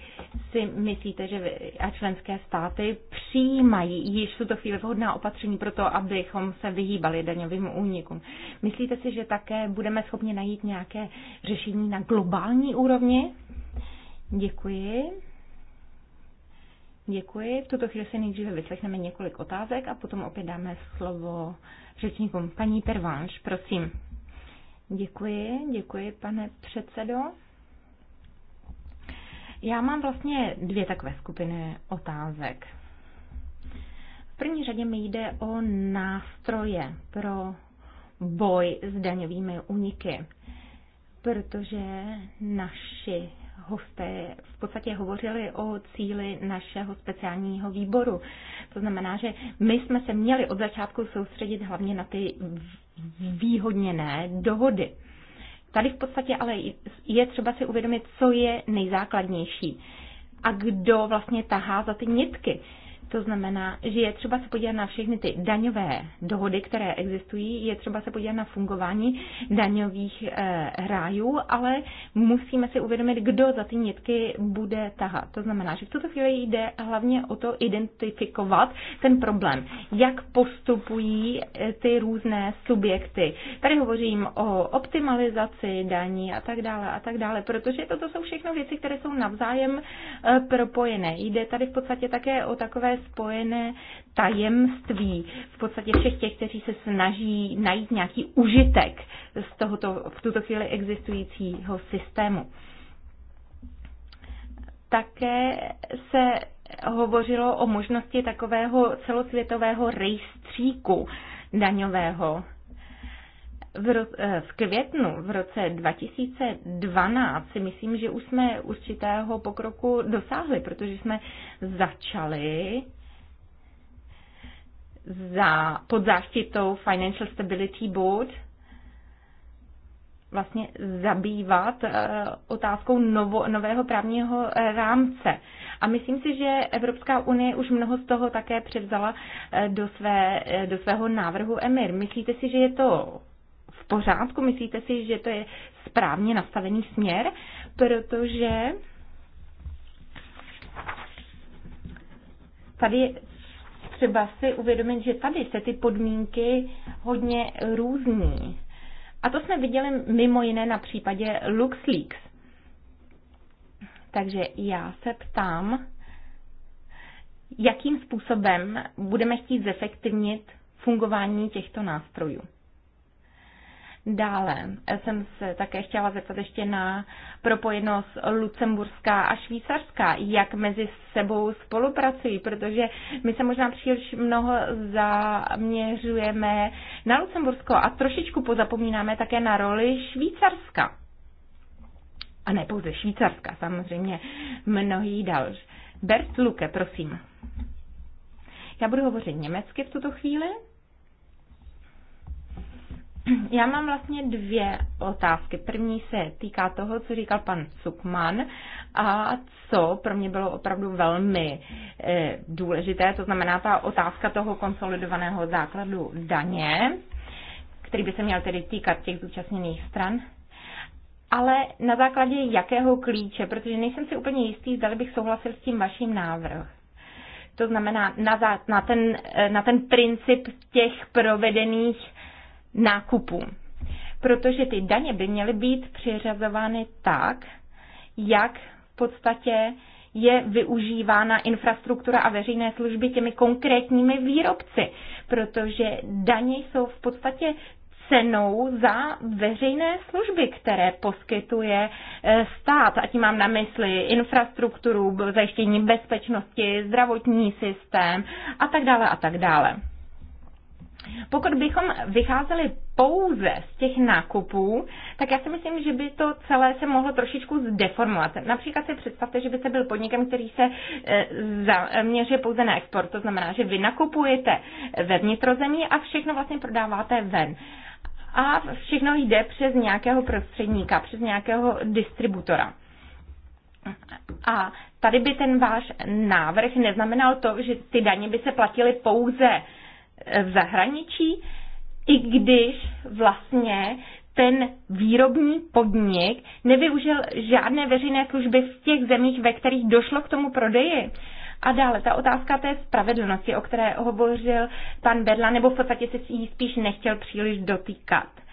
si myslíte, že vy a členské státy přijímají již v tuto chvíli vhodná opatření pro to, abychom se vyhýbali daňovým únikům. Myslíte si, že také budeme schopni najít nějaké řešení na globální úrovni? Děkuji. Děkuji. V tuto chvíli se nejdříve vyslechneme několik otázek a potom opět dáme slovo řečníkům. Paní Pervanš, prosím. Děkuji, děkuji, pane předsedo. Já mám vlastně dvě takové skupiny otázek. V první řadě mi jde o nástroje pro boj s daňovými úniky, protože naši hosté v podstatě hovořili o cíli našeho speciálního výboru. To znamená, že my jsme se měli od začátku soustředit hlavně na ty výhodněné dohody. Tady v podstatě ale je třeba si uvědomit, co je nejzákladnější a kdo vlastně tahá za ty nitky. To znamená, že je třeba se podívat na všechny ty daňové dohody, které existují, je třeba se podívat na fungování daňových eh, rájů, ale musíme si uvědomit, kdo za ty nitky bude tahat. To znamená, že v tuto chvíli jde hlavně o to identifikovat ten problém, jak postupují eh, ty různé subjekty. Tady hovořím o optimalizaci daní a tak dále a tak dále, protože toto jsou všechno věci, které jsou navzájem eh, propojené. Jde tady v podstatě také o takové spojené tajemství v podstatě všech těch, kteří se snaží najít nějaký užitek z tohoto v tuto chvíli existujícího systému. Také se hovořilo o možnosti takového celosvětového rejstříku daňového v, ro- eh, v květnu v roce 2012 si myslím, že už jsme určitého pokroku dosáhli, protože jsme začali za, pod záštitou Financial Stability Board vlastně zabývat eh, otázkou novo, nového právního eh, rámce. A myslím si, že Evropská unie už mnoho z toho také převzala do, své, do svého návrhu EMIR. Myslíte si, že je to pořádku? Myslíte si, že to je správně nastavený směr? Protože tady třeba si uvědomit, že tady se ty podmínky hodně různí. A to jsme viděli mimo jiné na případě LuxLeaks. Takže já se ptám, jakým způsobem budeme chtít zefektivnit fungování těchto nástrojů. Dále eh, jsem se také chtěla zeptat ještě na propojenost Lucemburská a Švýcarská, jak mezi sebou spolupracují, protože my se možná příliš mnoho zaměřujeme na Lucembursko a trošičku pozapomínáme také na roli Švýcarska. A ne pouze Švýcarska, samozřejmě mnohý další. Bert Luke, prosím. Já budu hovořit německy v tuto chvíli. Já mám vlastně dvě otázky. První se týká toho, co říkal pan Cukman a co pro mě bylo opravdu velmi e, důležité, to znamená ta otázka toho konsolidovaného základu daně, který by se měl tedy týkat těch zúčastněných stran ale na základě jakého klíče, protože nejsem si úplně jistý, zda bych souhlasil s tím vaším návrhem. To znamená na, za, na, ten, eh, na ten princip těch provedených nákupům. Protože ty daně by měly být přiřazovány tak, jak v podstatě je využívána infrastruktura a veřejné služby těmi konkrétními výrobci, protože daně jsou v podstatě cenou za veřejné služby, které poskytuje eh, stát. A tím mám na mysli infrastrukturu, zajištění bezpečnosti, zdravotní systém a tak dále a tak dále. Pokud bychom vycházeli pouze z těch nákupů, tak já si myslím, že by to celé se mohlo trošičku zdeformovat. Například si představte, že byste byl podnikem, který se eh, zaměřuje pouze na export. To znamená, že vy nakupujete ve vnitrozemí a všechno vlastně prodáváte ven. A všechno jde přes nějakého prostředníka, přes nějakého distributora. A tady by ten váš návrh neznamenal to, že ty daně by se platily pouze v zahraničí, i když vlastně ten výrobní podnik nevyužil žádné veřejné služby v těch zemích, ve kterých došlo k tomu prodeji. A dále ta otázka té spravedlnosti, o které hovořil pan Bedla, nebo v podstatě se jí spíš nechtěl příliš dotýkat.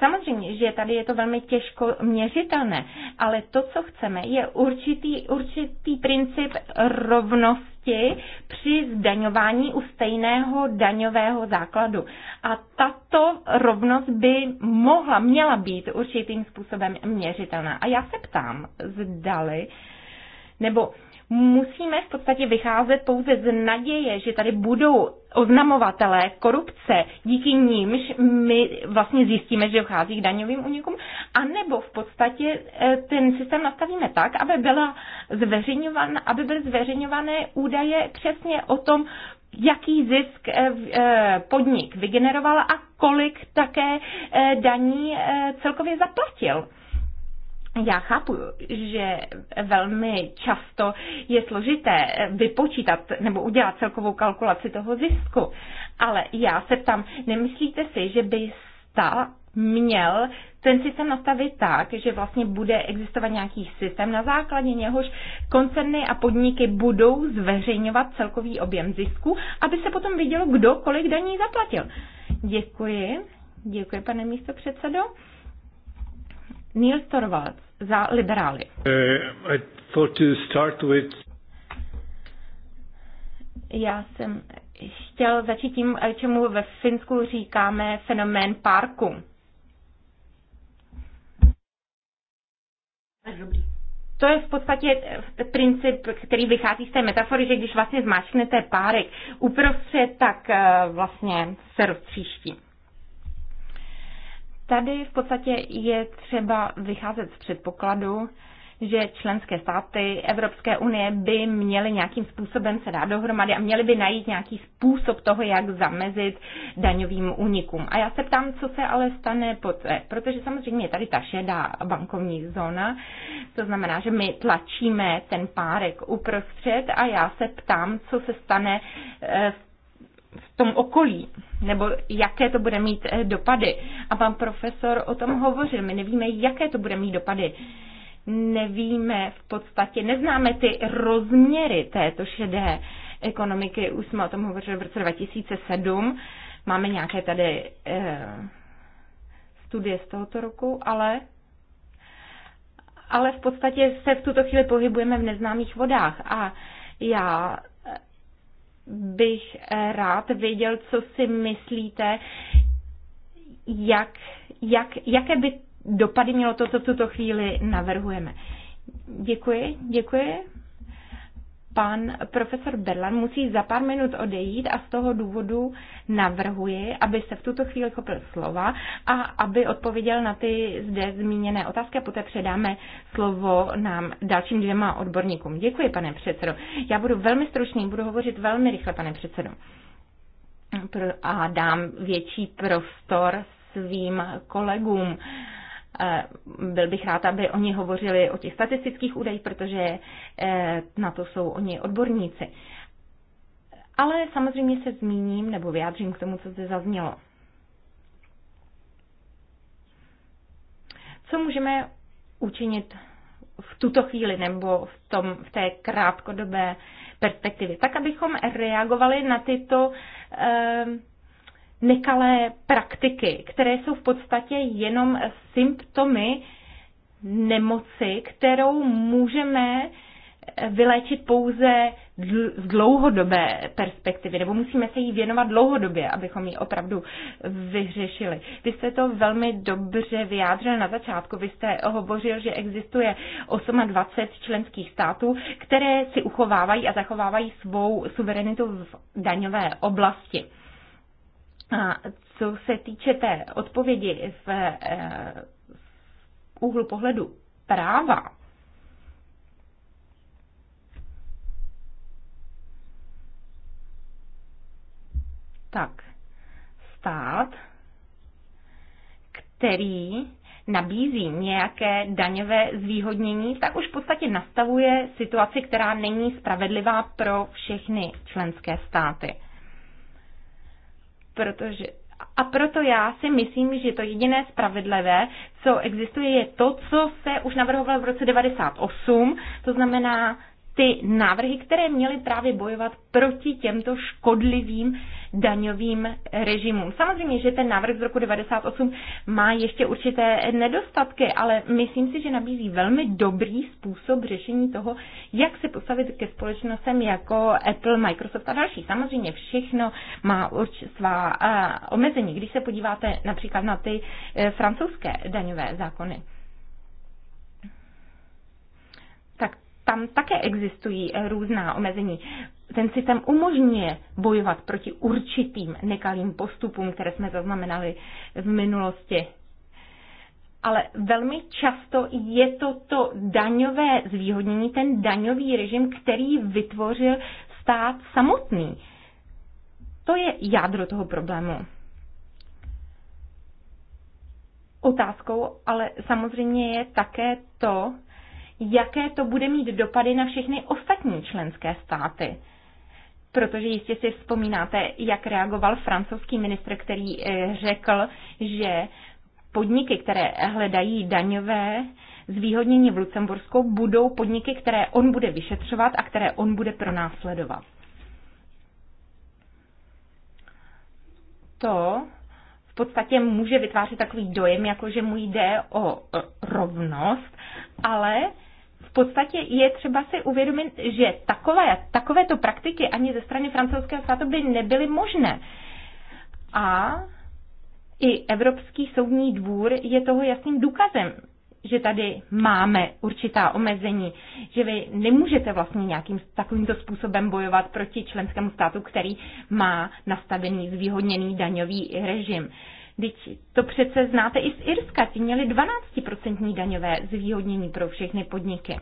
Samozřejmě, že tady je to velmi těžko měřitelné, ale to, co chceme, je určitý, určitý princip rovnosti při zdaňování u stejného daňového základu. A tato rovnost by mohla, měla být určitým způsobem měřitelná. A já se ptám, zdali, nebo musíme v podstatě vycházet pouze z naděje, že tady budou oznamovatelé korupce, díky nímž my vlastně zjistíme, že dochází k daňovým unikům, anebo v podstatě eh, ten systém nastavíme tak, aby, byla zveřejňovan, aby byly zveřejňované údaje přesně o tom, jaký zisk eh, eh, podnik vygeneroval a kolik také daní celkově zaplatil. Já chápu, že velmi často je složité vypočítat nebo udělat celkovou kalkulaci toho zisku, ale já se ptám, nemyslíte si, že by sta měl ten systém nastavit tak, že vlastně bude existovat nějaký systém, na základě něhož koncerny a podniky budou zveřejňovat celkový objem zisku, aby se potom vidělo, kdo kolik daní zaplatil. Děkuji. Děkuji, pane místo předsedo. Neil Torvalds za liberály. Uh, Já jsem chtěl začít tím, čemu ve Finsku říkáme fenomén parku. To je v podstatě princip, který vychází z té metafory, že když vlastně zmáčknete párek uprostřed, tak eh, vlastně se roztříští. Tady v podstatě je třeba vycházet z předpokladu, že členské státy Evropské unie by měly nějakým způsobem se dát dohromady a měly by najít nějaký způsob toho, jak zamezit daňovým únikům. A já se ptám, co se ale stane poté, protože samozřejmě je tady ta šedá bankovní zóna, to znamená, že my tlačíme ten párek uprostřed a já se ptám, co se stane v eh, v tom okolí, nebo jaké to bude mít eh, dopady. A pan profesor o tom hovořil. My nevíme, jaké to bude mít dopady. Nevíme v podstatě, neznáme ty rozměry této šedé ekonomiky. Už jsme o tom hovořili v roce 2007. Máme nějaké tady eh, studie z tohoto roku, ale ale v podstatě se v tuto chvíli pohybujeme v neznámých vodách. A já bych rád věděl, co si myslíte, jak, jak, jaké by dopady mělo to, co v tuto chvíli navrhujeme. Děkuji, děkuji pan profesor Berlan musí za pár minut odejít a z toho důvodu navrhuji, aby se v tuto chvíli chopil slova a aby odpověděl na ty zde zmíněné otázky a poté předáme slovo nám dalším dvěma odborníkům. Děkuji, pane předsedo. Já budu velmi stručný, budu hovořit velmi rychle, pane předsedo. A dám větší prostor svým kolegům. Eh, byl bych rád, aby oni hovořili o těch statistických údajích, protože eh, na to jsou oni odborníci. Ale samozřejmě se zmíním nebo vyjádřím k tomu, co zde zaznělo. Co můžeme učinit v tuto chvíli nebo v, tom, v té krátkodobé perspektivě, tak abychom reagovali na tyto eh, nekalé praktiky, které jsou v podstatě jenom symptomy nemoci, kterou můžeme eh, vyléčit pouze z dlouhodobé perspektivy, nebo musíme se jí věnovat dlouhodobě, abychom ji opravdu vyřešili. Vy jste to velmi dobře vyjádřil na začátku. Vy jste hovořil, že existuje 28 členských států, které si uchovávají a zachovávají svou suverenitu v daňové oblasti. A co se týče té odpovědi v, eh, v úhlu pohledu práva, tak stát, který nabízí nějaké daňové zvýhodnění, tak už v podstatě nastavuje situaci, která není spravedlivá pro všechny členské státy protože a proto já si myslím, že to jediné spravedlivé, co existuje, je to, co se už navrhovalo v roce 98, to znamená ty návrhy, které měly právě bojovat proti těmto škodlivým daňovým režimům. Samozřejmě, že ten návrh z roku 98 má ještě určité nedostatky, ale myslím si, že nabízí velmi dobrý způsob řešení toho, jak se postavit ke společnostem jako Apple, Microsoft a další. Samozřejmě všechno má urč svá eh, omezení. Když se podíváte například na ty eh, francouzské daňové zákony. tam také existují eh, různá omezení. Ten systém umožňuje bojovat proti určitým nekalým postupům, které jsme zaznamenali v minulosti. Ale velmi často je to to daňové zvýhodnění, ten daňový režim, který vytvořil stát samotný. To je jádro toho problému. Otázkou ale samozřejmě je také to, jaké to bude mít dopady na všechny ostatní členské státy. Protože jistě si vzpomínáte, jak reagoval francouzský ministr, který eh, řekl, že podniky, které hledají daňové zvýhodnění v Lucembursku, budou podniky, které on bude vyšetřovat a které on bude pronásledovat. To v podstatě může vytvářet takový dojem, jako že mu jde o eh, rovnost, ale podstatě je třeba si uvědomit, že takové, takovéto praktiky ani ze strany francouzského státu by nebyly možné. A i Evropský soudní dvůr je toho jasným důkazem, že tady máme určitá omezení, že vy nemůžete vlastně nějakým takovýmto způsobem bojovat proti členskému státu, který má nastavený zvýhodněný daňový režim. Uh, Teď to přece znáte i z Irska, ti měli 12% daňové zvýhodnění pro všechny podniky.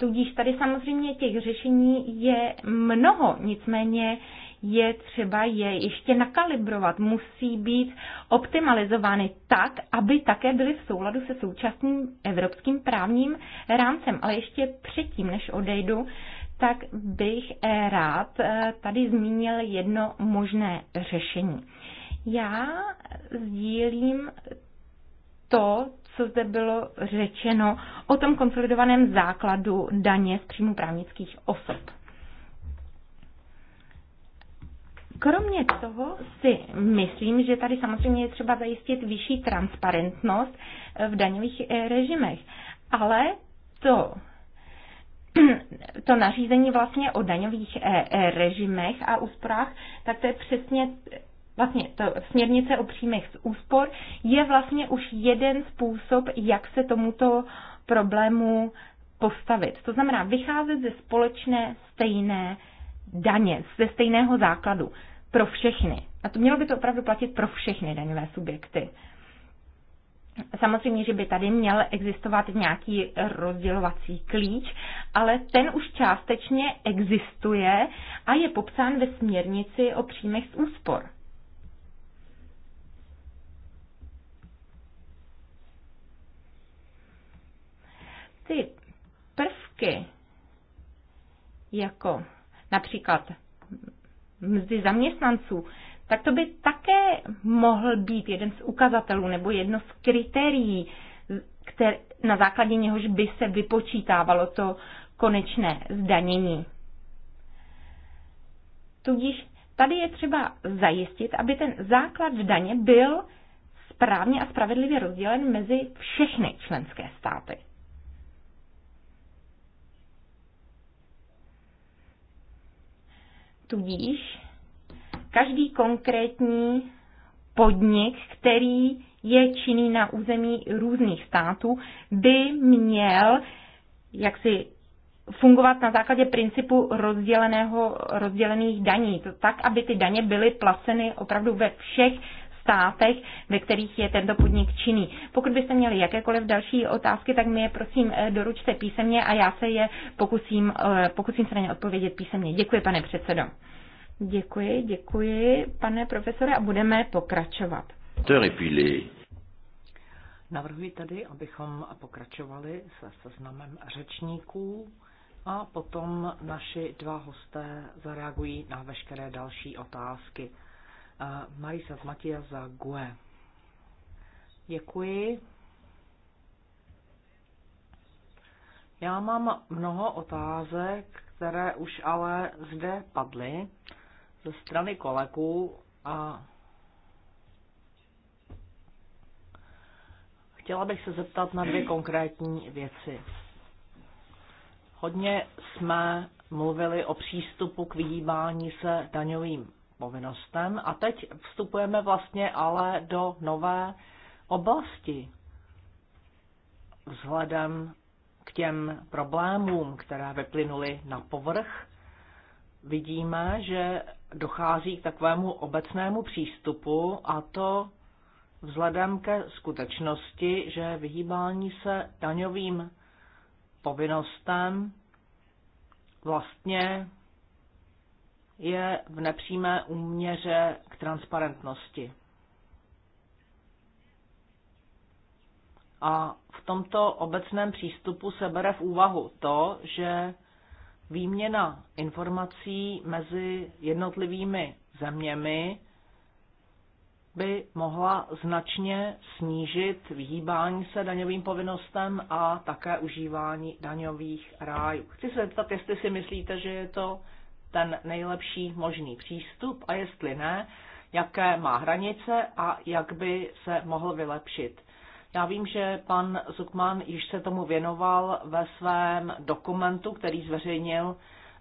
Tudíž tady samozřejmě těch řešení je mnoho, nicméně je třeba je ještě nakalibrovat, musí být optimalizovány tak, aby také byly v souladu se současným evropským právním rámcem. Ale ještě předtím, než odejdu, tak bych rád eh, tady zmínil jedno možné řešení. Já sdílím to, co zde bylo řečeno o tom konsolidovaném základu daně z příjmu právnických osob. Kromě toho si myslím, že tady samozřejmě je třeba zajistit vyšší transparentnost v daňových eh, režimech, ale to to nařízení vlastně o daňových eh, eh, režimech a úsporách, tak to je přesně vlastně to směrnice o příjmech z úspor je vlastně už jeden způsob, jak se tomuto problému postavit. To znamená vycházet ze společné stejné daně, ze stejného základu pro všechny. A to mělo by to opravdu platit pro všechny daňové subjekty. Samozřejmě, že by tady měl existovat nějaký rozdělovací klíč, ale ten už částečně existuje a je popsán ve směrnici o příjmech z úspor. ty prvky, jako například mzdy zaměstnanců, tak to by také mohl být jeden z ukazatelů nebo jedno z kritérií, které, na základě něhož by se vypočítávalo to konečné zdanění. Tudíž tady je třeba zajistit, aby ten základ daně byl správně a spravedlivě rozdělen mezi všechny členské státy. Tudíž každý konkrétní podnik, který je činný na území různých států, by měl jaksi fungovat na základě principu rozděleného, rozdělených daní, to tak, aby ty daně byly placeny opravdu ve všech státech, ve kterých je tento podnik činný. Pokud byste měli jakékoliv další otázky, tak mi je prosím eh, doručte písemně a já se je pokusím, eh, pokusím se na ně odpovědět písemně. Děkuji, pane předsedo. Děkuji, děkuji, pane profesore, a budeme pokračovat. Navrhuji tedy, abychom pokračovali se seznamem řečníků a potom naši dva hosté zareagují na veškeré další otázky. Marisa z Matia za GUE. Děkuji. Já mám mnoho otázek, které už ale zde padly ze strany koleků a chtěla bych se zeptat na dvě konkrétní věci. Hodně jsme mluvili o přístupu k vyhýbání se daňovým povinnostem. A teď vstupujeme vlastně ale do nové oblasti vzhledem k těm problémům, které vyplynuly na povrch, vidíme, že dochází k takovému obecnému přístupu a to vzhledem ke skutečnosti, že vyhýbání se daňovým povinnostem vlastně je v nepřímé úměře k transparentnosti. A v tomto obecném přístupu se bere v úvahu to, že výměna informací mezi jednotlivými zeměmi by mohla značně snížit vyhýbání se daňovým povinnostem a také užívání daňových rájů. Chci se zeptat, jestli si myslíte, že je to ten nejlepší možný přístup a jestli ne, jaké má hranice a jak by se mohl vylepšit. Já vím, že pan Zukman již se tomu věnoval ve svém dokumentu, který zveřejnil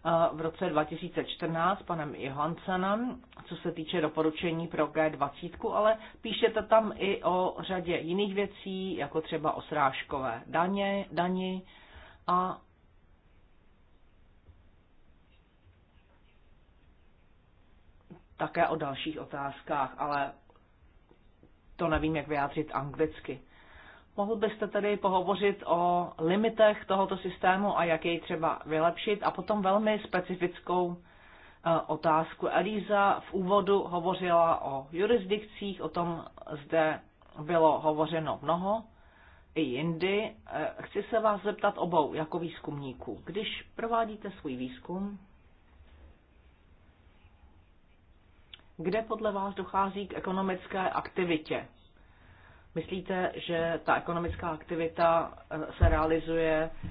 eh, v roce 2014 panem Johansenem, co se týče doporučení pro G20, ale píšete tam i o řadě jiných věcí, jako třeba o srážkové daně, dani a také o dalších otázkách, ale to nevím, jak vyjádřit anglicky. Mohl byste tedy pohovořit o limitech tohoto systému a jak jej třeba vylepšit a potom velmi specifickou eh, otázku. Elíza v úvodu hovořila o jurisdikcích, o tom zde bylo hovořeno mnoho, i jindy. Eh, chci se vás zeptat obou jako výzkumníků. Když provádíte svůj výzkum, Kde podle vás dochází k ekonomické aktivitě? Myslíte, že ta ekonomická aktivita eh, se realizuje eh,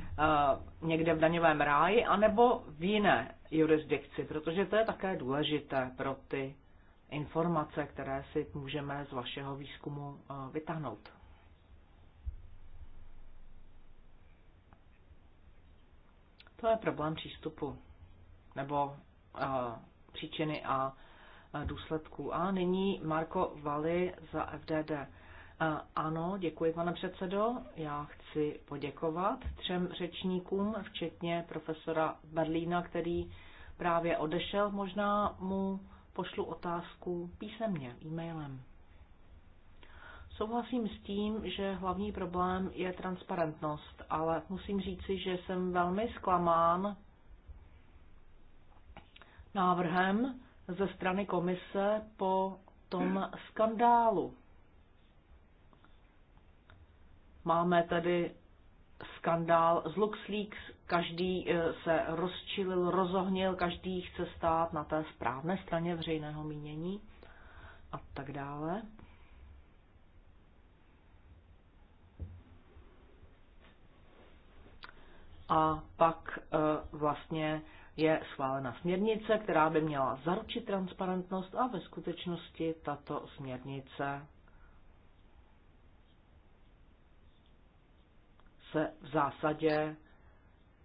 někde v daňovém ráji anebo v jiné jurisdikci? Protože to je také důležité pro ty informace, které si můžeme z vašeho výzkumu eh, vytáhnout. To je problém přístupu nebo příčiny a Eh, důsledků. A nyní Marko Vali za FDD. Eh, ano, děkuji, pane předsedo. Já chci poděkovat třem řečníkům, včetně profesora Berlína, který právě odešel. Možná mu pošlu otázku písemně, e-mailem. Souhlasím s tím, že hlavní problém je transparentnost, ale musím říci, že jsem velmi zklamán návrhem, ze strany komise po tom skandálu. Máme tedy skandál z LuxLeaks, každý eh, se rozčilil, rozohnil, každý chce stát na té správné straně veřejného mínění a tak dále. A pak eh, vlastně je schválena směrnice, která by měla zaručit transparentnost a ve skutečnosti tato směrnice se v zásadě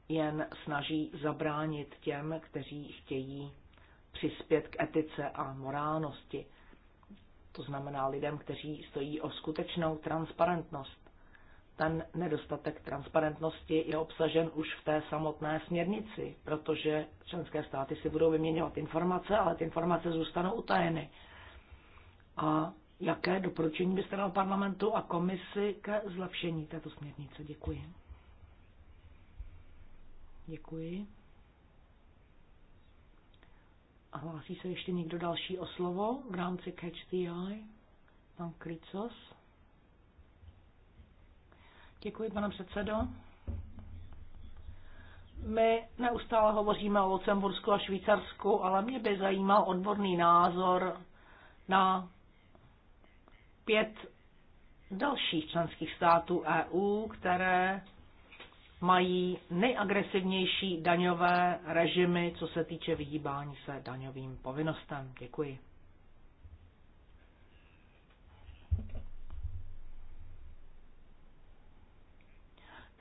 jen snaží zabránit těm, kteří chtějí přispět k etice a morálnosti. To znamená lidem, kteří stojí o skutečnou transparentnost ten nedostatek transparentnosti je obsažen už v té samotné směrnici, protože členské státy si budou vyměňovat informace, ale ty informace zůstanou utajeny. A jaké doporučení byste dal parlamentu a komisi ke zlepšení této směrnice? Děkuji. Děkuji. A hlásí se ještě někdo další o slovo v rámci Catch the Eye? Pan Kricos? Děkuji, pane předsedo. My neustále hovoříme o Lucembursku a Švýcarsku, ale mě by zajímal odborný názor na pět dalších členských států EU, které mají nejagresivnější daňové režimy, co se týče vyhýbání se daňovým povinnostem. Děkuji.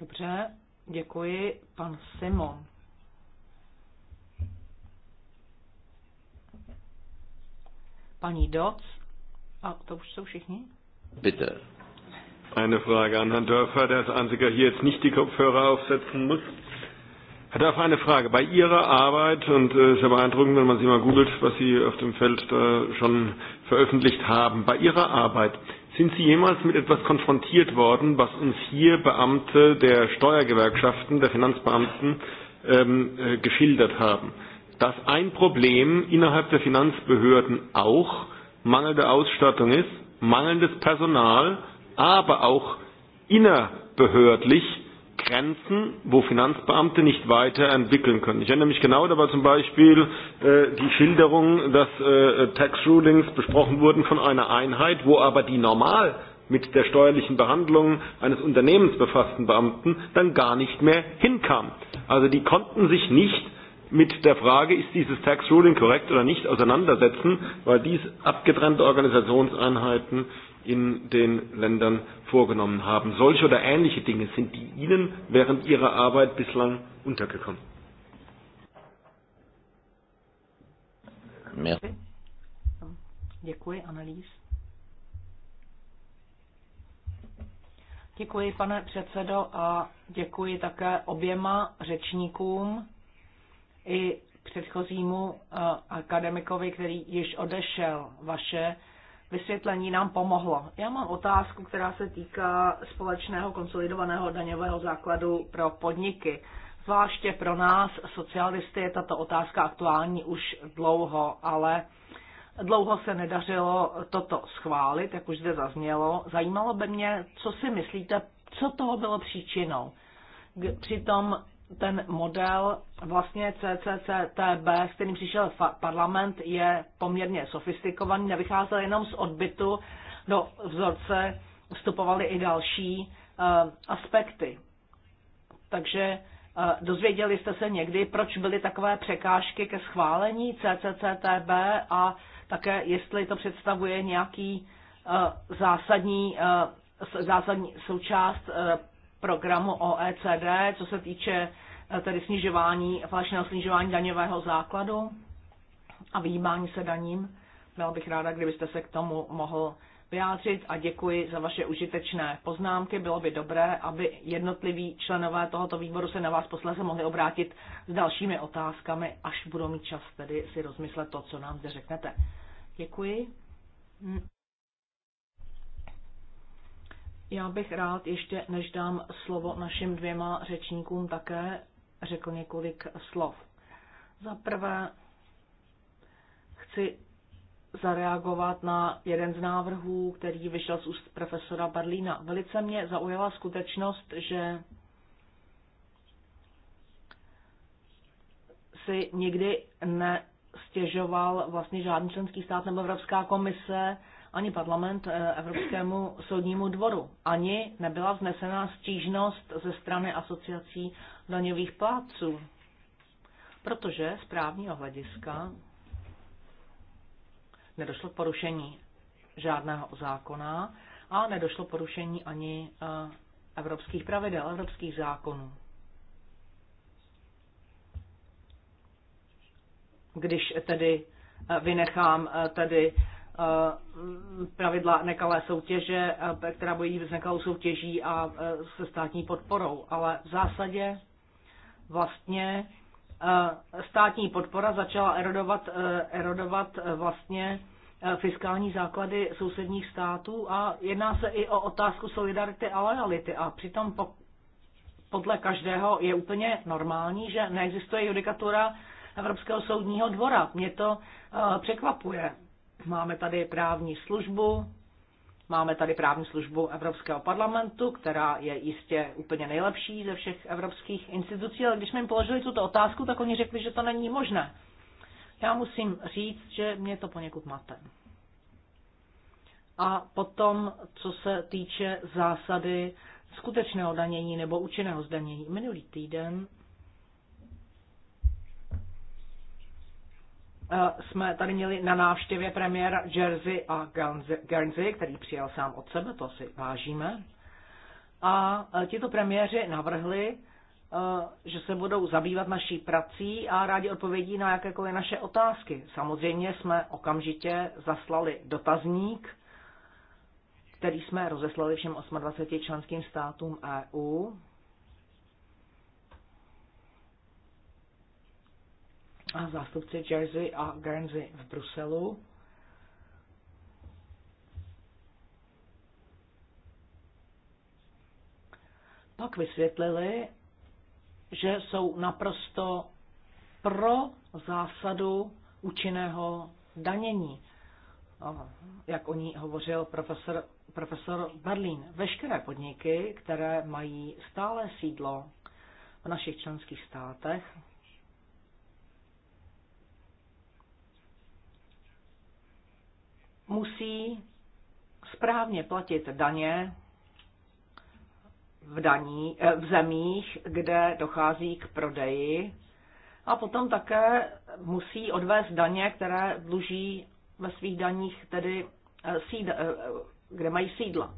Dobře, děkuji. Pan Simon. Paní Doc. A to už jsou všichni? Bitte. Eine Frage an Herrn Dörfer, der als einziger hier jetzt nicht die Kopfhörer aufsetzen muss. Herr Dörfer, eine Frage. Bei Ihrer Arbeit, und es äh, ist ja beeindruckend, wenn man Sie mal googelt, was Sie auf dem Feld da schon veröffentlicht haben, bei Ihrer Arbeit, äh, Sind Sie jemals mit etwas konfrontiert worden, was uns hier Beamte der Steuergewerkschaften, der Finanzbeamten ähm, äh, geschildert haben? Dass ein Problem innerhalb der Finanzbehörden auch mangelnde Ausstattung ist, mangelndes Personal, aber auch innerbehördlich Grenzen, wo Finanzbeamte nicht weiter entwickeln können. Ich erinnere mich genau dabei zum Beispiel äh, die Schilderung, dass äh, Tax Rulings besprochen wurden von einer Einheit, wo aber die normal mit der steuerlichen Behandlung eines Unternehmens befassten Beamten dann gar nicht mehr hinkam. Also die konnten sich nicht mit der Frage, ist dieses Tax Ruling korrekt oder nicht, auseinandersetzen, weil dies abgetrennte Organisationseinheiten in den Ländern vorgenommen haben. Solche oder ähnliche Dinge sind die Ihnen während Ihrer Arbeit bislang untergekommen? Merci. Děkuji, Annelies. Děkuji, pane předsedo, a děkuji také oběma řečníkům i předchozímu eh, akademikovi, který již odešel. Vaše vysvětlení nám pomohlo. Já mám otázku, která se týká společného konsolidovaného daňového základu pro podniky. Zvláště pro nás, socialisty, je tato otázka aktuální už dlouho, ale dlouho se nedařilo toto schválit, jak už zde zaznělo. Zajímalo by mě, co si myslíte, co toho bylo příčinou. Přitom ten model vlastně CCCTB, s kterým přišel parlament, je poměrně sofistikovaný, nevycházel jenom z odbytu, do vzorce vstupovaly i další eh, aspekty. Takže eh, dozvěděli jste se někdy, proč byly takové překážky ke schválení CCCTB a také jestli to představuje nějaký eh, zásadní, zásadní součást programu OECD, co se týče Eh, tedy snižování, falešného snižování daňového základu a vyjímání se daním. Byla bych ráda, kdybyste se k tomu mohl vyjádřit a děkuji za vaše užitečné poznámky. Bylo by dobré, aby jednotliví členové tohoto výboru se na vás posléze mohli obrátit s dalšími otázkami, až budou mít čas tedy si rozmyslet to, co nám zde řeknete. Děkuji. Já bych rád ještě, než dám slovo našim dvěma řečníkům také, řekl několik slov. Za prvé chci zareagovat na jeden z návrhů, který vyšel z úst profesora Barlína. Velice mě zaujala skutečnost, že si nikdy nestěžoval vlastně žádný členský stát nebo Evropská komise, ani parlament eh, Evropskému soudnímu dvoru, ani nebyla vznesená stížnost ze strany asociací daňových plátců. Protože z právního hlediska nedošlo k porušení žádného zákona a nedošlo k porušení ani eh, evropských pravidel, evropských zákonů. Když tedy eh, vynechám eh, tedy pravidla nekalé soutěže, která bojí s nekalou soutěží a se státní podporou. Ale v zásadě vlastně eh, státní podpora začala erodovat, eh, erodovat eh, vlastně fiskální základy sousedních států a jedná se i o otázku solidarity a lojality a přitom po, podle každého je úplně normální, že neexistuje judikatura Evropského soudního dvora. Mě to překvapuje. Máme tady právní službu, Máme tady právní službu Evropského parlamentu, která je jistě úplně nejlepší ze všech evropských institucí, ale když jsme jim položili tuto otázku, tak oni řekli, že to není možné. Já musím říct, že mě to poněkud mate. A potom, co se týče zásady skutečného danění nebo účinného zdanění. Minulý týden Eh, jsme tady měli na návštěvě premiéra Jersey a Guernsey, který přijel sám od sebe, to si vážíme. A eh, tito premiéři navrhli, eh, že se budou zabývat naší prací a rádi odpovědí na jakékoliv naše otázky. Samozřejmě jsme okamžitě zaslali dotazník, který jsme rozeslali všem 28 členským státům EU a zástupci Jersey a Guernsey v Bruselu. Pak vysvětlili, že jsou naprosto pro zásadu účinného danění, jak o ní hovořil profesor, profesor Berlín. Veškeré podniky, které mají stále sídlo v našich členských státech, musí správně platit daně v, daní, eh, v zemích, kde dochází k prodeji a potom také musí odvést daně, které dluží ve svých daních, tedy eh, sídla, eh, kde mají sídla.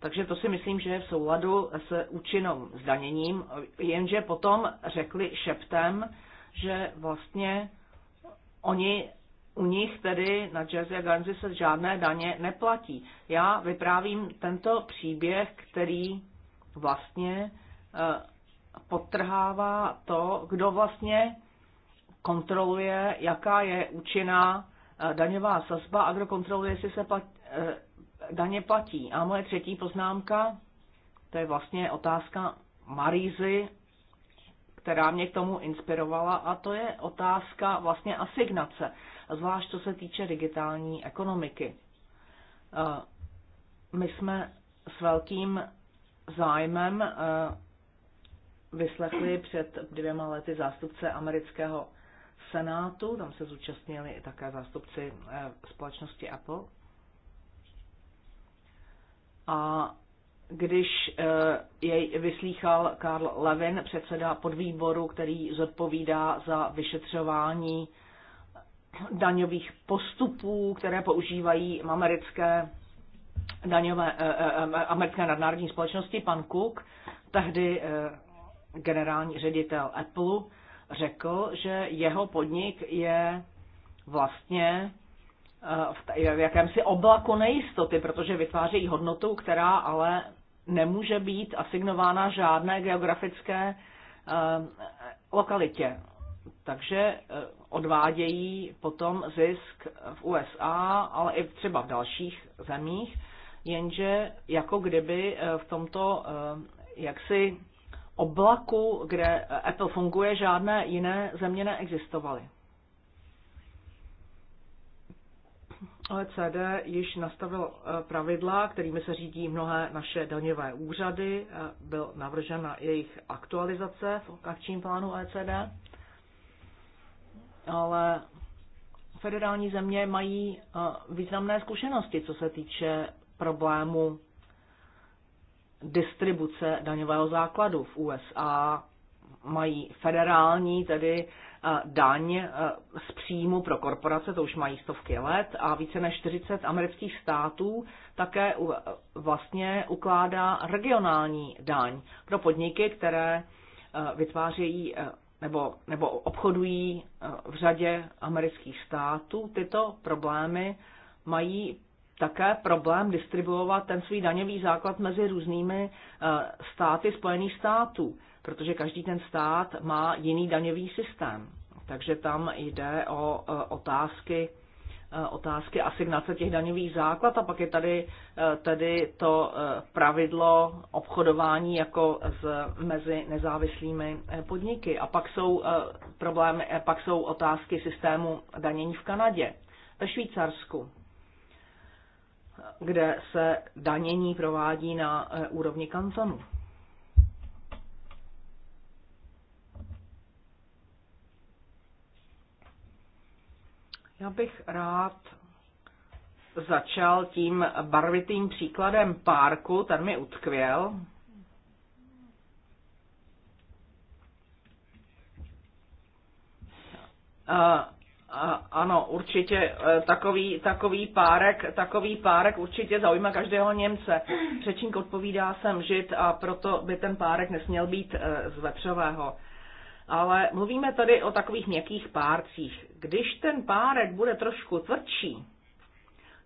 Takže to si myslím, že je v souladu s účinnou zdaněním, jenže potom řekli šeptem, že vlastně oni u nich tedy na Jersey a Guernsey se žádné daně neplatí. Já vyprávím tento příběh, který vlastně eh, potrhává to, kdo vlastně kontroluje, jaká je účinná eh, daňová sazba a kdo kontroluje, jestli se plat, eh, daně platí. A moje třetí poznámka, to je vlastně otázka Marízy, která mě k tomu inspirovala, a to je otázka vlastně asignace zvlášť co se týče digitální ekonomiky. Eh, my jsme s velkým zájmem eh, vyslechli před dvěma lety zástupce amerického Senátu, tam se zúčastnili i také zástupci eh, společnosti Apple. A když jej vyslýchal Karl Levin, předseda podvýboru, který zodpovídá za vyšetřování daňových postupů, které používají americké daňové, eh, eh, eh, americké nadnárodní společnosti, pan Cook, tehdy generální ředitel Apple, řekl, že jeho podnik je vlastně v jakémsi oblaku nejistoty, protože vytváří hodnotu, která ale nemůže být asignována žádné geografické lokalitě takže eh, odvádějí potom zisk v USA, ale i třeba v dalších zemích, jenže jako kdyby eh, v tomto eh, jaksi oblaku, kde Apple funguje, žádné jiné země neexistovaly. OECD již nastavil pravidla, kterými se řídí mnohé naše daňové úřady. Byl navržena jejich aktualizace v akčním plánu OECD ale federální země mají eh, významné zkušenosti, co se týče problému distribuce daňového základu v USA. Mají federální, tedy eh, daň eh, z příjmu pro korporace, to už mají stovky let, a více než 40 amerických států také vlastně ukládá regionální daň pro podniky, které vytvářejí nebo, nebo obchodují eh, v řadě amerických států. Tyto problémy mají také problém distribuovat ten svůj daňový základ mezi různými eh, státy Spojených států, protože každý ten stát má jiný daňový systém. Takže tam jde o eh, otázky Eh, otázky asignace těch daňových základ a pak je tady eh, tedy to eh, pravidlo obchodování jako z, mezi nezávislými podniky. A pak jsou problémy, pak jsou otázky systému danění v Kanadě, ve Švýcarsku, kde se danění provádí na úrovni kantonu. Já bych rád začal tím barvitým příkladem párku, ten mi utkvěl. A, a, ano, určitě e, takový, takový, párek, takový párek určitě zaujme každého Němce. Řečník odpovídá, jsem žid a proto by ten párek nesměl být e, z vepřového ale mluvíme tady o takových měkkých párcích. Když ten párek bude trošku tvrdší,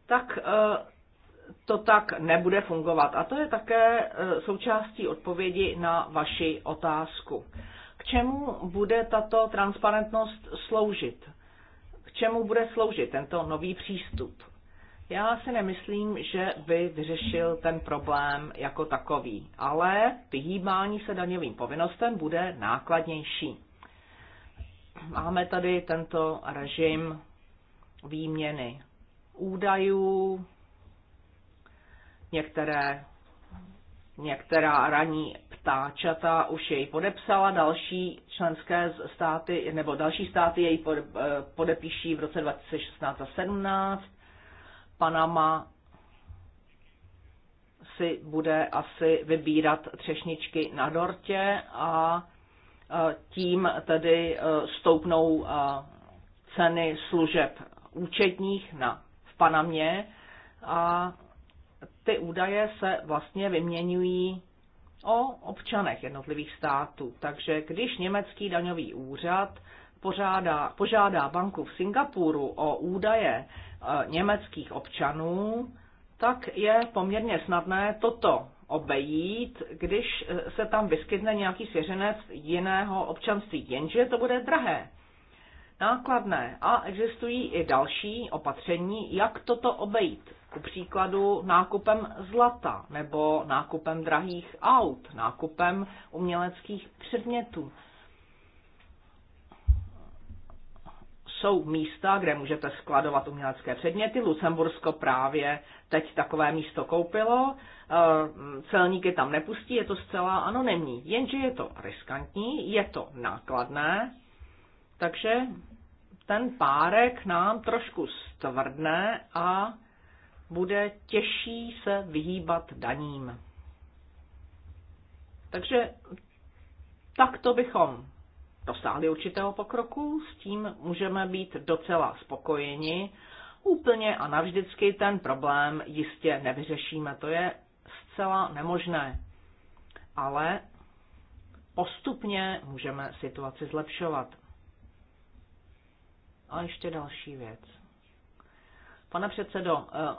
tak eh, to tak nebude fungovat. A to je také eh, součástí odpovědi na vaši otázku. K čemu bude tato transparentnost sloužit? K čemu bude sloužit tento nový přístup? Já si nemyslím, že by vyřešil ten problém jako takový, ale vyhýbání se daňovým povinnostem bude nákladnější. Máme tady tento režim výměny údajů, některé, některá raní ptáčata už jej podepsala, další členské státy, nebo další státy jej eh, podepíší v roce 2016 a 17 Panama si bude asi vybírat třešničky na dortě a e, tím tedy e, stoupnou e, ceny služeb účetních na, v Panamě a ty údaje se vlastně vyměňují o občanech jednotlivých států. Takže když německý daňový úřad pořádá, požádá banku v Singapuru o údaje Eh, německých občanů, tak je poměrně snadné toto obejít, když eh, se tam vyskytne nějaký svěřenec jiného občanství, jenže to bude drahé, nákladné a existují i další opatření, jak toto obejít. Ku příkladu nákupem zlata nebo nákupem drahých aut, nákupem uměleckých předmětů. jsou místa, kde můžete skladovat umělecké předměty. Lucembursko právě teď takové místo koupilo, e, celníky tam nepustí, je to zcela anonymní. Jenže je to riskantní, je to nákladné, takže ten párek nám trošku stvrdne a bude těžší se vyhýbat daním. Takže tak to bychom dosáhli určitého pokroku, s tím můžeme být docela spokojeni. Úplně a navždycky ten problém jistě nevyřešíme, to je zcela nemožné. Ale postupně můžeme situaci zlepšovat. A ještě další věc. Pane předsedo, eh,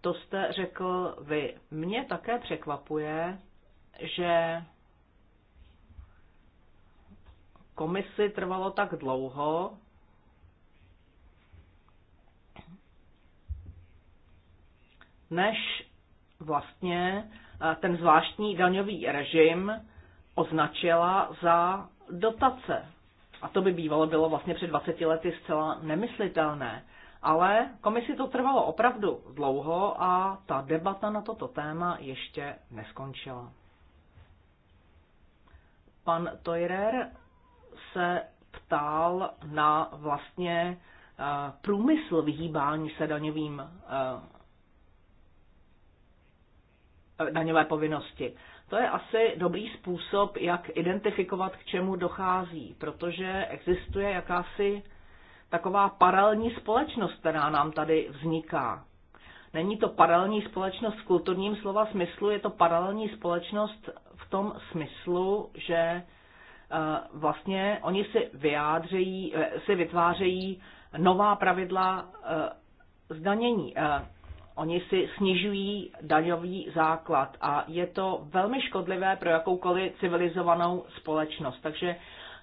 to jste řekl vy. Mě také překvapuje, že komisi trvalo tak dlouho, než vlastně eh, ten zvláštní daňový režim označila za dotace. A to by bývalo bylo vlastně před 20 lety zcela nemyslitelné. Ale komisi to trvalo opravdu dlouho a ta debata na toto téma ještě neskončila. Pan Toirer se ptal na vlastně eh, průmysl vyhýbání se daňovým eh, daňové povinnosti. To je asi dobrý způsob, jak identifikovat, k čemu dochází, protože existuje jakási taková paralelní společnost, která nám tady vzniká. Není to paralelní společnost v kulturním slova smyslu, je to paralelní společnost v tom smyslu, že Eh, vlastně oni si vyjádřejí, eh, si vytvářejí nová pravidla eh, zdanění. Oni si snižují daňový základ a je to velmi škodlivé pro jakoukoliv civilizovanou společnost. Takže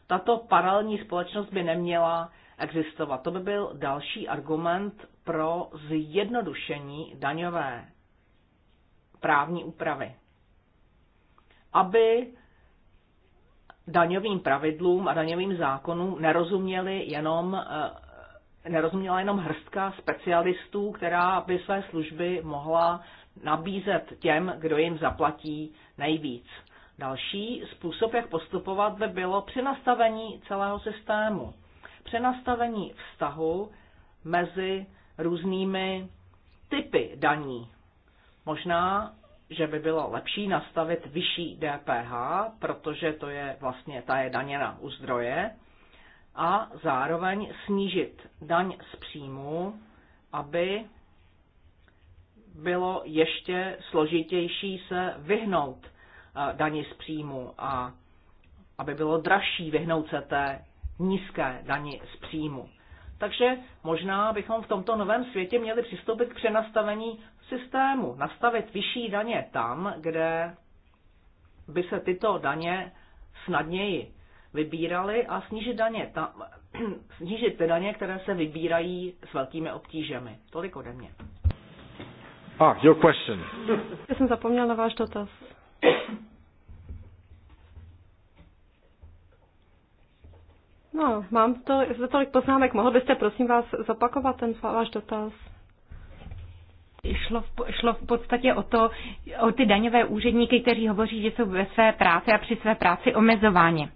tato paralelní společnost by neměla existovat. To by byl další argument pro zjednodušení daňové právní úpravy. Aby daňovým pravidlům a daňovým zákonům nerozuměli jenom, eh, nerozuměla jenom hrstka specialistů, která by své služby mohla nabízet těm, kdo jim zaplatí nejvíc. Další způsob, jak postupovat, by bylo přenastavení celého systému. Přenastavení vztahu mezi různými typy daní. Možná že by bylo lepší nastavit vyšší DPH, protože to je vlastně ta je daněna u zdroje, a zároveň snížit daň z příjmu, aby bylo ještě složitější se vyhnout eh, dani z příjmu a aby bylo dražší vyhnout se té nízké dani z příjmu. Takže možná bychom v tomto novém světě měli přistoupit k přenastavení systému, nastavit vyšší daně tam, kde by se tyto daně snadněji vybíraly a snížit, daně tam, snížit ty daně, které se vybírají s velkými obtížemi. Tolik ode mě. Ah, your question. Já jsem zapomněl na váš dotaz. No, mám to za tolik poznámek. Mohl byste, prosím vás, zopakovat ten váš dotaz? šlo v, šlo v podstatě o to, o ty daňové úředníky, kteří hovoří, že jsou ve své práci a při své práci omezováni.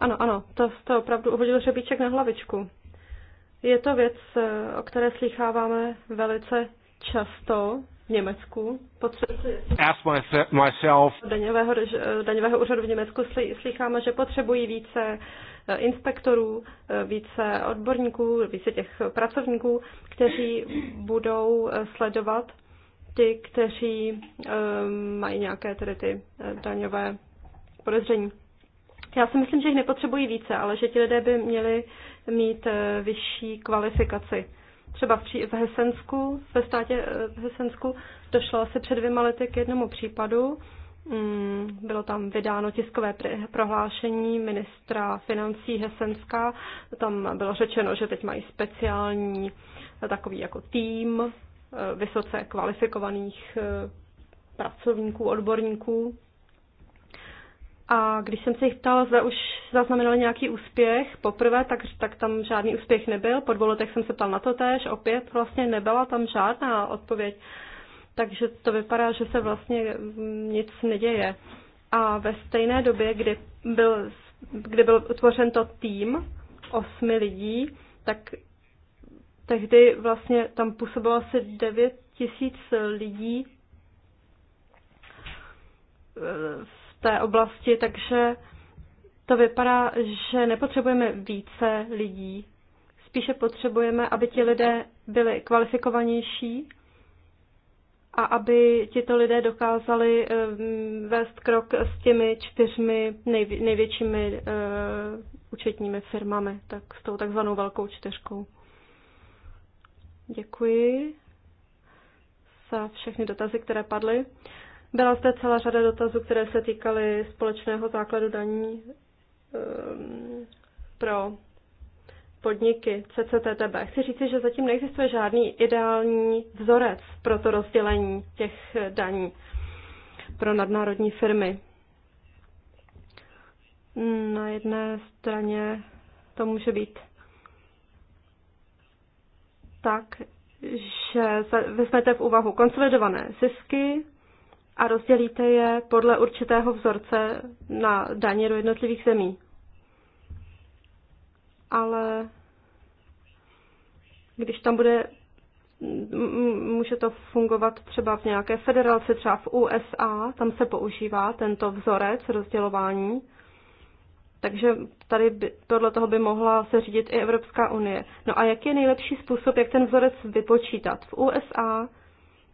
Ano, ano, to to opravdu uhodil řebíček na hlavičku. Je to věc, eh, o které slycháváme velice často v Německu. Potřebuji... Daňového, eh, daňového úřadu v Německu slycháme, že potřebují více Eh, inspektorů, eh, více odborníků, více těch pracovníků, kteří budou eh, sledovat ty, kteří mají nějaké tedy ty daňové podezření. Já si myslím, že jich nepotřebují více, ale že ti lidé by měli mít vyšší kvalifikaci. Třeba v, v Hesensku, ve státě v Hesensku, došlo asi před dvěma lety k jednomu případu, Mm, bylo tam vydáno tiskové prohlášení ministra financí Hesenska. Tam bylo řečeno, že teď mají speciální eh, takový jako tým eh, vysoce kvalifikovaných eh, pracovníků, odborníků. A když jsem se jich ptala, zda už zaznamenali nějaký úspěch poprvé, tak, tak tam žádný úspěch nebyl. Po dvou letech jsem se ptal na to též, opět vlastně nebyla tam žádná odpověď. Uh, takže to vypadá, že se vlastně nic neděje. A ve stejné době, kdy byl, kdy byl utvořen to tým osmi lidí, tak tehdy vlastně tam působilo asi 9 tisíc lidí eh, v té oblasti, takže to vypadá, že nepotřebujeme více lidí. Spíše potřebujeme, aby ti lidé byli kvalifikovanější a aby tito lidé dokázali eh, vést krok s těmi čtyřmi největšími eh, účetními firmami, tak s tou takzvanou velkou čtyřkou. Děkuji za všechny dotazy, které padly. Byla zde celá řada dotazů, které se týkaly společného základu daní ehm, pro podniky CCTB. Chci říci, že zatím neexistuje žádný ideální vzorec pro to rozdělení těch eh, daní pro nadnárodní firmy. Na jedné straně to může být tak, že vezmete v úvahu konsolidované zisky a rozdělíte je podle určitého vzorce na daně do jednotlivých zemí ale když tam bude, může to fungovat třeba v nějaké federaci, třeba v USA, tam se používá tento vzorec rozdělování. Takže tady by, podle toho by mohla se řídit i Evropská unie. No a jaký je nejlepší způsob, jak ten vzorec vypočítat? V USA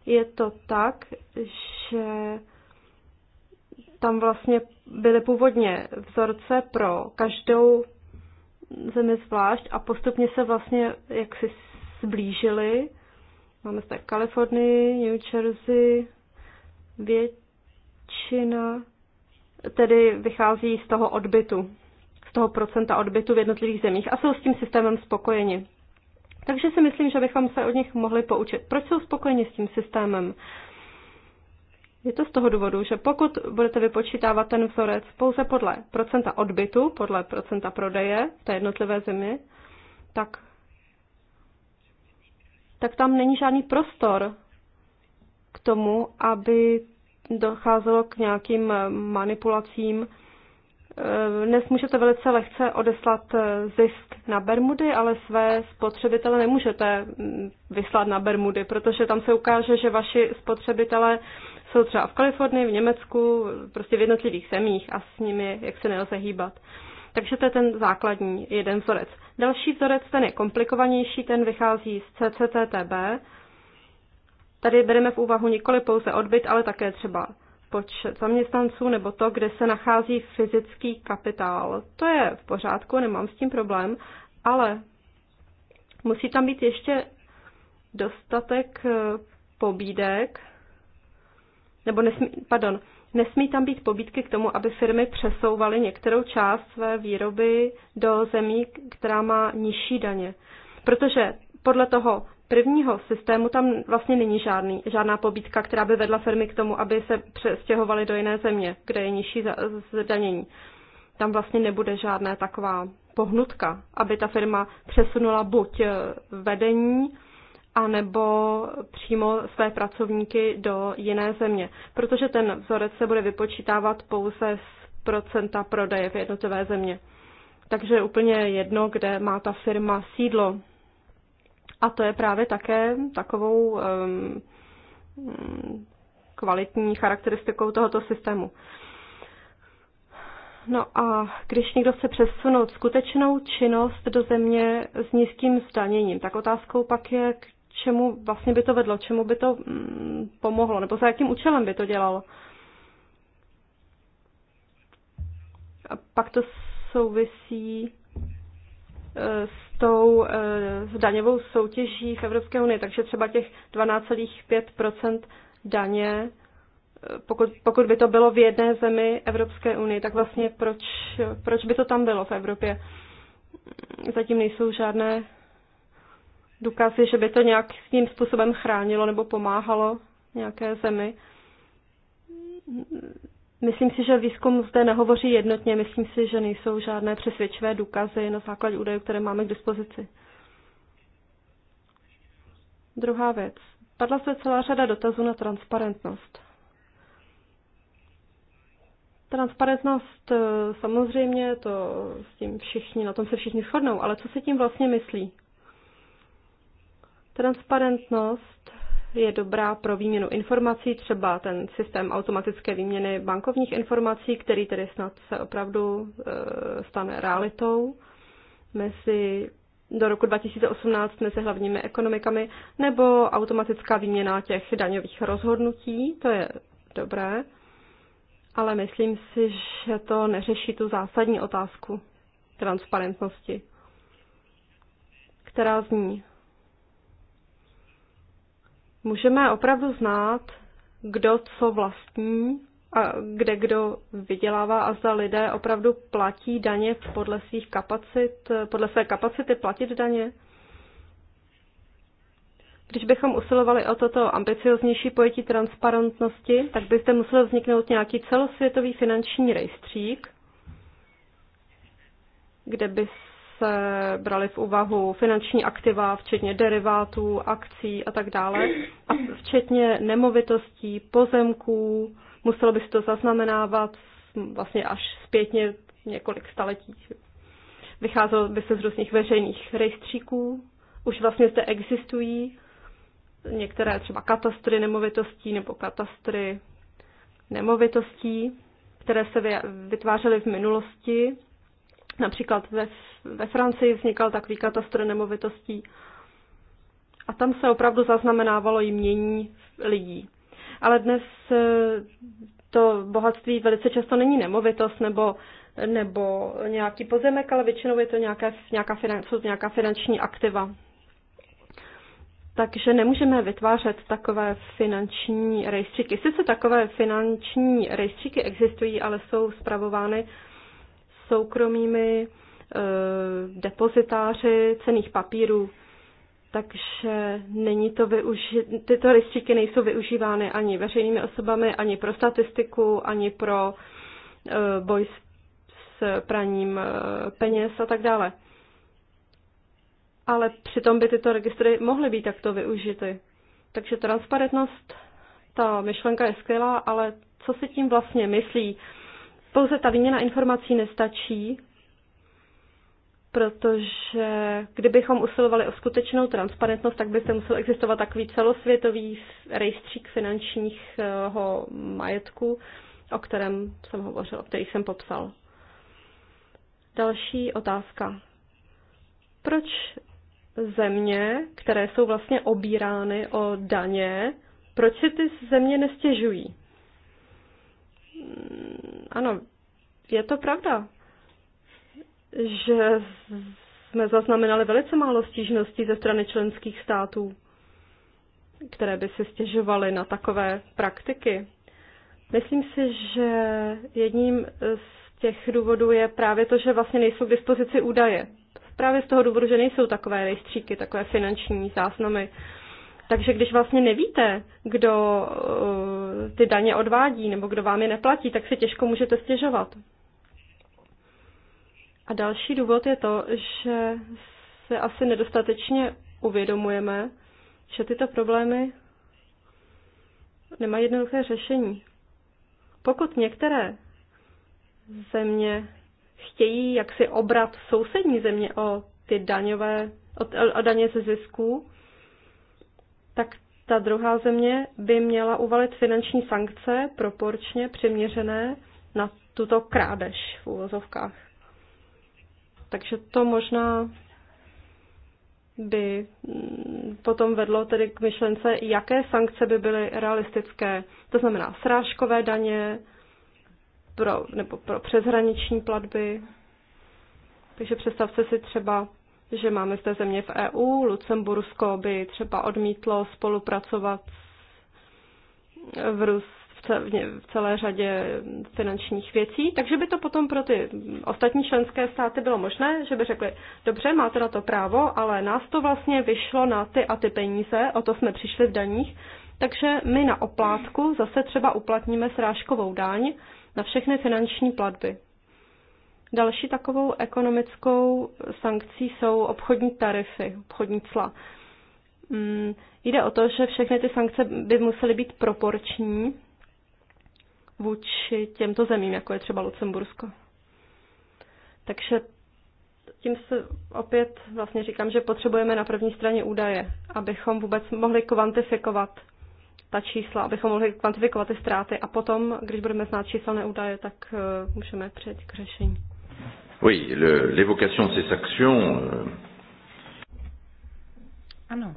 je to tak, že tam vlastně byly původně vzorce pro každou zemi zvlášť a postupně se vlastně jaksi zblížili. Máme zde Kalifornii, New Jersey, většina tedy vychází z toho odbytu, z toho procenta odbytu v jednotlivých zemích a jsou s tím systémem spokojeni. Takže si myslím, že bychom se od nich mohli poučit. Proč jsou spokojeni s tím systémem? Je to z toho důvodu, že pokud budete vypočítávat ten vzorec pouze podle procenta odbytu, podle procenta prodeje v té jednotlivé zemi, tak, tak tam není žádný prostor k tomu, aby docházelo k nějakým eh, manipulacím. Eh, dnes můžete velice lehce odeslat eh, zisk na Bermudy, ale své spotřebitele nemůžete mm, vyslat na Bermudy, protože tam se ukáže, že vaši spotřebitele jsou třeba v Kalifornii, v Německu, prostě v jednotlivých zemích a s nimi, jak se nelze hýbat. Takže to je ten základní, jeden vzorec. Další vzorec, ten je komplikovanější, ten vychází z CCTTB. Tady bereme v úvahu nikoli pouze odbyt, ale také třeba počet zaměstnanců nebo to, kde se nachází fyzický kapitál. To je v pořádku, nemám s tím problém, ale musí tam být ještě dostatek eh, pobídek, nebo nesmí, pardon, nesmí tam být pobídky k tomu, aby firmy přesouvaly některou část své výroby do zemí, která má nižší daně. Protože podle toho prvního systému tam vlastně není žádný, žádná pobídka, která by vedla firmy k tomu, aby se přestěhovaly do jiné země, kde je nižší zdanění. Tam vlastně nebude žádná taková pohnutka, aby ta firma přesunula buď eh, vedení anebo přímo své pracovníky do jiné země, protože ten vzorec se bude vypočítávat pouze z procenta prodeje v jednotlivé země. Takže je úplně jedno, kde má ta firma sídlo. A to je právě také takovou um, kvalitní charakteristikou tohoto systému. No a když někdo chce přesunout skutečnou činnost do země s nízkým zdaněním, tak otázkou pak je, čemu vlastně by to vedlo, čemu by to mm, pomohlo, nebo za jakým účelem by to dělalo. A pak to souvisí e, s tou e, s daňovou soutěží v Evropské unii, takže třeba těch 12,5 daně, e, pokud, pokud by to bylo v jedné zemi Evropské unie, tak vlastně proč, proč by to tam bylo v Evropě? Zatím nejsou žádné důkazy, že by to nějak s tím způsobem chránilo nebo pomáhalo nějaké zemi. Myslím si, že výzkum zde nehovoří jednotně. Myslím si, že nejsou žádné přesvědčivé důkazy na základě údajů, které máme k dispozici. Druhá věc. Padla se celá řada dotazů na transparentnost. Transparentnost, eh, samozřejmě, to s tím všichni, na tom se všichni shodnou, ale co se tím vlastně myslí? Transparentnost je dobrá pro výměnu informací, třeba ten systém automatické výměny bankovních informací, který tedy snad se opravdu e, stane realitou mezi do roku 2018 mezi hlavními ekonomikami, nebo automatická výměna těch daňových rozhodnutí, to je dobré, ale myslím si, že to neřeší tu zásadní otázku transparentnosti, která zní, můžeme opravdu znát, kdo co vlastní a kde kdo vydělává a zda lidé opravdu platí daně podle svých kapacit, podle své kapacity platit daně. Když bychom usilovali o toto ambicioznější pojetí transparentnosti, tak byste musel vzniknout nějaký celosvětový finanční rejstřík, kde by se brali v úvahu finanční aktiva, včetně derivátů, akcí a tak dále, a včetně nemovitostí, pozemků, muselo by se to zaznamenávat vlastně až zpětně několik staletí. Vycházelo by se z různých veřejných rejstříků, už vlastně zde existují některé třeba katastry nemovitostí nebo katastry nemovitostí, které se vytvářely v minulosti Například ve, ve Francii vznikal takový katastr nemovitostí a tam se opravdu zaznamenávalo jmění lidí. Ale dnes eh, to bohatství velice často není nemovitost nebo, nebo nějaký pozemek, ale většinou je to nějaké, nějaká, finanční, nějaká finanční aktiva. Takže nemůžeme vytvářet takové finanční rejstříky. Sice takové finanční rejstříky existují, ale jsou zpravovány soukromými eh, depozitáři cených papírů. Takže není to využi- tyto listíky nejsou využívány ani veřejnými osobami, ani pro statistiku, ani pro eh, boj s praním eh, peněz a tak dále. Ale přitom by tyto registry mohly být takto využity. Takže transparentnost, ta myšlenka je skvělá, ale co si tím vlastně myslí pouze ta výměna informací nestačí, protože kdybychom usilovali o skutečnou transparentnost, tak by se musel existovat takový celosvětový rejstřík finančního majetku, o kterém jsem hovořil, o kterých jsem popsal. Další otázka. Proč země, které jsou vlastně obírány o daně, proč si ty země nestěžují? ano, je to pravda, že jsme zaznamenali velice málo stížností ze strany členských států, které by se stěžovaly na takové praktiky. Myslím si, že jedním z těch důvodů je právě to, že vlastně nejsou k dispozici údaje. Právě z toho důvodu, že nejsou takové rejstříky, takové finanční záznamy takže když vlastně nevíte, kdo eh, ty daně odvádí nebo kdo vám je neplatí, tak si těžko můžete stěžovat. A další důvod je to, že se asi nedostatečně uvědomujeme, že tyto problémy nemají jednoduché řešení. Pokud některé země chtějí jaksi obrat sousední země o ty daňové, o, o daně ze zisků, tak ta druhá země by měla uvalit finanční sankce proporčně přiměřené na tuto krádež v úvozovkách. Takže to možná by mm, potom vedlo tedy k myšlence, jaké sankce by byly realistické. To znamená srážkové daně pro, nebo pro přeshraniční platby. Takže představte si třeba že máme zde země v EU. Lucembursko by třeba odmítlo spolupracovat v, Rus, v celé řadě finančních věcí, takže by to potom pro ty ostatní členské státy bylo možné, že by řekli, dobře, máte na to právo, ale nás to vlastně vyšlo na ty a ty peníze, o to jsme přišli v daních, takže my na oplátku zase třeba uplatníme srážkovou daň na všechny finanční platby. Další takovou ekonomickou sankcí jsou obchodní tarify, obchodní cla. Mm, jde o to, že všechny ty sankce by musely být proporční vůči těmto zemím, jako je třeba Lucembursko. Takže tím se opět vlastně říkám, že potřebujeme na první straně údaje, abychom vůbec mohli kvantifikovat ta čísla, abychom mohli kvantifikovat ty ztráty a potom, když budeme znát číselné údaje, tak eh, můžeme přejít k řešení. Oui, l'évocation de ces actions. Euh... Ano.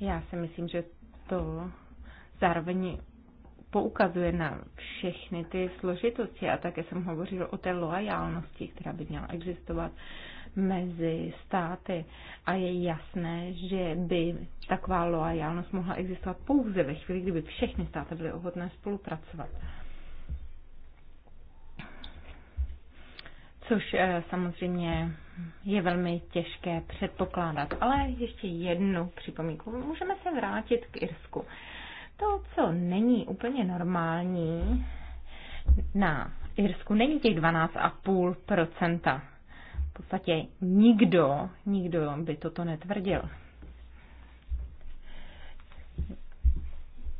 Já si myslím, že to zároveň poukazuje na všechny ty složitosti a také jsem hovořil o té loajálnosti, která by měla existovat mezi státy a je jasné, že by taková loajálnost mohla existovat pouze ve chvíli, kdyby všechny státy byly ochotné spolupracovat. což eh, samozřejmě je velmi těžké předpokládat. Ale ještě jednu připomínku. Můžeme se vrátit k Irsku. To, co není úplně normální na Irsku, není těch 12,5%. V podstatě nikdo, nikdo by toto netvrdil.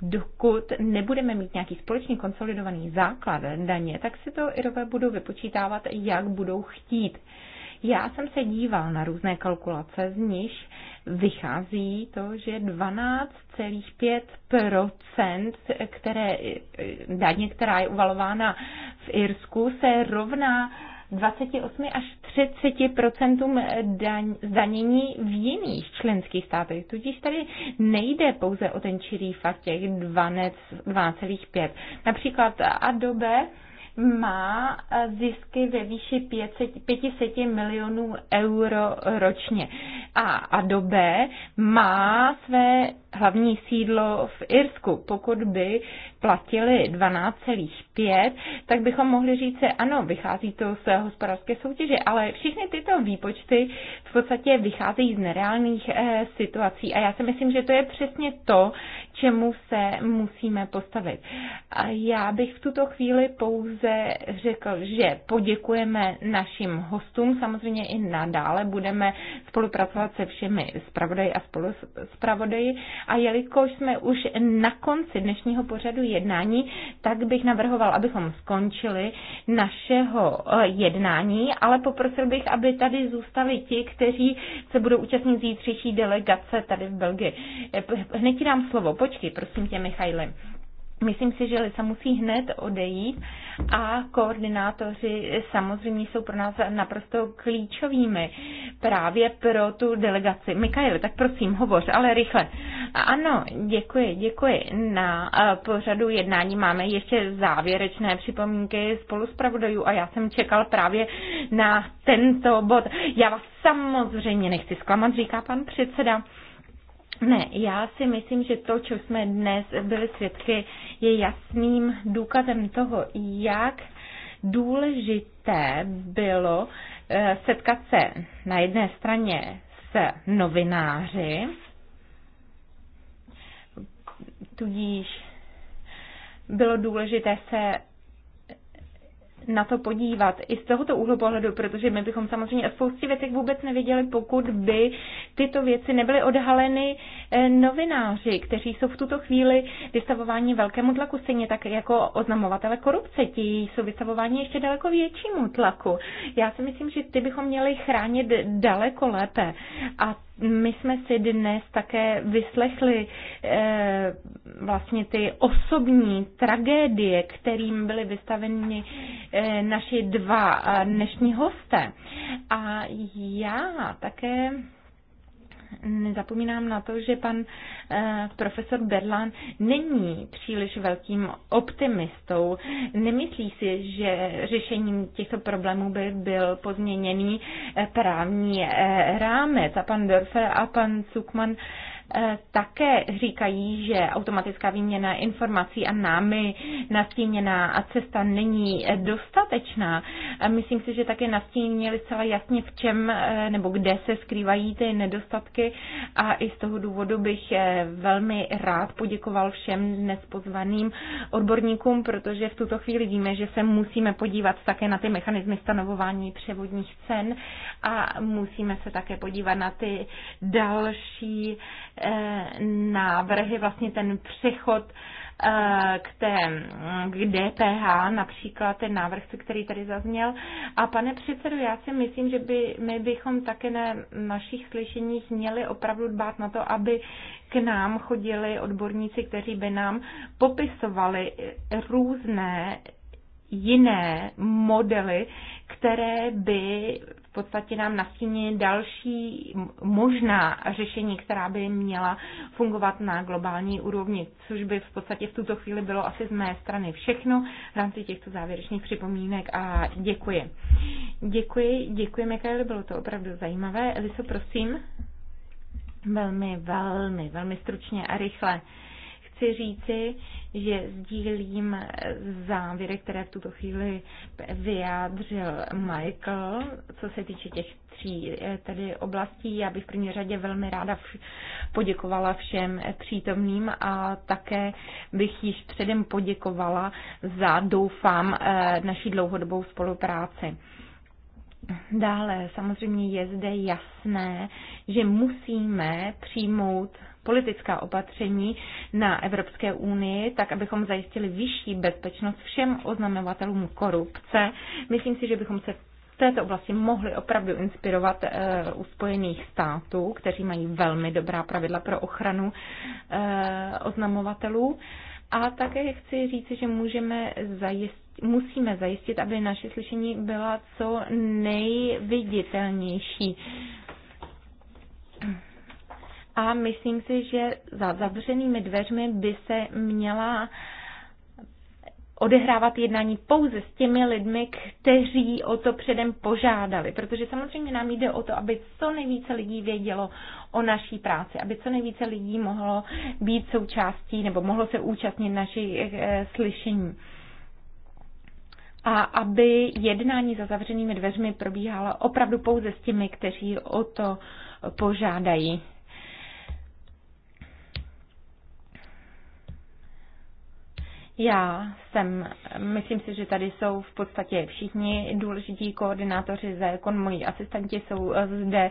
dokud nebudeme mít nějaký společný konsolidovaný základ daně, tak si to Irové budou vypočítávat, jak budou chtít. Já jsem se díval na různé kalkulace, z nich vychází to, že 12,5%, které daně, která je uvalována v Irsku, se rovná 28 až 30 daň, zdanění v jiných členských státech. Tudíž tady nejde pouze o ten čirý fakt těch 12,5. Například Adobe má zisky ve výši 500, 500 milionů euro ročně. A Adobe má své hlavní sídlo v Irsku. Pokud by platili 12,5, tak bychom mohli říct, že ano, vychází to z hospodářské soutěže, ale všechny tyto výpočty v podstatě vycházejí z nereálných e, situací a já si myslím, že to je přesně to, čemu se musíme postavit. A já bych v tuto chvíli pouze řekl, že poděkujeme našim hostům, samozřejmě i nadále budeme spolupracovat se všemi zpravodaji a spolu a jelikož jsme už na konci dnešního pořadu jednání, tak bych navrhoval, abychom skončili našeho eh, jednání, ale poprosil bych, aby tady zůstali ti, kteří se budou účastnit zítřejší delegace tady v Belgii. Eh, hned ti dám slovo. Počkej, prosím tě, Michaili. Myslím si, že Lisa musí hned odejít a koordinátoři samozřejmě jsou pro nás naprosto klíčovými právě pro tu delegaci. Mikaeli, tak prosím, hovoř, ale rychle. Ano, děkuji, děkuji. Na eh, pořadu jednání máme ještě závěrečné připomínky spolu s pravdojů a já jsem čekal právě na tento bod. Já vás samozřejmě nechci zklamat, říká pan předseda. Ne, já si myslím, že to, co jsme dnes byli svědky, je jasným důkazem toho, jak důležité bylo eh, setkat se na jedné straně s novináři, tudíž bylo důležité se na to podívat i z tohoto úhlu pohledu, protože my bychom samozřejmě o spoustě věcech vůbec nevěděli, pokud by tyto věci nebyly odhaleny eh, novináři, kteří jsou v tuto chvíli vystavováni velkému tlaku, stejně tak jako oznamovatele korupce. Ti jsou vystavováni ještě daleko většímu tlaku. Já si myslím, že ty bychom měli chránit daleko lépe. A my jsme si dnes také vyslechli e, vlastně ty osobní tragédie, kterým byly vystaveni e, naši dva eh, dnešní hosté. A já také nezapomínám na to, že pan eh, profesor Berlán není příliš velkým optimistou. Nemyslí si, že řešením těchto problémů by byl pozměněný eh, právní eh, rámec. A pan Dörfer a pan Cukman Eh, také říkají, že automatická výměna informací a námi nastíněná cesta není eh, dostatečná. Myslím si, že také nastínili celá jasně, v čem eh, nebo kde se skrývají ty nedostatky a i z toho důvodu bych velmi rád poděkoval všem dnes pozvaným odborníkům, protože v tuto chvíli víme, že se musíme podívat také na ty mechanizmy stanovování převodních cen a musíme se také podívat na ty další návrhy, vlastně ten přechod eh, k, té, k DPH, například ten návrh, který tady zazněl. A pane předsedu, já si myslím, že by, my bychom také na našich slyšeních měli opravdu dbát na to, aby k nám chodili odborníci, kteří by nám popisovali různé jiné modely, které by v podstatě nám nastíní další možná řešení, která by měla fungovat na globální úrovni, což by v podstatě v tuto chvíli bylo asi z mé strany všechno v rámci těchto závěrečných připomínek a děkuji. Děkuji, děkuji, Mikaeli, bylo to opravdu zajímavé. Eliso, prosím. Velmi, velmi, velmi stručně a rychle chci říci, že sdílím závěry, které v tuto chvíli vyjádřil Michael, co se týče těch tří eh, tedy oblastí. Já bych v první řadě velmi ráda vš- poděkovala všem přítomným a také bych již předem poděkovala za, doufám, eh, naší dlouhodobou spolupráci. Dále samozřejmě je zde jasné, že musíme přijmout politická opatření na Evropské unii, tak abychom zajistili vyšší bezpečnost všem oznamovatelům korupce. Myslím si, že bychom se v této oblasti mohli opravdu inspirovat eh, u Spojených států, kteří mají velmi dobrá pravidla pro ochranu eh, oznamovatelů. A také chci říct, že můžeme zajistit musíme zajistit, aby naše slyšení byla co nejviditelnější a myslím si, že za zavřenými dveřmi by se měla odehrávat jednání pouze s těmi lidmi, kteří o to předem požádali. Protože samozřejmě nám jde o to, aby co nejvíce lidí vědělo o naší práci, aby co nejvíce lidí mohlo být součástí nebo mohlo se účastnit našich e, slyšení. A aby jednání za zavřenými dveřmi probíhalo opravdu pouze s těmi, kteří o to požádají. Já jsem, myslím si, že tady jsou v podstatě všichni důležití koordinátoři ze kon, moji asistenti jsou eh, zde.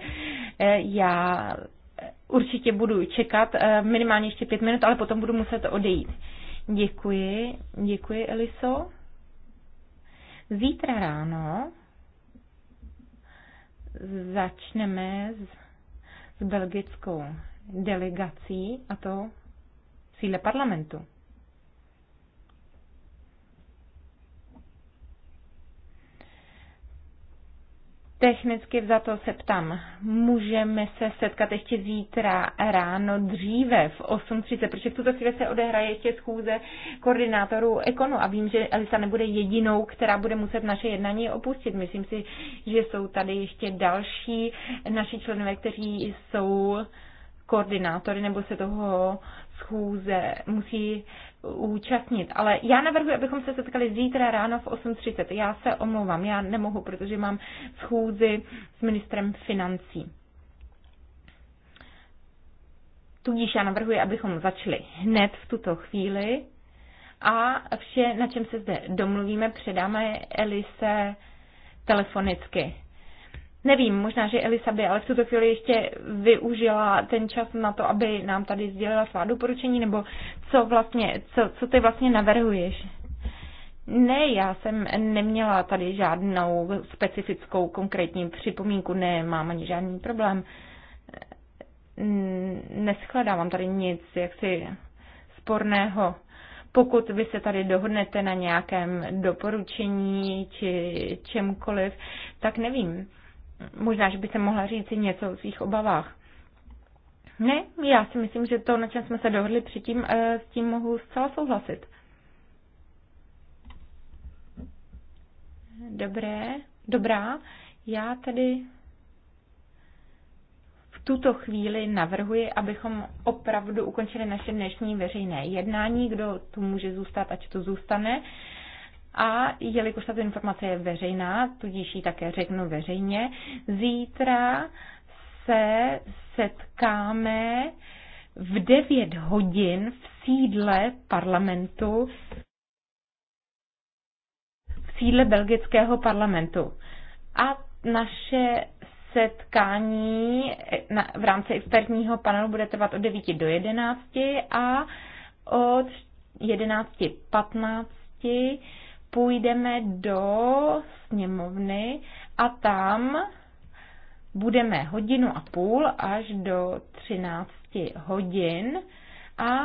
Eh, já určitě budu čekat eh, minimálně ještě pět minut, ale potom budu muset odejít. Děkuji, děkuji Eliso. Zítra ráno začneme s, s belgickou delegací a to síle parlamentu. Technicky to se ptám, můžeme se setkat ještě zítra ráno dříve v 8.30, protože v tuto chvíli se odehraje ještě schůze koordinátorů Ekonu a vím, že Elisa nebude jedinou, která bude muset naše jednání opustit. Myslím si, že jsou tady ještě další naši členové, kteří jsou koordinátory nebo se toho schůze musí účastnit. Ale já navrhuji, abychom se setkali zítra ráno v 8.30. Já se omlouvám, já nemohu, protože mám schůzi s ministrem financí. Tudíž já navrhuji, abychom začali hned v tuto chvíli a vše, na čem se zde domluvíme, předáme Elise telefonicky. Nevím, možná, že Elisa by ale v tuto chvíli ještě využila ten čas na to, aby nám tady sdělila svá doporučení, nebo co, vlastně, co, co ty vlastně navrhuješ? Ne, já jsem neměla tady žádnou specifickou konkrétní připomínku, ne, ani žádný problém. Neschledávám tady nic jaksi sporného. Pokud vy se tady dohodnete na nějakém doporučení či čemkoliv, tak nevím možná, že by se mohla říct něco o svých obavách. Ne, já si myslím, že to, na čem jsme se dohodli předtím, eh, s tím mohu zcela souhlasit. Dobré, dobrá. Já tedy v tuto chvíli navrhuji, abychom opravdu ukončili naše dnešní veřejné jednání. Kdo tu může zůstat, ať to zůstane. A jelikož tato informace je veřejná, tudíž ji také řeknu veřejně, zítra se setkáme v 9 hodin v sídle parlamentu, v sídle belgického parlamentu. A naše setkání eh, v rámci expertního panelu bude trvat od 9 do 11 a od 11.15 půjdeme do sněmovny a tam budeme hodinu a půl až do 13 hodin a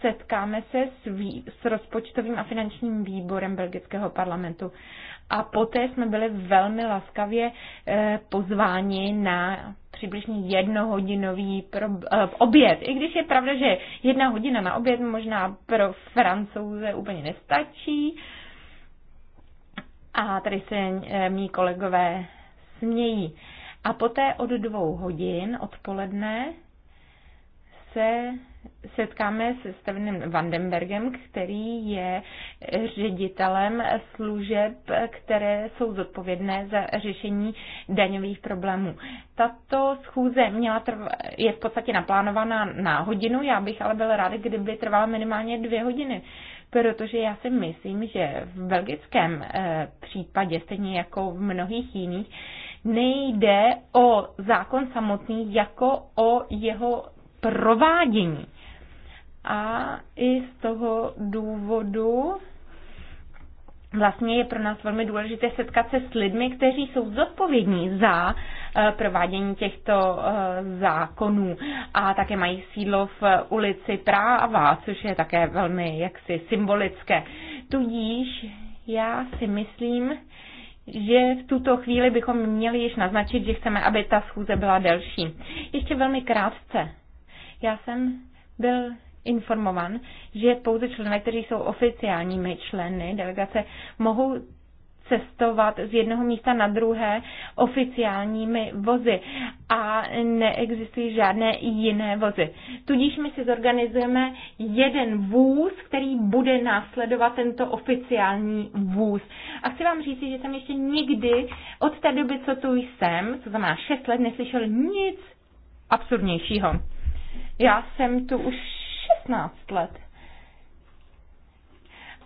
setkáme se s, vý, s rozpočtovým a finančním výborem belgického parlamentu. A poté jsme byli velmi laskavě e, pozváni na přibližně jednohodinový pro, e, eh, oběd. I když je pravda, že jedna hodina na oběd možná pro francouze úplně nestačí, a tady se eh, mý kolegové smějí. A poté od dvou hodin odpoledne se setkáme se Stevenem Vandenbergem, který je ředitelem služeb, které jsou zodpovědné za řešení daňových problémů. Tato schůze měla trv- je v podstatě naplánovaná na hodinu, já bych ale byl rád, kdyby trvala minimálně dvě hodiny, protože já si myslím, že v belgickém eh, případě, stejně jako v mnohých jiných, nejde o zákon samotný jako o jeho provádění. A i z toho důvodu vlastně je pro nás velmi důležité setkat se s lidmi, kteří jsou zodpovědní za eh, provádění těchto eh, zákonů a také mají sídlo v ulici práva, což je také velmi jaksi symbolické. Tudíž já si myslím, že v tuto chvíli bychom měli již naznačit, že chceme, aby ta schůze byla delší. Ještě velmi krátce. Já jsem byl informovan, že pouze členové, kteří jsou oficiálními členy delegace, mohou cestovat z jednoho místa na druhé oficiálními vozy a neexistují žádné jiné vozy. Tudíž my si zorganizujeme jeden vůz, který bude následovat tento oficiální vůz. A chci vám říct, že jsem ještě nikdy od té doby, co tu jsem, to znamená 6 let, neslyšel nic absurdnějšího. Já jsem tu už 16 let.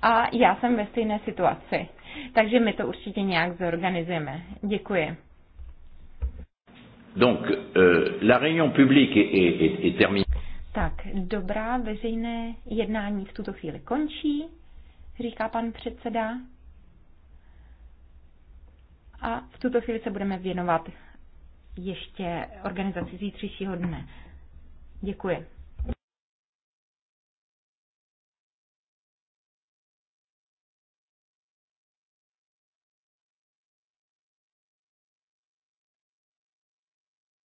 A já jsem ve stejné situaci. Takže my to určitě nějak zorganizujeme. Děkuji. Donc, euh, la réunion publique est, est, est terminée. Tak, dobrá, veřejné jednání v tuto chvíli končí, říká pan předseda. A v tuto chvíli se budeme věnovat ještě organizaci zítřejšího dne. Děkuji.